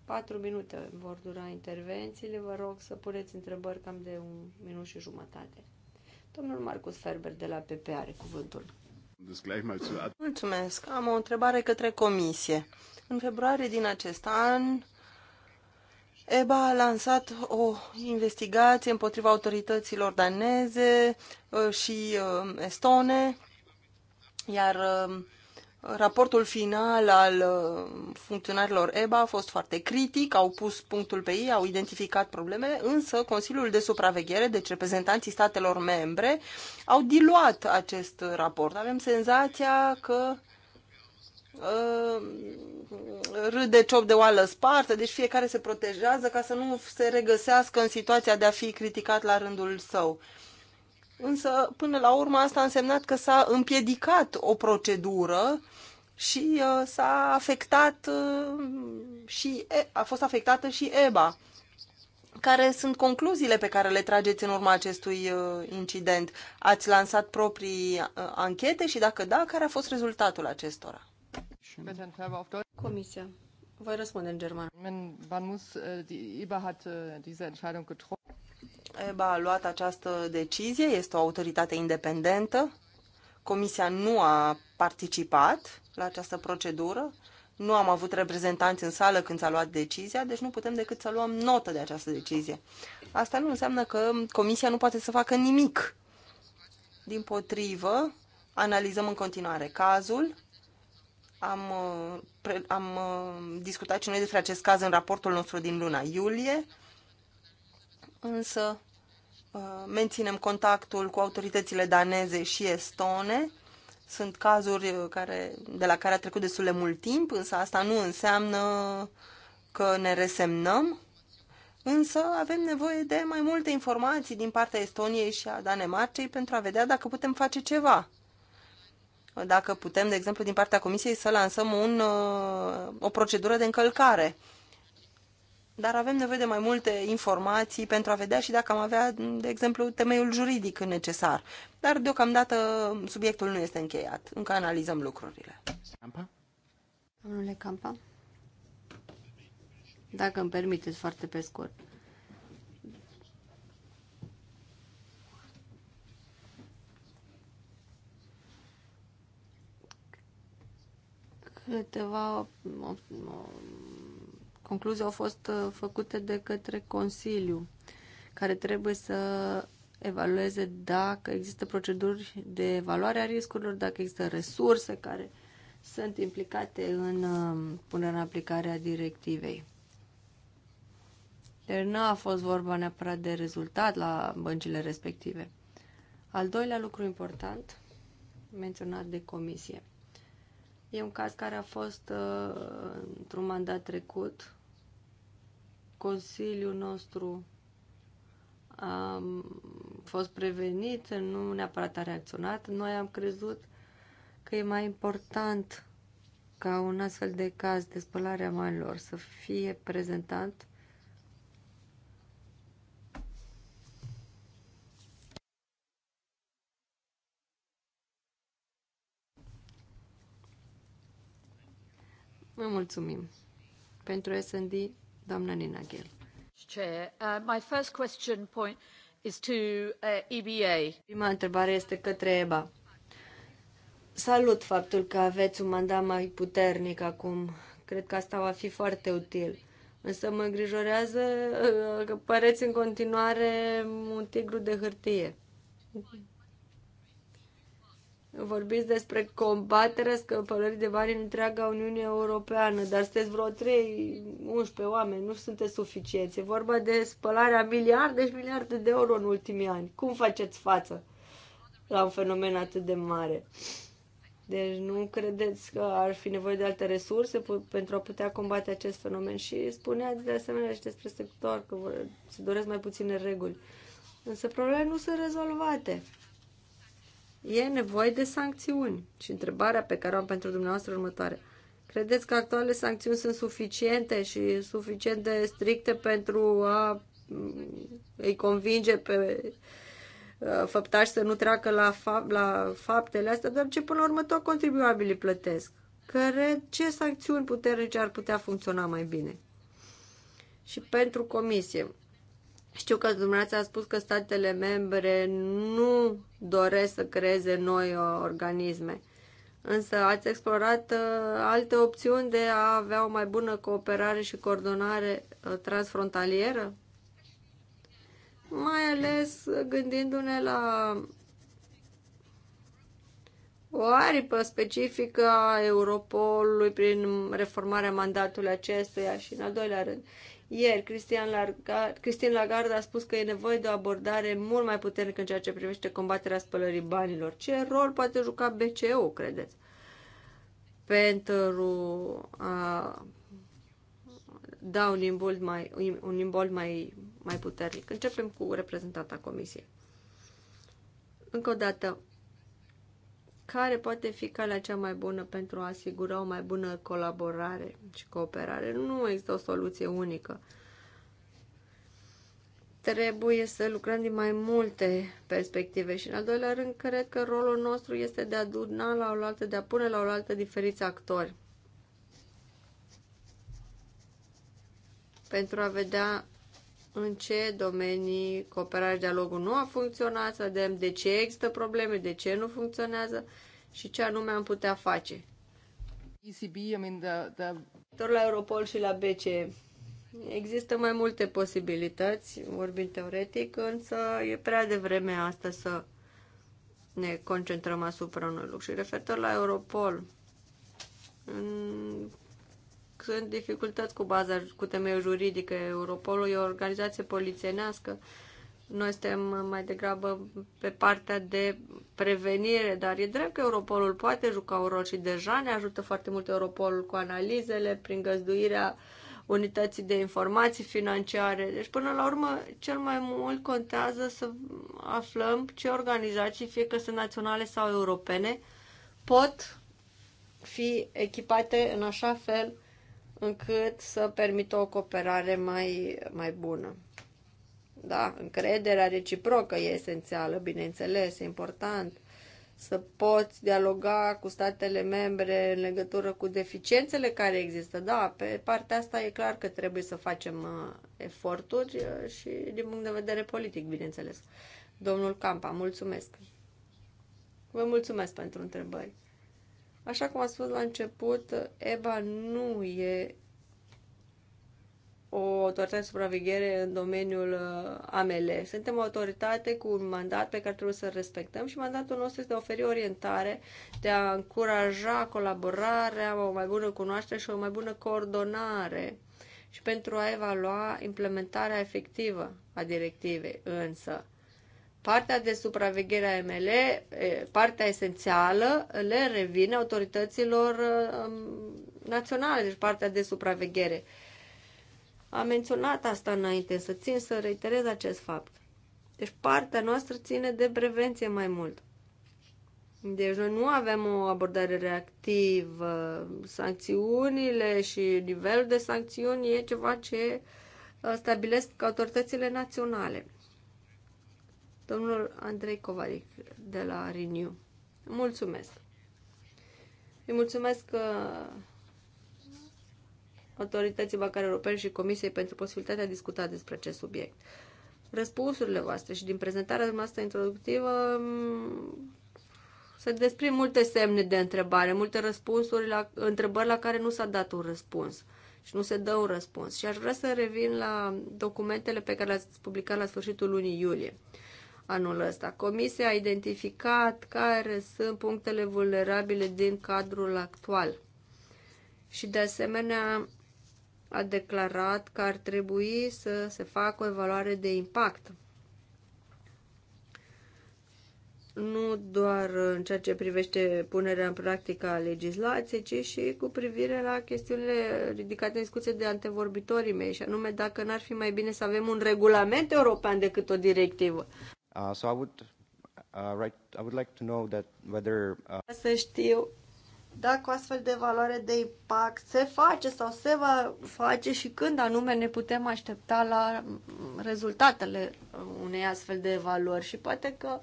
4 minute vor dura intervențiile. Vă rog să puneți întrebări cam de un minut și jumătate. Domnul Marcus Ferber de la PP are cuvântul. Mulțumesc. Am o întrebare către comisie. În februarie din acest an, EBA a lansat o investigație împotriva autorităților daneze uh, și uh, estone, iar uh, Raportul final al uh, funcționarilor EBA a fost foarte critic, au pus punctul pe ei, au identificat problemele, însă Consiliul de Supraveghere, deci reprezentanții statelor membre, au diluat acest raport. Avem senzația că uh, râde ciop de oală spartă, deci fiecare se protejează ca să nu se regăsească în situația de a fi criticat la rândul său. Uh, Însă, până la urmă, asta a însemnat că s-a împiedicat o procedură și uh, s-a afectat uh, și e, a fost afectată și EBA. Care sunt concluziile pe care le trageți în urma acestui uh, incident? Ați lansat proprii uh, anchete și dacă da, care a fost rezultatul acestora? Comisia. Voi răspunde în germană. Äh, EBA a luat această decizie, este o autoritate independentă. Comisia nu a participat la această procedură, nu am avut reprezentanți în sală când s-a luat decizia, deci nu putem decât să luăm notă de această decizie. Asta nu înseamnă că Comisia nu poate să facă nimic. Din potrivă, analizăm în continuare cazul. Am, uh, am uh, discutat și noi despre acest caz în raportul nostru din luna iulie însă uh, menținem contactul cu autoritățile daneze și estone. Sunt cazuri uh, care, de la care a trecut destul de mult timp, însă asta nu înseamnă că ne resemnăm. Însă avem nevoie de mai multe informații din partea Estoniei și a Danemarcei pentru a vedea dacă putem face ceva. Dacă putem, de exemplu, din partea Comisiei să lansăm un, uh, o procedură de încălcare dar avem nevoie de mai multe informații pentru a vedea și dacă am avea, de exemplu, temeiul juridic necesar. Dar deocamdată subiectul nu este încheiat. Încă analizăm lucrurile. Campa? Domnule Campa? Dacă îmi permiteți, foarte pe scurt. câteva concluzii au fost uh, făcute de către Consiliu, care trebuie să evalueze dacă există proceduri de evaluare a riscurilor, dacă există resurse care sunt implicate în uh, punerea în aplicare a directivei. Deci nu a fost vorba neapărat de rezultat la băncile respective. Al doilea lucru important menționat de comisie. E un caz care a fost uh, într-un mandat trecut Consiliul nostru a fost prevenit, nu neapărat a reacționat. Noi am crezut că e mai important ca un astfel de caz de spălare a manilor să fie prezentat Vă mulțumim. Pentru S&D, doamnă Nina gill uh, my first question point is to uh, EBA. Prima întrebare este către EBA. Salut faptul că aveți un mandat mai puternic acum. Cred că asta va fi foarte util. Însă mă îngrijorează uh, că păreți în continuare un tigru de hârtie. Vorbiți despre combaterea scăpării de bani în întreaga Uniune Europeană, dar sunteți vreo 3, 11 oameni, nu sunteți suficienți. E vorba de spălarea miliarde și miliarde de euro în ultimii ani. Cum faceți față la un fenomen atât de mare? Deci nu credeți că ar fi nevoie de alte resurse pentru a putea combate acest fenomen? Și spuneați de asemenea și despre sector că se doresc mai puține reguli. Însă problemele nu sunt rezolvate. E nevoie de sancțiuni. Și întrebarea pe care o am pentru dumneavoastră următoare. Credeți că actualele sancțiuni sunt suficiente și suficient de stricte pentru a mm, îi convinge pe uh, făptași să nu treacă la, fa- la faptele astea, dar ce până la urmă tot contribuabilii plătesc? Care, ce sancțiuni puternice ar putea funcționa mai bine? Și pentru comisie, știu că dumneavoastră a spus că statele membre nu doresc să creeze noi uh, organisme, însă ați explorat uh, alte opțiuni de a avea o mai bună cooperare și coordonare uh, transfrontalieră? Mai ales gândindu-ne la o aripă specifică a Europolului prin reformarea mandatului acestuia și, în al doilea rând, ieri, Cristian Lagarde, Lagarde a spus că e nevoie de o abordare mult mai puternică în ceea ce privește combaterea spălării banilor. Ce rol poate juca BCE, credeți? Pentru a da un imbold mai, un imbold mai, mai puternic. Începem cu reprezentanta comisiei. Încă o dată, care poate fi calea cea mai bună pentru a asigura o mai bună colaborare și cooperare. Nu există o soluție unică. Trebuie să lucrăm din mai multe perspective și, în al doilea rând, cred că rolul nostru este de a aduna la oaltă, de a pune la oaltă diferiți actori. Pentru a vedea în ce domenii cooperarea și dialogul nu a funcționat, să vedem de ce există probleme, de ce nu funcționează și ce anume am putea face. ECB, I mean the, the... Tot la Europol și la BCE. Există mai multe posibilități, vorbind teoretic, însă e prea devreme asta să ne concentrăm asupra unui lucru. Și referitor la Europol, în sunt dificultăți cu baza, cu temeiul juridică. Europolul e o organizație polițienească. Noi suntem mai degrabă pe partea de prevenire, dar e drept că Europolul poate juca un rol și deja ne ajută foarte mult Europolul cu analizele, prin găzduirea unității de informații financiare. Deci, până la urmă, cel mai mult contează să aflăm ce organizații, fie că sunt naționale sau europene, pot fi echipate în așa fel încât să permită o cooperare mai, mai bună. Da, încrederea reciprocă e esențială, bineînțeles, e important să poți dialoga cu statele membre în legătură cu deficiențele care există. Da, pe partea asta e clar că trebuie să facem uh, eforturi uh, și din punct de vedere politic, bineînțeles. Domnul Campa, mulțumesc. Vă mulțumesc pentru întrebări. Așa cum am spus la început, EBA nu e o autoritate de supraveghere în domeniul uh, AML. Suntem o autoritate cu un mandat pe care trebuie să-l respectăm și mandatul nostru este de a oferi orientare, de a încuraja colaborarea, o mai bună cunoaștere și o mai bună coordonare și pentru a evalua implementarea efectivă a directivei. Însă, Partea de supraveghere a ML, partea esențială, le revine autorităților um, naționale, deci partea de supraveghere. Am menționat asta înainte, să țin să reiterez acest fapt. Deci partea noastră ține de prevenție mai mult. Deci noi nu avem o abordare reactivă. Sancțiunile și nivelul de sancțiuni e ceva ce uh, stabilesc autoritățile naționale domnul Andrei Covaric de la Renew. Mulțumesc! Îi mulțumesc uh, autorității bancare europene și Comisiei pentru posibilitatea de a discuta despre acest subiect. Răspunsurile voastre și din prezentarea noastră introductivă mm, se desprind multe semne de întrebare, multe răspunsuri la întrebări la care nu s-a dat un răspuns și nu se dă un răspuns. Și aș vrea să revin la documentele pe care le-ați publicat la sfârșitul lunii iulie anul ăsta. Comisia a identificat care sunt punctele vulnerabile din cadrul actual și de asemenea a declarat că ar trebui să se facă o evaluare de impact. Nu doar în ceea ce privește punerea în practică a legislației, ci și cu privire la chestiunile ridicate în discuție de antevorbitorii mei, și anume dacă n-ar fi mai bine să avem un regulament european decât o directivă. Uh, so I would, uh, right, I would like to know that whether... Uh... Să știu dacă o astfel de valoare de impact se face sau se va face și când anume ne putem aștepta la mm, rezultatele uh, unei astfel de valori. și poate că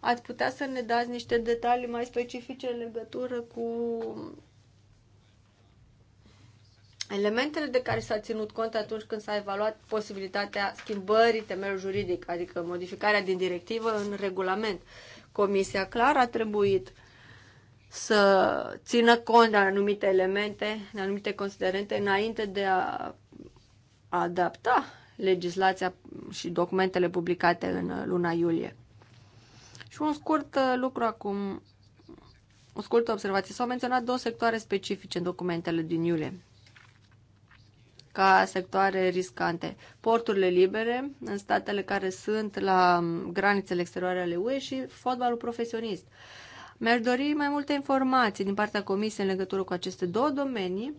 ați putea să ne dați niște detalii mai specifice în legătură cu elementele de care s-a ținut cont atunci când s-a evaluat posibilitatea schimbării temeiului juridic, adică modificarea din directivă în regulament. Comisia clar a trebuit să țină cont de anumite elemente, de anumite considerente, înainte de a adapta legislația și documentele publicate în luna iulie. Și un scurt uh, lucru acum, o scurtă observație. S-au menționat două sectoare specifice în documentele din iulie ca sectoare riscante. Porturile libere în statele care sunt la granițele exterioare ale UE și fotbalul profesionist. Mi-aș dori mai multe informații din partea Comisiei în legătură cu aceste două domenii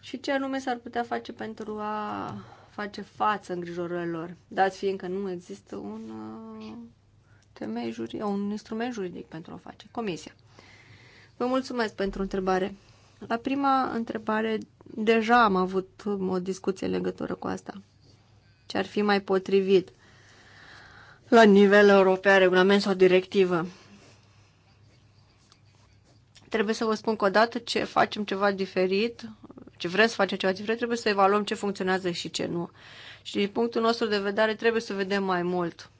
și ce anume s-ar putea face pentru a face față îngrijorărilor, dat fiindcă nu există un uh, temei juridic, un instrument juridic pentru a face. Comisia. Vă mulțumesc pentru întrebare. La prima întrebare, deja am avut o discuție în legătură cu asta. Ce ar fi mai potrivit la nivel european, regulament sau directivă? Trebuie să vă spun că odată ce facem ceva diferit, ce vrem să facem ceva diferit, trebuie să evaluăm ce funcționează și ce nu. Și din punctul nostru de vedere trebuie să vedem mai mult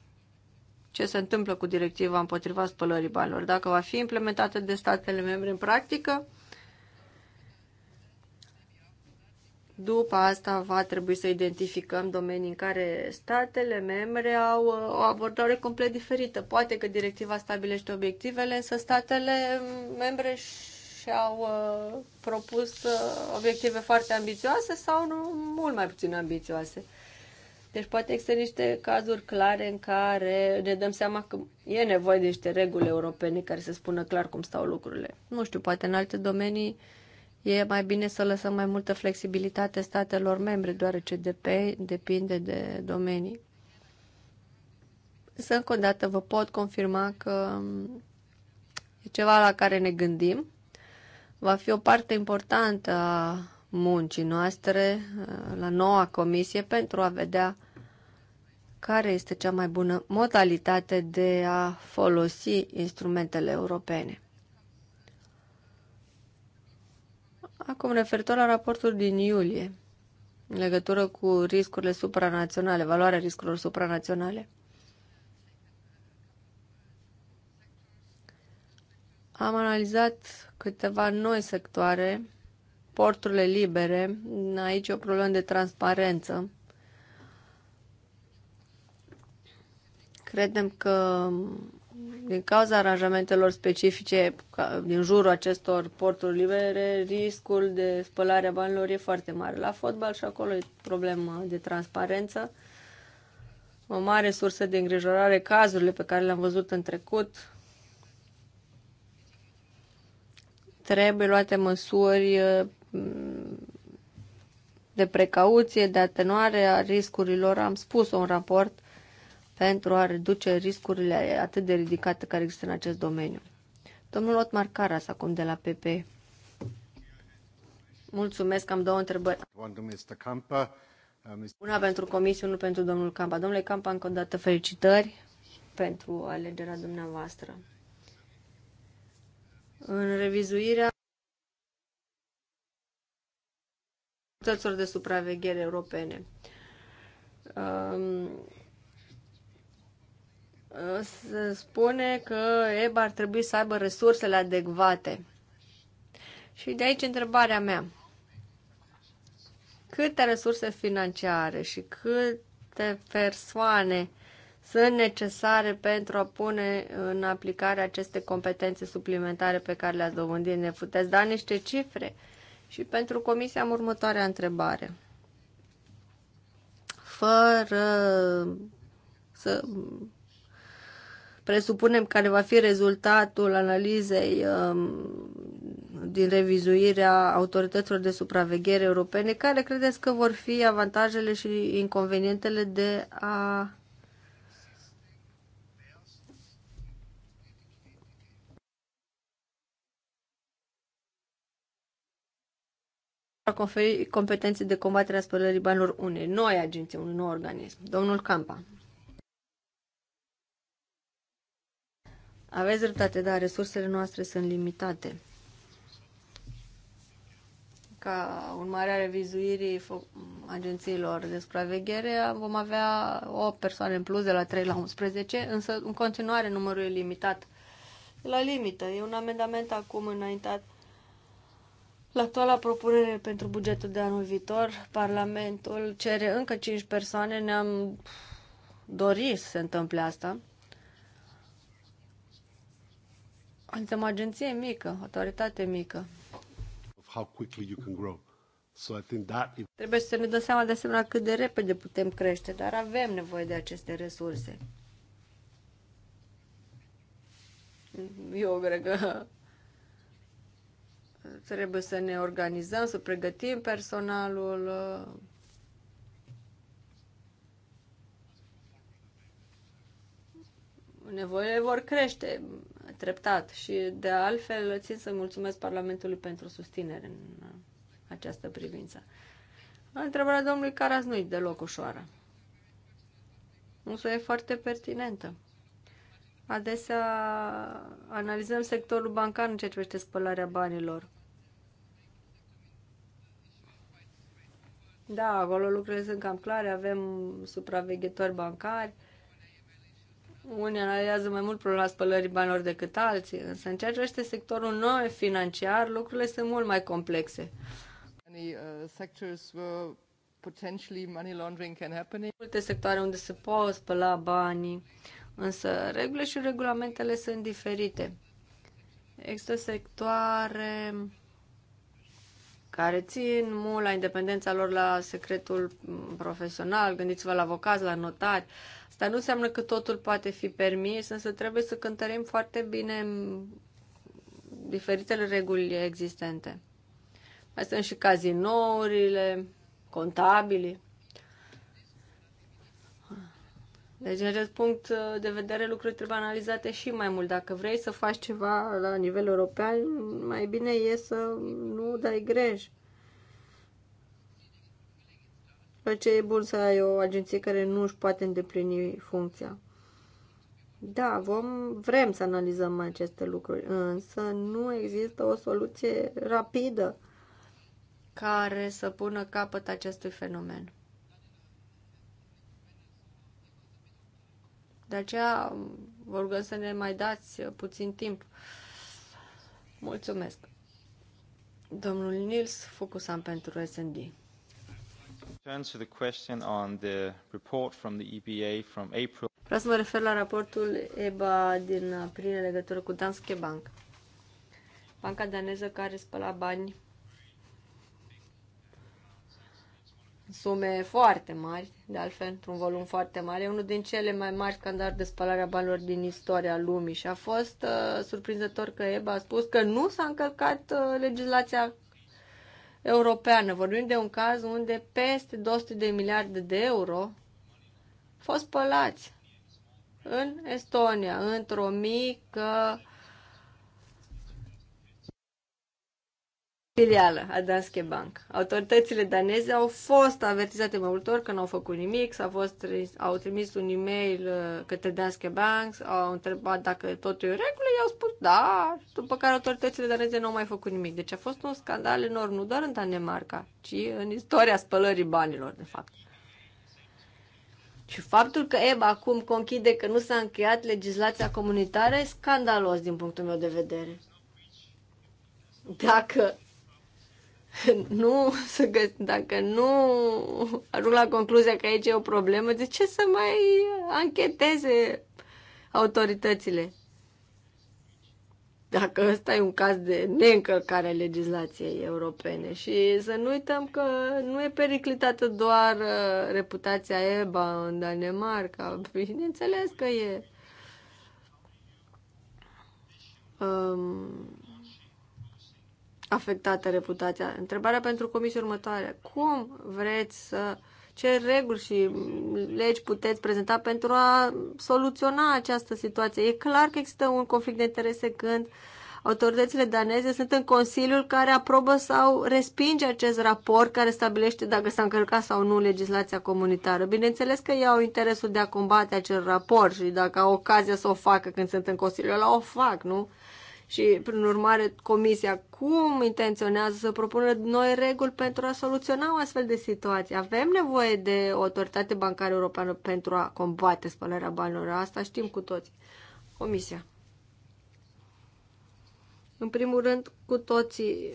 ce se întâmplă cu directiva împotriva spălării banilor, dacă va fi implementată de statele membre în practică După asta va trebui să identificăm domenii în care statele membre au uh, o abordare complet diferită. Poate că directiva stabilește obiectivele, însă statele membre și-au uh, propus uh, obiective foarte ambițioase sau nu, mult mai puțin ambițioase. Deci poate există niște cazuri clare în care ne dăm seama că e nevoie de niște reguli europene care să spună clar cum stau lucrurile. Nu știu, poate în alte domenii uh, E mai bine să lăsăm mai multă flexibilitate statelor membre, deoarece DP depinde de domenii. Să încă o dată vă pot confirma că e ceva la care ne gândim. Va fi o parte importantă a muncii noastre la noua comisie pentru a vedea care este cea mai bună modalitate de a folosi instrumentele europene. Acum, referitor la raportul din iulie, în legătură cu riscurile supranaționale, valoarea riscurilor supranaționale, am analizat câteva noi sectoare, porturile libere, aici e o problemă de transparență. Credem că din cauza aranjamentelor specifice din jurul acestor porturi libere, riscul de spălare a banilor e foarte mare. La fotbal și acolo e problemă de transparență. O mare sursă de îngrijorare, cazurile pe care le-am văzut în trecut, trebuie luate măsuri uh, de precauție, de atenuare a riscurilor. Am spus-o în raport pentru a reduce riscurile atât de ridicate care există în acest domeniu. Domnul Otmar Caras, acum de la PP. Mulțumesc, am două întrebări. Una pentru comisie, unul pentru domnul Campa. Domnule Campa, încă o dată felicitări pentru alegerea dumneavoastră. În revizuirea de supraveghere europene, um, Uh, se spune că EBA ar trebui să aibă resursele adecvate. Și de aici întrebarea mea. Câte resurse financiare și câte persoane sunt necesare pentru a pune în aplicare aceste competențe suplimentare pe care le-ați dovândit? Ne puteți da niște cifre? Și pentru comisia am următoarea întrebare. Fără să presupunem care va fi rezultatul analizei um, din revizuirea autorităților de supraveghere europene, care credeți că vor fi avantajele și inconvenientele de a a conferi competențe de combatere a spălării banilor unei noi agenții, unui nou organism. Domnul Campa. Aveți dreptate, dar resursele noastre sunt limitate. Ca urmare a revizuirii agențiilor de supraveghere, vom avea o persoană în plus de la 3 la 11, însă în continuare numărul e limitat. La limită, e un amendament acum înaintat la actuala propunere pentru bugetul de anul viitor, Parlamentul cere încă 5 persoane, ne-am dorit să se întâmple asta. Suntem agenție mică, autoritate mică. How quickly you can grow. So I think that... Trebuie să ne dăm seama de asemenea cât de repede putem crește, dar avem nevoie de aceste resurse. Eu cred că trebuie să ne organizăm, să pregătim personalul. Nevoile vor crește treptat și de altfel țin să mulțumesc Parlamentului pentru susținere în această privință. Întrebarea domnului Caras nu-i deloc ușoară, însă e foarte pertinentă. Adesea analizăm sectorul bancar în ceea ce privește spălarea banilor. Da, acolo lucrurile sunt cam clare, avem supraveghetori bancari, unii analizează mai mult problema spălării banilor decât alții, însă în ceea ce este sectorul nou financiar lucrurile sunt mult mai complexe. uh, potentially money laundering can happen. Multe sectoare unde se pot spăla banii, însă regulile și regulamentele sunt diferite. Există sectoare care țin mult la independența lor la secretul profesional, gândiți-vă la avocați, la notari, uh, dar nu înseamnă că totul poate fi permis, însă trebuie să cântărim foarte bine diferitele reguli existente. Mai sunt și cazinourile, contabili. Deci, în acest punct de vedere, lucrurile trebuie analizate și mai mult. Dacă vrei să faci ceva la nivel european, mai bine e să nu dai greș. după ce e bun să ai o agenție care nu își poate îndeplini funcția. Da, vom, vrem să analizăm aceste lucruri, însă nu există o soluție rapidă care să pună capăt acestui fenomen. De aceea vă rugăm să ne mai dați puțin timp. Mulțumesc. Domnul Nils Focusam pentru SND. Turn to the question on the report from the EBA from April. Vreau să mă refer la raportul EBA din aprilie legătură cu Danske Bank. Banca daneză care spăla bani sume foarte mari, de altfel, într-un volum foarte mare. E unul din cele mai mari scandaluri de spălare a banilor din istoria lumii și a fost uh, surprinzător că EBA a spus că nu s-a încălcat uh, legislația europeană. Vorbim de un caz unde peste 200 de miliarde de euro au fost spălați în Estonia, într-o mică filială a Danske Bank. Autoritățile daneze au fost avertizate mai multe ori că nu au făcut nimic, s fost, au trimis un e-mail uh, către Danske Bank, au întrebat dacă totul e în regulă, i-au spus da, după care autoritățile daneze nu au mai făcut nimic. Deci a fost un scandal enorm, nu doar în Danemarca, ci în istoria spălării banilor, de fapt. Și faptul că EBA acum conchide că nu s-a încheiat legislația comunitară e scandalos din punctul meu de vedere. Dacă nu, să gă- dacă nu ajung la concluzia că aici e o problemă, de ce să mai ancheteze autoritățile? Dacă ăsta e un caz de neîncălcare a legislației europene și să nu uităm că nu e periclitată doar uh, reputația EBA în Danemarca, bineînțeles că e. Um, afectată reputația. Întrebarea pentru comisie următoare. Cum vreți să ce reguli și legi puteți prezenta pentru a soluționa această situație? E clar că există un conflict de interese când autoritățile daneze sunt în Consiliul care aprobă sau respinge acest raport care stabilește dacă s-a încălcat sau nu legislația comunitară. Bineînțeles că ei au interesul de a combate acel raport și dacă au ocazia să o facă când sunt în Consiliu, ăla, o fac, nu? și, prin urmare, Comisia cum intenționează să propună noi reguli pentru a soluționa o astfel de situație. Avem nevoie de o autoritate bancară europeană pentru a combate spălarea banilor. Asta știm cu toți. Comisia. În primul rând, cu toții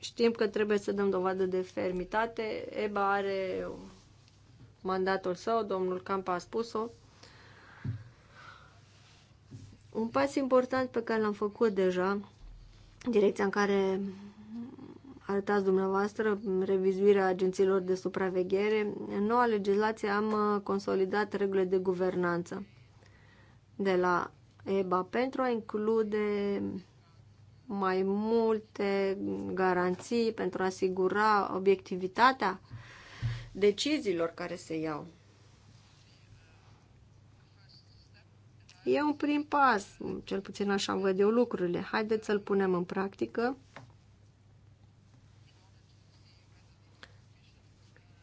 știm că trebuie să dăm dovadă de fermitate. EBA are mandatul său, domnul Campa a spus-o. Un pas important pe care l-am făcut deja, direcția în care arătați dumneavoastră, revizuirea agențiilor de supraveghere, în noua legislație am uh, consolidat regulile de guvernanță de la EBA pentru a include mai multe garanții pentru a asigura obiectivitatea deciziilor care se iau. E un prim pas, cel puțin așa văd eu lucrurile. Haideți să-l punem în practică.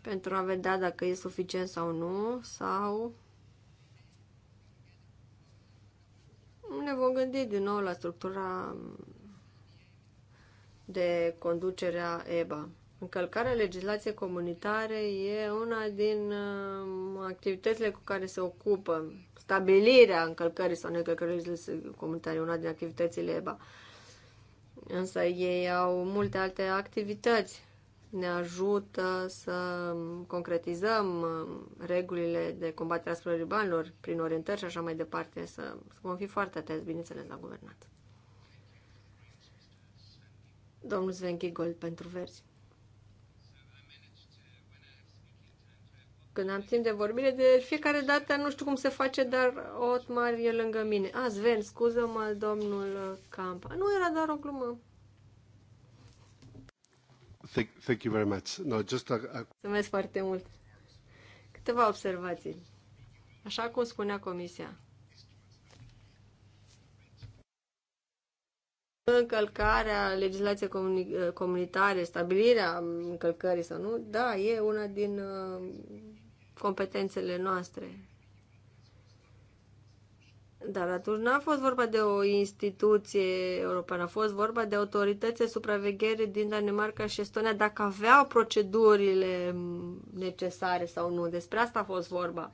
pentru a vedea dacă e suficient sau nu, sau ne vom gândi din nou la structura de conducere a EBA. Încălcarea legislației comunitare e una din uh, activitățile cu care se ocupă. Stabilirea încălcării sau necălcării legislației comunitare e una din activitățile EBA. Însă ei au multe alte activități. Ne ajută să concretizăm uh, regulile de combatere a spălării banilor prin orientări și așa mai departe, să, să vom fi foarte atenți, bineînțeles, la guvernat. Domnul Svenchi pentru verzi. Când am timp de vorbire, de fiecare dată nu știu cum se face, dar Otmar e lângă mine. A, Sven, scuză-mă, domnul Campa. Nu era doar o glumă. Thank, thank you very much. No, just a, a... Mulțumesc foarte mult. Câteva observații. Așa cum spunea comisia, încălcarea legislației comunitare, stabilirea încălcării sau nu, da, e una din uh, competențele noastre. Dar atunci n-a fost vorba de o instituție europeană, a fost vorba de autorități de supraveghere din Danemarca și Estonia, dacă aveau procedurile necesare sau nu. Despre asta a fost vorba.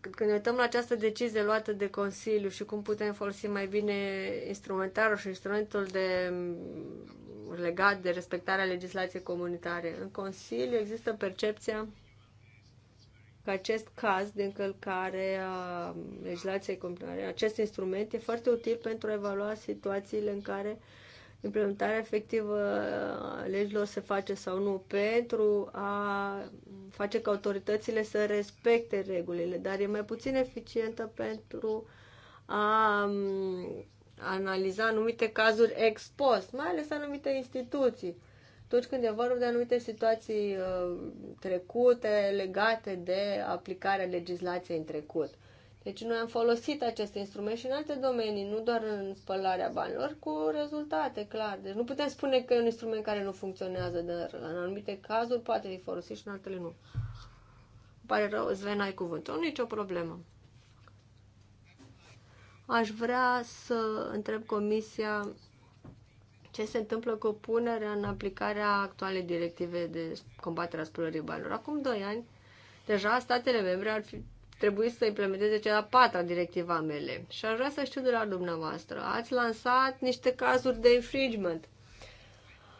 Când ne uităm la această decizie luată de Consiliu și cum putem folosi mai bine instrumentarul și instrumentul de legat de respectarea legislației comunitare, în Consiliu există percepția că acest caz de încălcare a legislației comunitare, acest instrument e foarte util pentru a evalua situațiile în care uh, implementarea efectivă a legilor se face sau nu pentru a face ca autoritățile să respecte regulile, dar e mai puțin eficientă pentru a analiza anumite cazuri ex post, mai ales anumite instituții. Atunci când e vorba de anumite situații uh, trecute legate de aplicarea legislației în trecut. Deci noi am folosit acest instrument și în alte domenii, nu doar în spălarea banilor, cu rezultate, clar. Deci nu putem spune că e un instrument care nu funcționează, dar în anumite cazuri poate fi folosit și în altele nu. Îmi pare rău, Sven, ai cuvântul. Nicio problemă. Aș vrea să întreb comisia ce se întâmplă cu punerea în aplicarea actualei directive de combaterea spălării banilor. Acum 2 ani, deja statele membre ar fi trebui să implementeze cea de-a patra directiva mele. Și aș vrea să știu de la dumneavoastră. Ați lansat niște cazuri de infringement.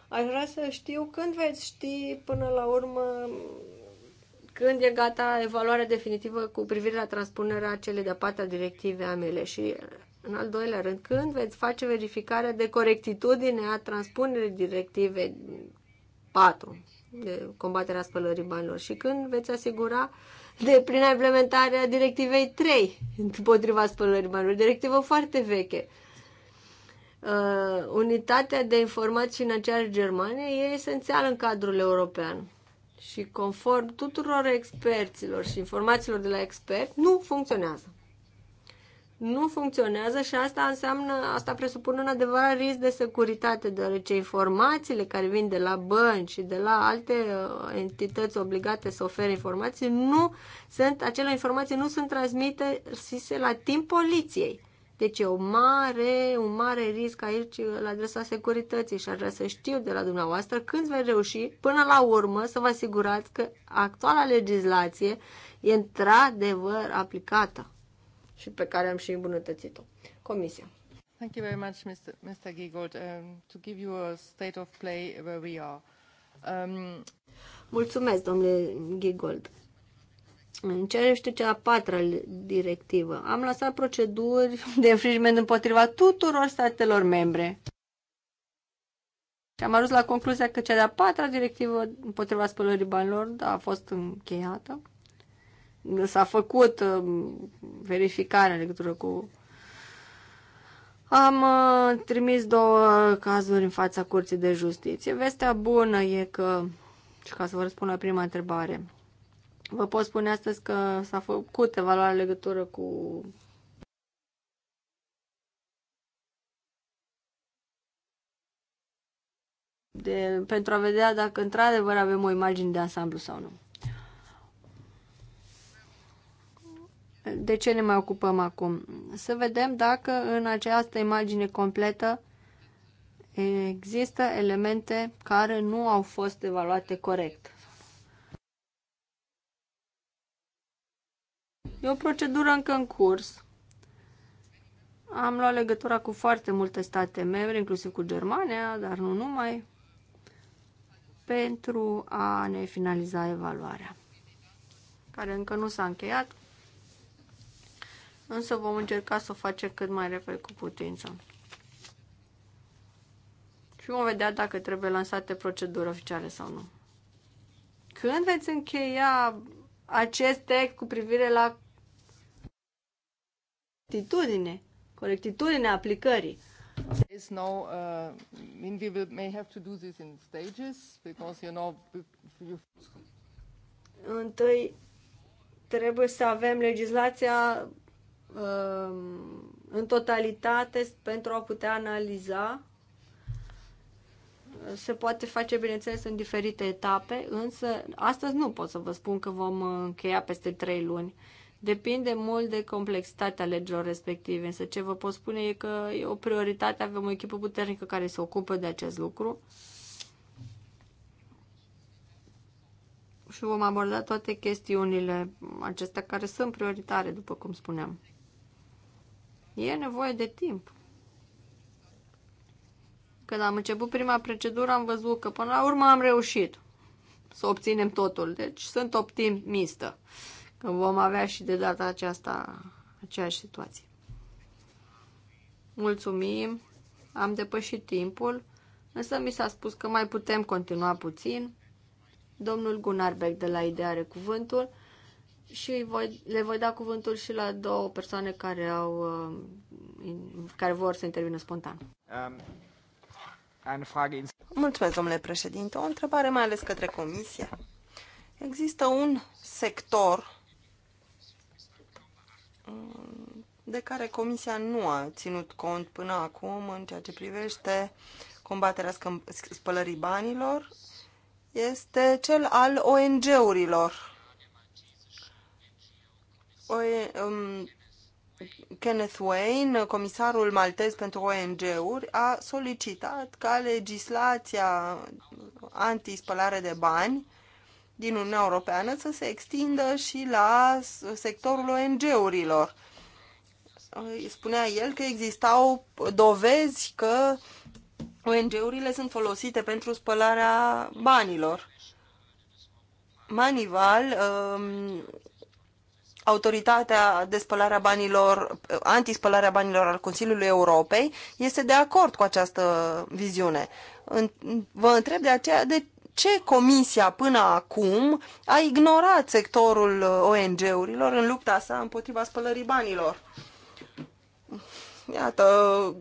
Aș vrea să știu când veți ști până la urmă când e gata evaluarea definitivă cu privire la transpunerea celei de-a patra directive a mele și în al doilea rând, când veți face verificarea de corectitudine a transpunerii directivei 4 de combaterea spălării banilor și când veți asigura uh, de plină implementare a directivei 3 împotriva spălării banilor, directivă foarte veche. Uh, unitatea de informații financiare germane e esențială în cadrul european și conform tuturor experților și informațiilor de la expert, nu funcționează nu funcționează și asta înseamnă, asta presupune un adevărat risc de securitate, deoarece informațiile care vin de la bănci și de la alte uh, entități obligate să ofere informații, nu sunt, acele informații nu sunt transmite se la timp poliției. Deci e o mare, un mare risc aici uh, la adresa securității și ar vrea să știu de la dumneavoastră când veți reuși până la urmă să vă asigurați că actuala legislație e într-adevăr aplicată și pe care am și îmbunătățit-o. Comisia. Thank you very much, Mr. Giegold, um, to give you a state of play where we are. Um... Mulțumesc, domnule Giegold. În ce este cea a patra directivă, am lăsat proceduri de infringement împotriva tuturor statelor membre. Și am ajuns la concluzia că cea de-a patra directivă împotriva spălării banilor da, a fost încheiată s-a făcut uh, verificarea în legătură cu am uh, trimis două cazuri în fața Curții de Justiție. Vestea bună e că, și ca să vă răspund la prima întrebare, vă pot spune astăzi că s-a făcut evaluarea legătură cu De, pentru a vedea dacă într-adevăr avem o imagine de ansamblu sau nu. de ce ne mai ocupăm acum? Să vedem dacă în această imagine completă există elemente care nu au fost evaluate corect. E o procedură încă în curs. Am luat legătura cu foarte multe state membre, inclusiv cu Germania, dar nu numai, pentru a ne finaliza evaluarea, care încă nu s-a încheiat însă vom încerca să o facem cât mai repede cu putință. Și vom vedea dacă trebuie lansate proceduri oficiale sau nu. Când veți încheia acest text cu privire la corectitudine, corectitudine aplicării? There is no, uh, mean we will, may have to do this in stages because you know. You... Întâi trebuie să avem legislația Um, în totalitate pentru a putea analiza. Se poate face, bineînțeles, în diferite etape, însă astăzi nu pot să vă spun că vom încheia peste trei luni. Depinde mult de complexitatea legilor respective, însă ce vă pot spune e că e o prioritate, avem o echipă puternică care se ocupă de acest lucru și vom aborda toate chestiunile acestea care sunt prioritare, după cum spuneam. E nevoie de timp. Când am început prima procedură, am văzut că până la urmă am reușit să obținem totul. Deci sunt optimistă că vom avea și de data aceasta aceeași situație. Mulțumim, am depășit timpul, însă mi s-a spus că mai putem continua puțin. Domnul Gunarbeck de la ideare cuvântul și voi, le voi da cuvântul și la două persoane care au uh, care vor să intervină spontan. Um, Mulțumesc, domnule președinte. O întrebare mai ales către comisie. Există un sector mm, de care comisia nu a ținut cont până acum în ceea ce privește combaterea spălării banilor, este cel al ONG-urilor Um, Kenneth Wayne, comisarul maltez pentru ONG-uri, a solicitat ca legislația antispălare de bani din Uniunea Europeană să se extindă și la sectorul ONG-urilor. Spunea el că existau dovezi că ONG-urile sunt folosite pentru spălarea banilor. Manival um, autoritatea de spălare a banilor, antispălarea banilor al Consiliului Europei este de acord cu această viziune. Vă întreb de aceea de ce Comisia până acum a ignorat sectorul ONG-urilor în lupta sa împotriva spălării banilor. Iată,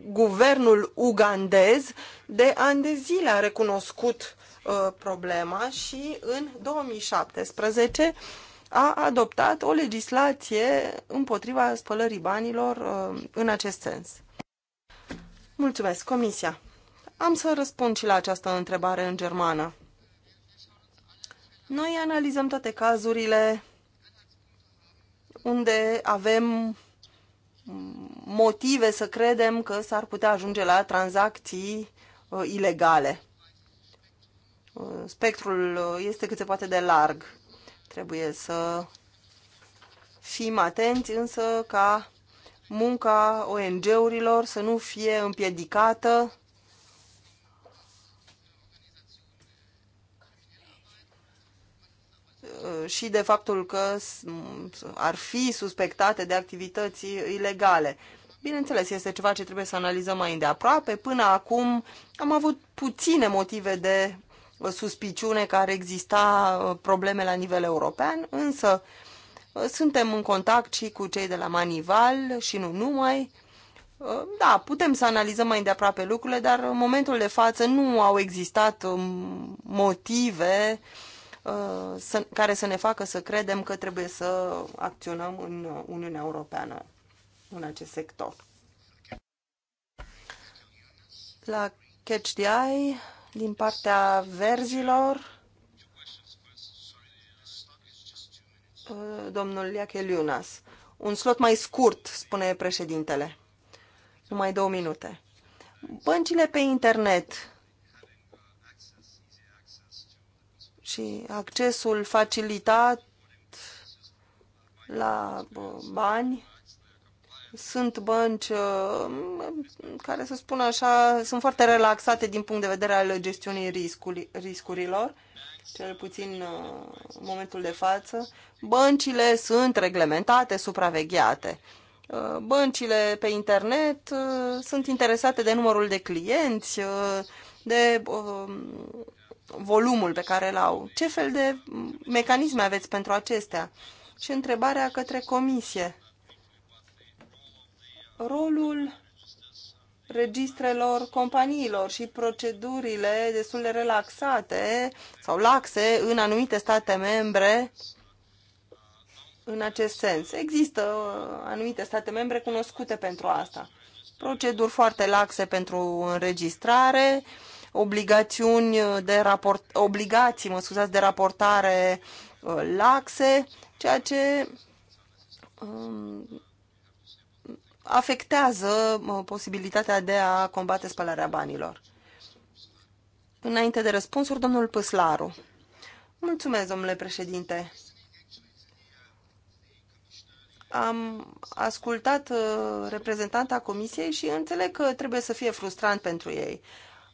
guvernul ugandez de ani de zile a recunoscut uh, problema și în 2017 a adoptat o legislație împotriva spălării banilor uh, în acest sens. Mulțumesc, Comisia. Am să răspund și la această întrebare în germană. Noi analizăm toate cazurile unde avem motive să credem că s-ar putea ajunge la tranzacții uh, ilegale. Uh, spectrul este cât se poate de larg. Trebuie să fim atenți însă ca munca ONG-urilor să nu fie împiedicată și de faptul că ar fi suspectate de activități ilegale. Bineînțeles, este ceva ce trebuie să analizăm mai îndeaproape. Până acum am avut puține motive de suspiciune că ar exista uh, probleme la nivel european, însă uh, suntem în contact și cu cei de la Manival și nu numai. Uh, da, putem să analizăm mai îndeaproape lucrurile, dar în momentul de față nu au existat um, motive care să ne facă să credem că trebuie să acționăm în Uniunea Europeană în acest sector. La Catch the Eye din partea verzilor. Uh, domnul Iacheliunas. Un slot mai scurt, spune președintele. Numai două minute. Băncile pe internet și accesul facilitat la uh, bani sunt bănci uh, care, să spun așa, sunt foarte relaxate din punct de vedere al gestiunii riscului, riscurilor, cel puțin uh, în momentul de față. Băncile sunt reglementate, supravegheate. Uh, băncile pe internet sunt interesate de numărul de clienți, de um, volumul pe care îl au. Ce fel de mecanisme aveți pentru acestea? Și întrebarea către comisie rolul registrelor companiilor și procedurile destul de relaxate sau laxe în anumite state membre în acest sens. Există uh, anumite state membre cunoscute pentru asta. Proceduri foarte laxe pentru înregistrare, obligațiuni uh, de raport, obligații, mă scuzați, de raportare uh, laxe, ceea ce um, afectează posibilitatea de a combate spălarea banilor. Înainte de răspunsuri, domnul Păslaru. Mulțumesc, domnule președinte. Am ascultat uh, reprezentanta comisiei și înțeleg că trebuie să fie frustrant pentru ei.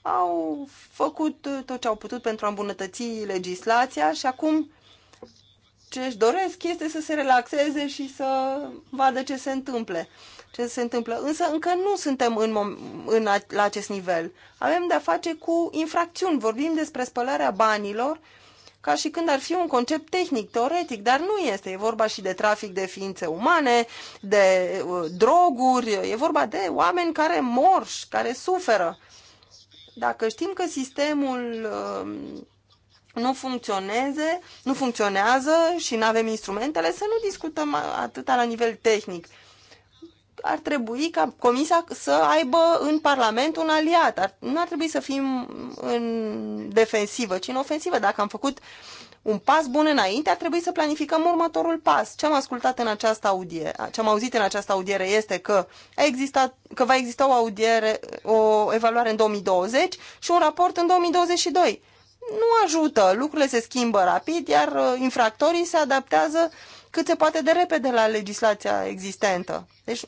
Au făcut uh, tot ce au putut pentru a îmbunătăți legislația și acum ce își doresc este să se relaxeze și să vadă ce se întâmple ce se întâmplă. Însă încă nu suntem în, în, la acest nivel. Avem de-a face cu infracțiuni. Vorbim despre spălarea banilor ca și când ar fi un concept tehnic, teoretic, dar nu este. E vorba și de trafic de ființe umane, de uh, droguri, e vorba de oameni care mor și care suferă. Dacă știm că sistemul uh, nu funcționeze, nu funcționează și nu avem instrumentele, să nu discutăm atâta la nivel tehnic ar trebui ca Comisia să aibă în Parlament un aliat. Ar, nu ar trebui să fim în defensivă, ci în ofensivă. Dacă am făcut un pas bun înainte, ar trebui să planificăm următorul pas. Ce am ascultat în această audiere, ce am auzit în această audiere este că, a existat, că va exista o audiere, o evaluare în 2020 și un raport în 2022. Nu ajută, lucrurile se schimbă rapid, iar uh, infractorii se adaptează cât se poate de repede la legislația existentă. Deci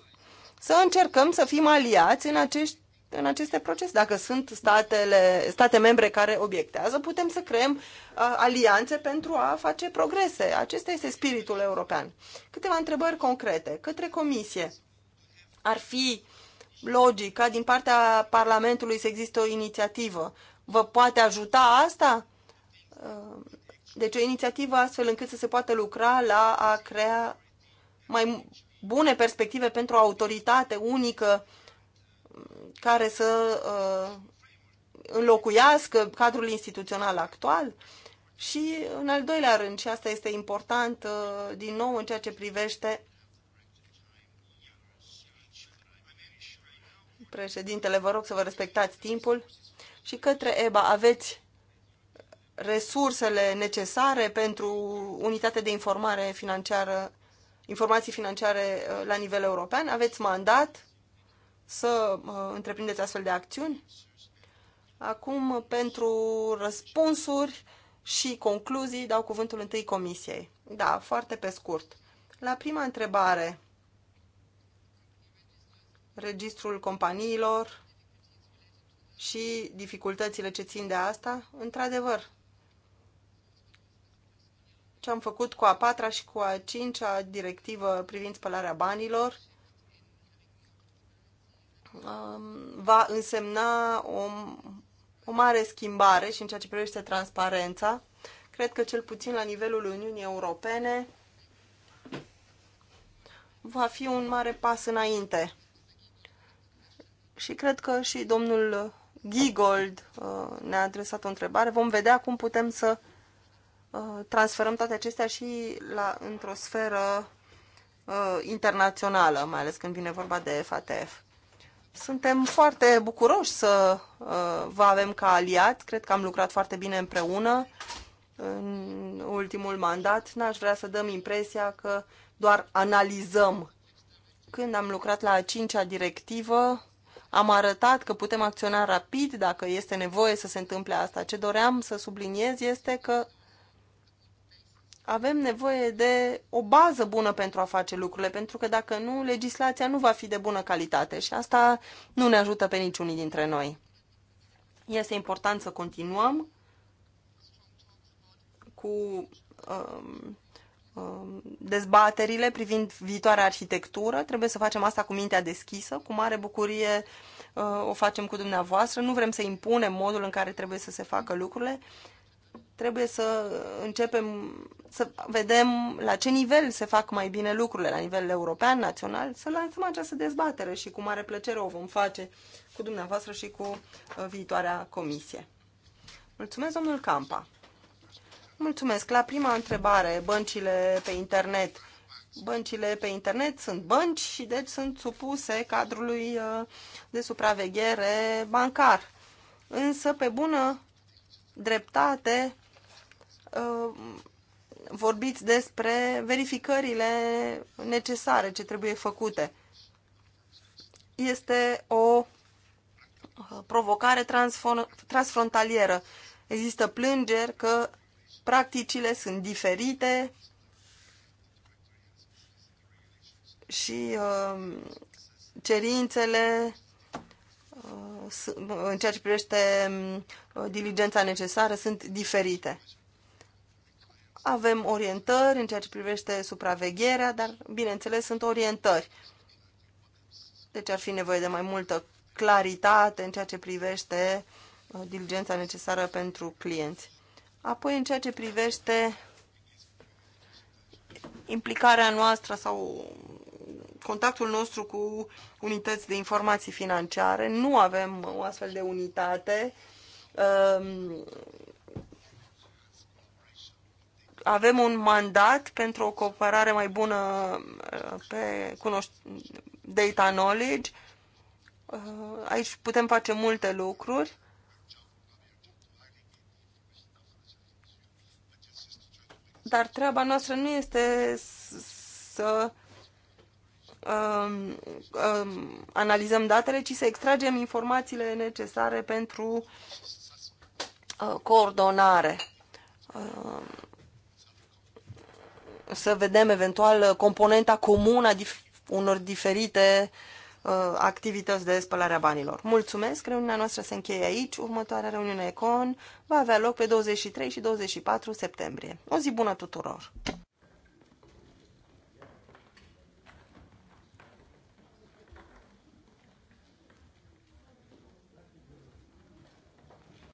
să încercăm să fim aliați în, acești, în aceste procese. Dacă sunt statele, state membre care obiectează, putem să creăm uh, alianțe pentru a face progrese. Acesta este spiritul european. Câteva întrebări concrete către Comisie. Ar fi logic ca din partea Parlamentului să existe o inițiativă. Vă poate ajuta asta? Uh, deci o inițiativă astfel încât să se poată lucra la a crea mai bune perspective pentru o autoritate unică care să uh, înlocuiască cadrul instituțional actual. Și în al doilea rând, și asta este important uh, din nou în ceea ce privește președintele, vă rog să vă respectați timpul și către EBA aveți resursele necesare pentru unitatea de informare financiară informații financiare uh, la nivel european? Aveți mandat să uh, întreprindeți astfel de acțiuni? Acum, pentru răspunsuri și concluzii, dau cuvântul întâi Comisiei. Da, foarte pe scurt. La prima întrebare, registrul companiilor și dificultățile ce țin de asta, într-adevăr, ce am făcut cu a patra și cu a cincea directivă privind spălarea banilor um, va însemna o, o mare schimbare și în ceea ce privește transparența. Cred că cel puțin la nivelul Uniunii Europene va fi un mare pas înainte. Și cred că și domnul Gigold uh, ne-a adresat o întrebare. Vom vedea cum putem să Uh, transferăm toate acestea și la, într-o sferă uh, internațională, mai ales când vine vorba de FATF. Suntem foarte bucuroși să uh, vă avem ca aliat. Cred că am lucrat foarte bine împreună în ultimul mandat. N-aș vrea să dăm impresia că doar analizăm. Când am lucrat la a cincea directivă, am arătat că putem acționa rapid dacă este nevoie să se întâmple asta. Ce doream să subliniez este că avem nevoie de o bază bună pentru a face lucrurile, pentru că dacă nu, legislația nu va fi de bună calitate și asta nu ne ajută pe niciunii dintre noi. Este important să continuăm cu um, um, dezbaterile privind viitoarea arhitectură. Trebuie să facem asta cu mintea deschisă, cu mare bucurie uh, o facem cu dumneavoastră. Nu vrem să impunem modul în care trebuie să se facă lucrurile, Trebuie să începem să vedem la ce nivel se fac mai bine lucrurile, la nivel european, național, să lansăm această dezbatere și cu mare plăcere o vom face cu dumneavoastră și cu uh, viitoarea comisie. Mulțumesc, domnul Campa. Mulțumesc. La prima întrebare, băncile pe internet. Băncile pe internet sunt bănci și deci sunt supuse cadrului uh, de supraveghere bancar. Însă, pe bună dreptate, Uh, vorbiți despre verificările necesare ce trebuie făcute. Este o uh, provocare transfrontalieră. Există plângeri că practicile sunt diferite și uh, cerințele în ceea ce privește diligența necesară sunt diferite. Avem orientări în ceea ce privește supravegherea, dar, bineînțeles, sunt orientări. Deci ar fi nevoie de mai multă claritate în ceea ce privește uh, diligența necesară pentru clienți. Apoi, în ceea ce privește implicarea noastră sau contactul nostru cu unități de informații financiare, nu avem o astfel de unitate um, avem un mandat pentru o cooperare mai bună uh, pe data knowledge. Uh, aici putem face multe lucruri. Dar treaba noastră nu este să um, um, analizăm datele, ci să extragem informațiile necesare pentru uh, coordonare. Um, să vedem eventual componenta comună a dif- unor diferite uh, activități de spălare a banilor. Mulțumesc, reuniunea noastră se încheie aici, următoarea reuniune Econ va avea loc pe 23 și 24 septembrie. O zi bună tuturor!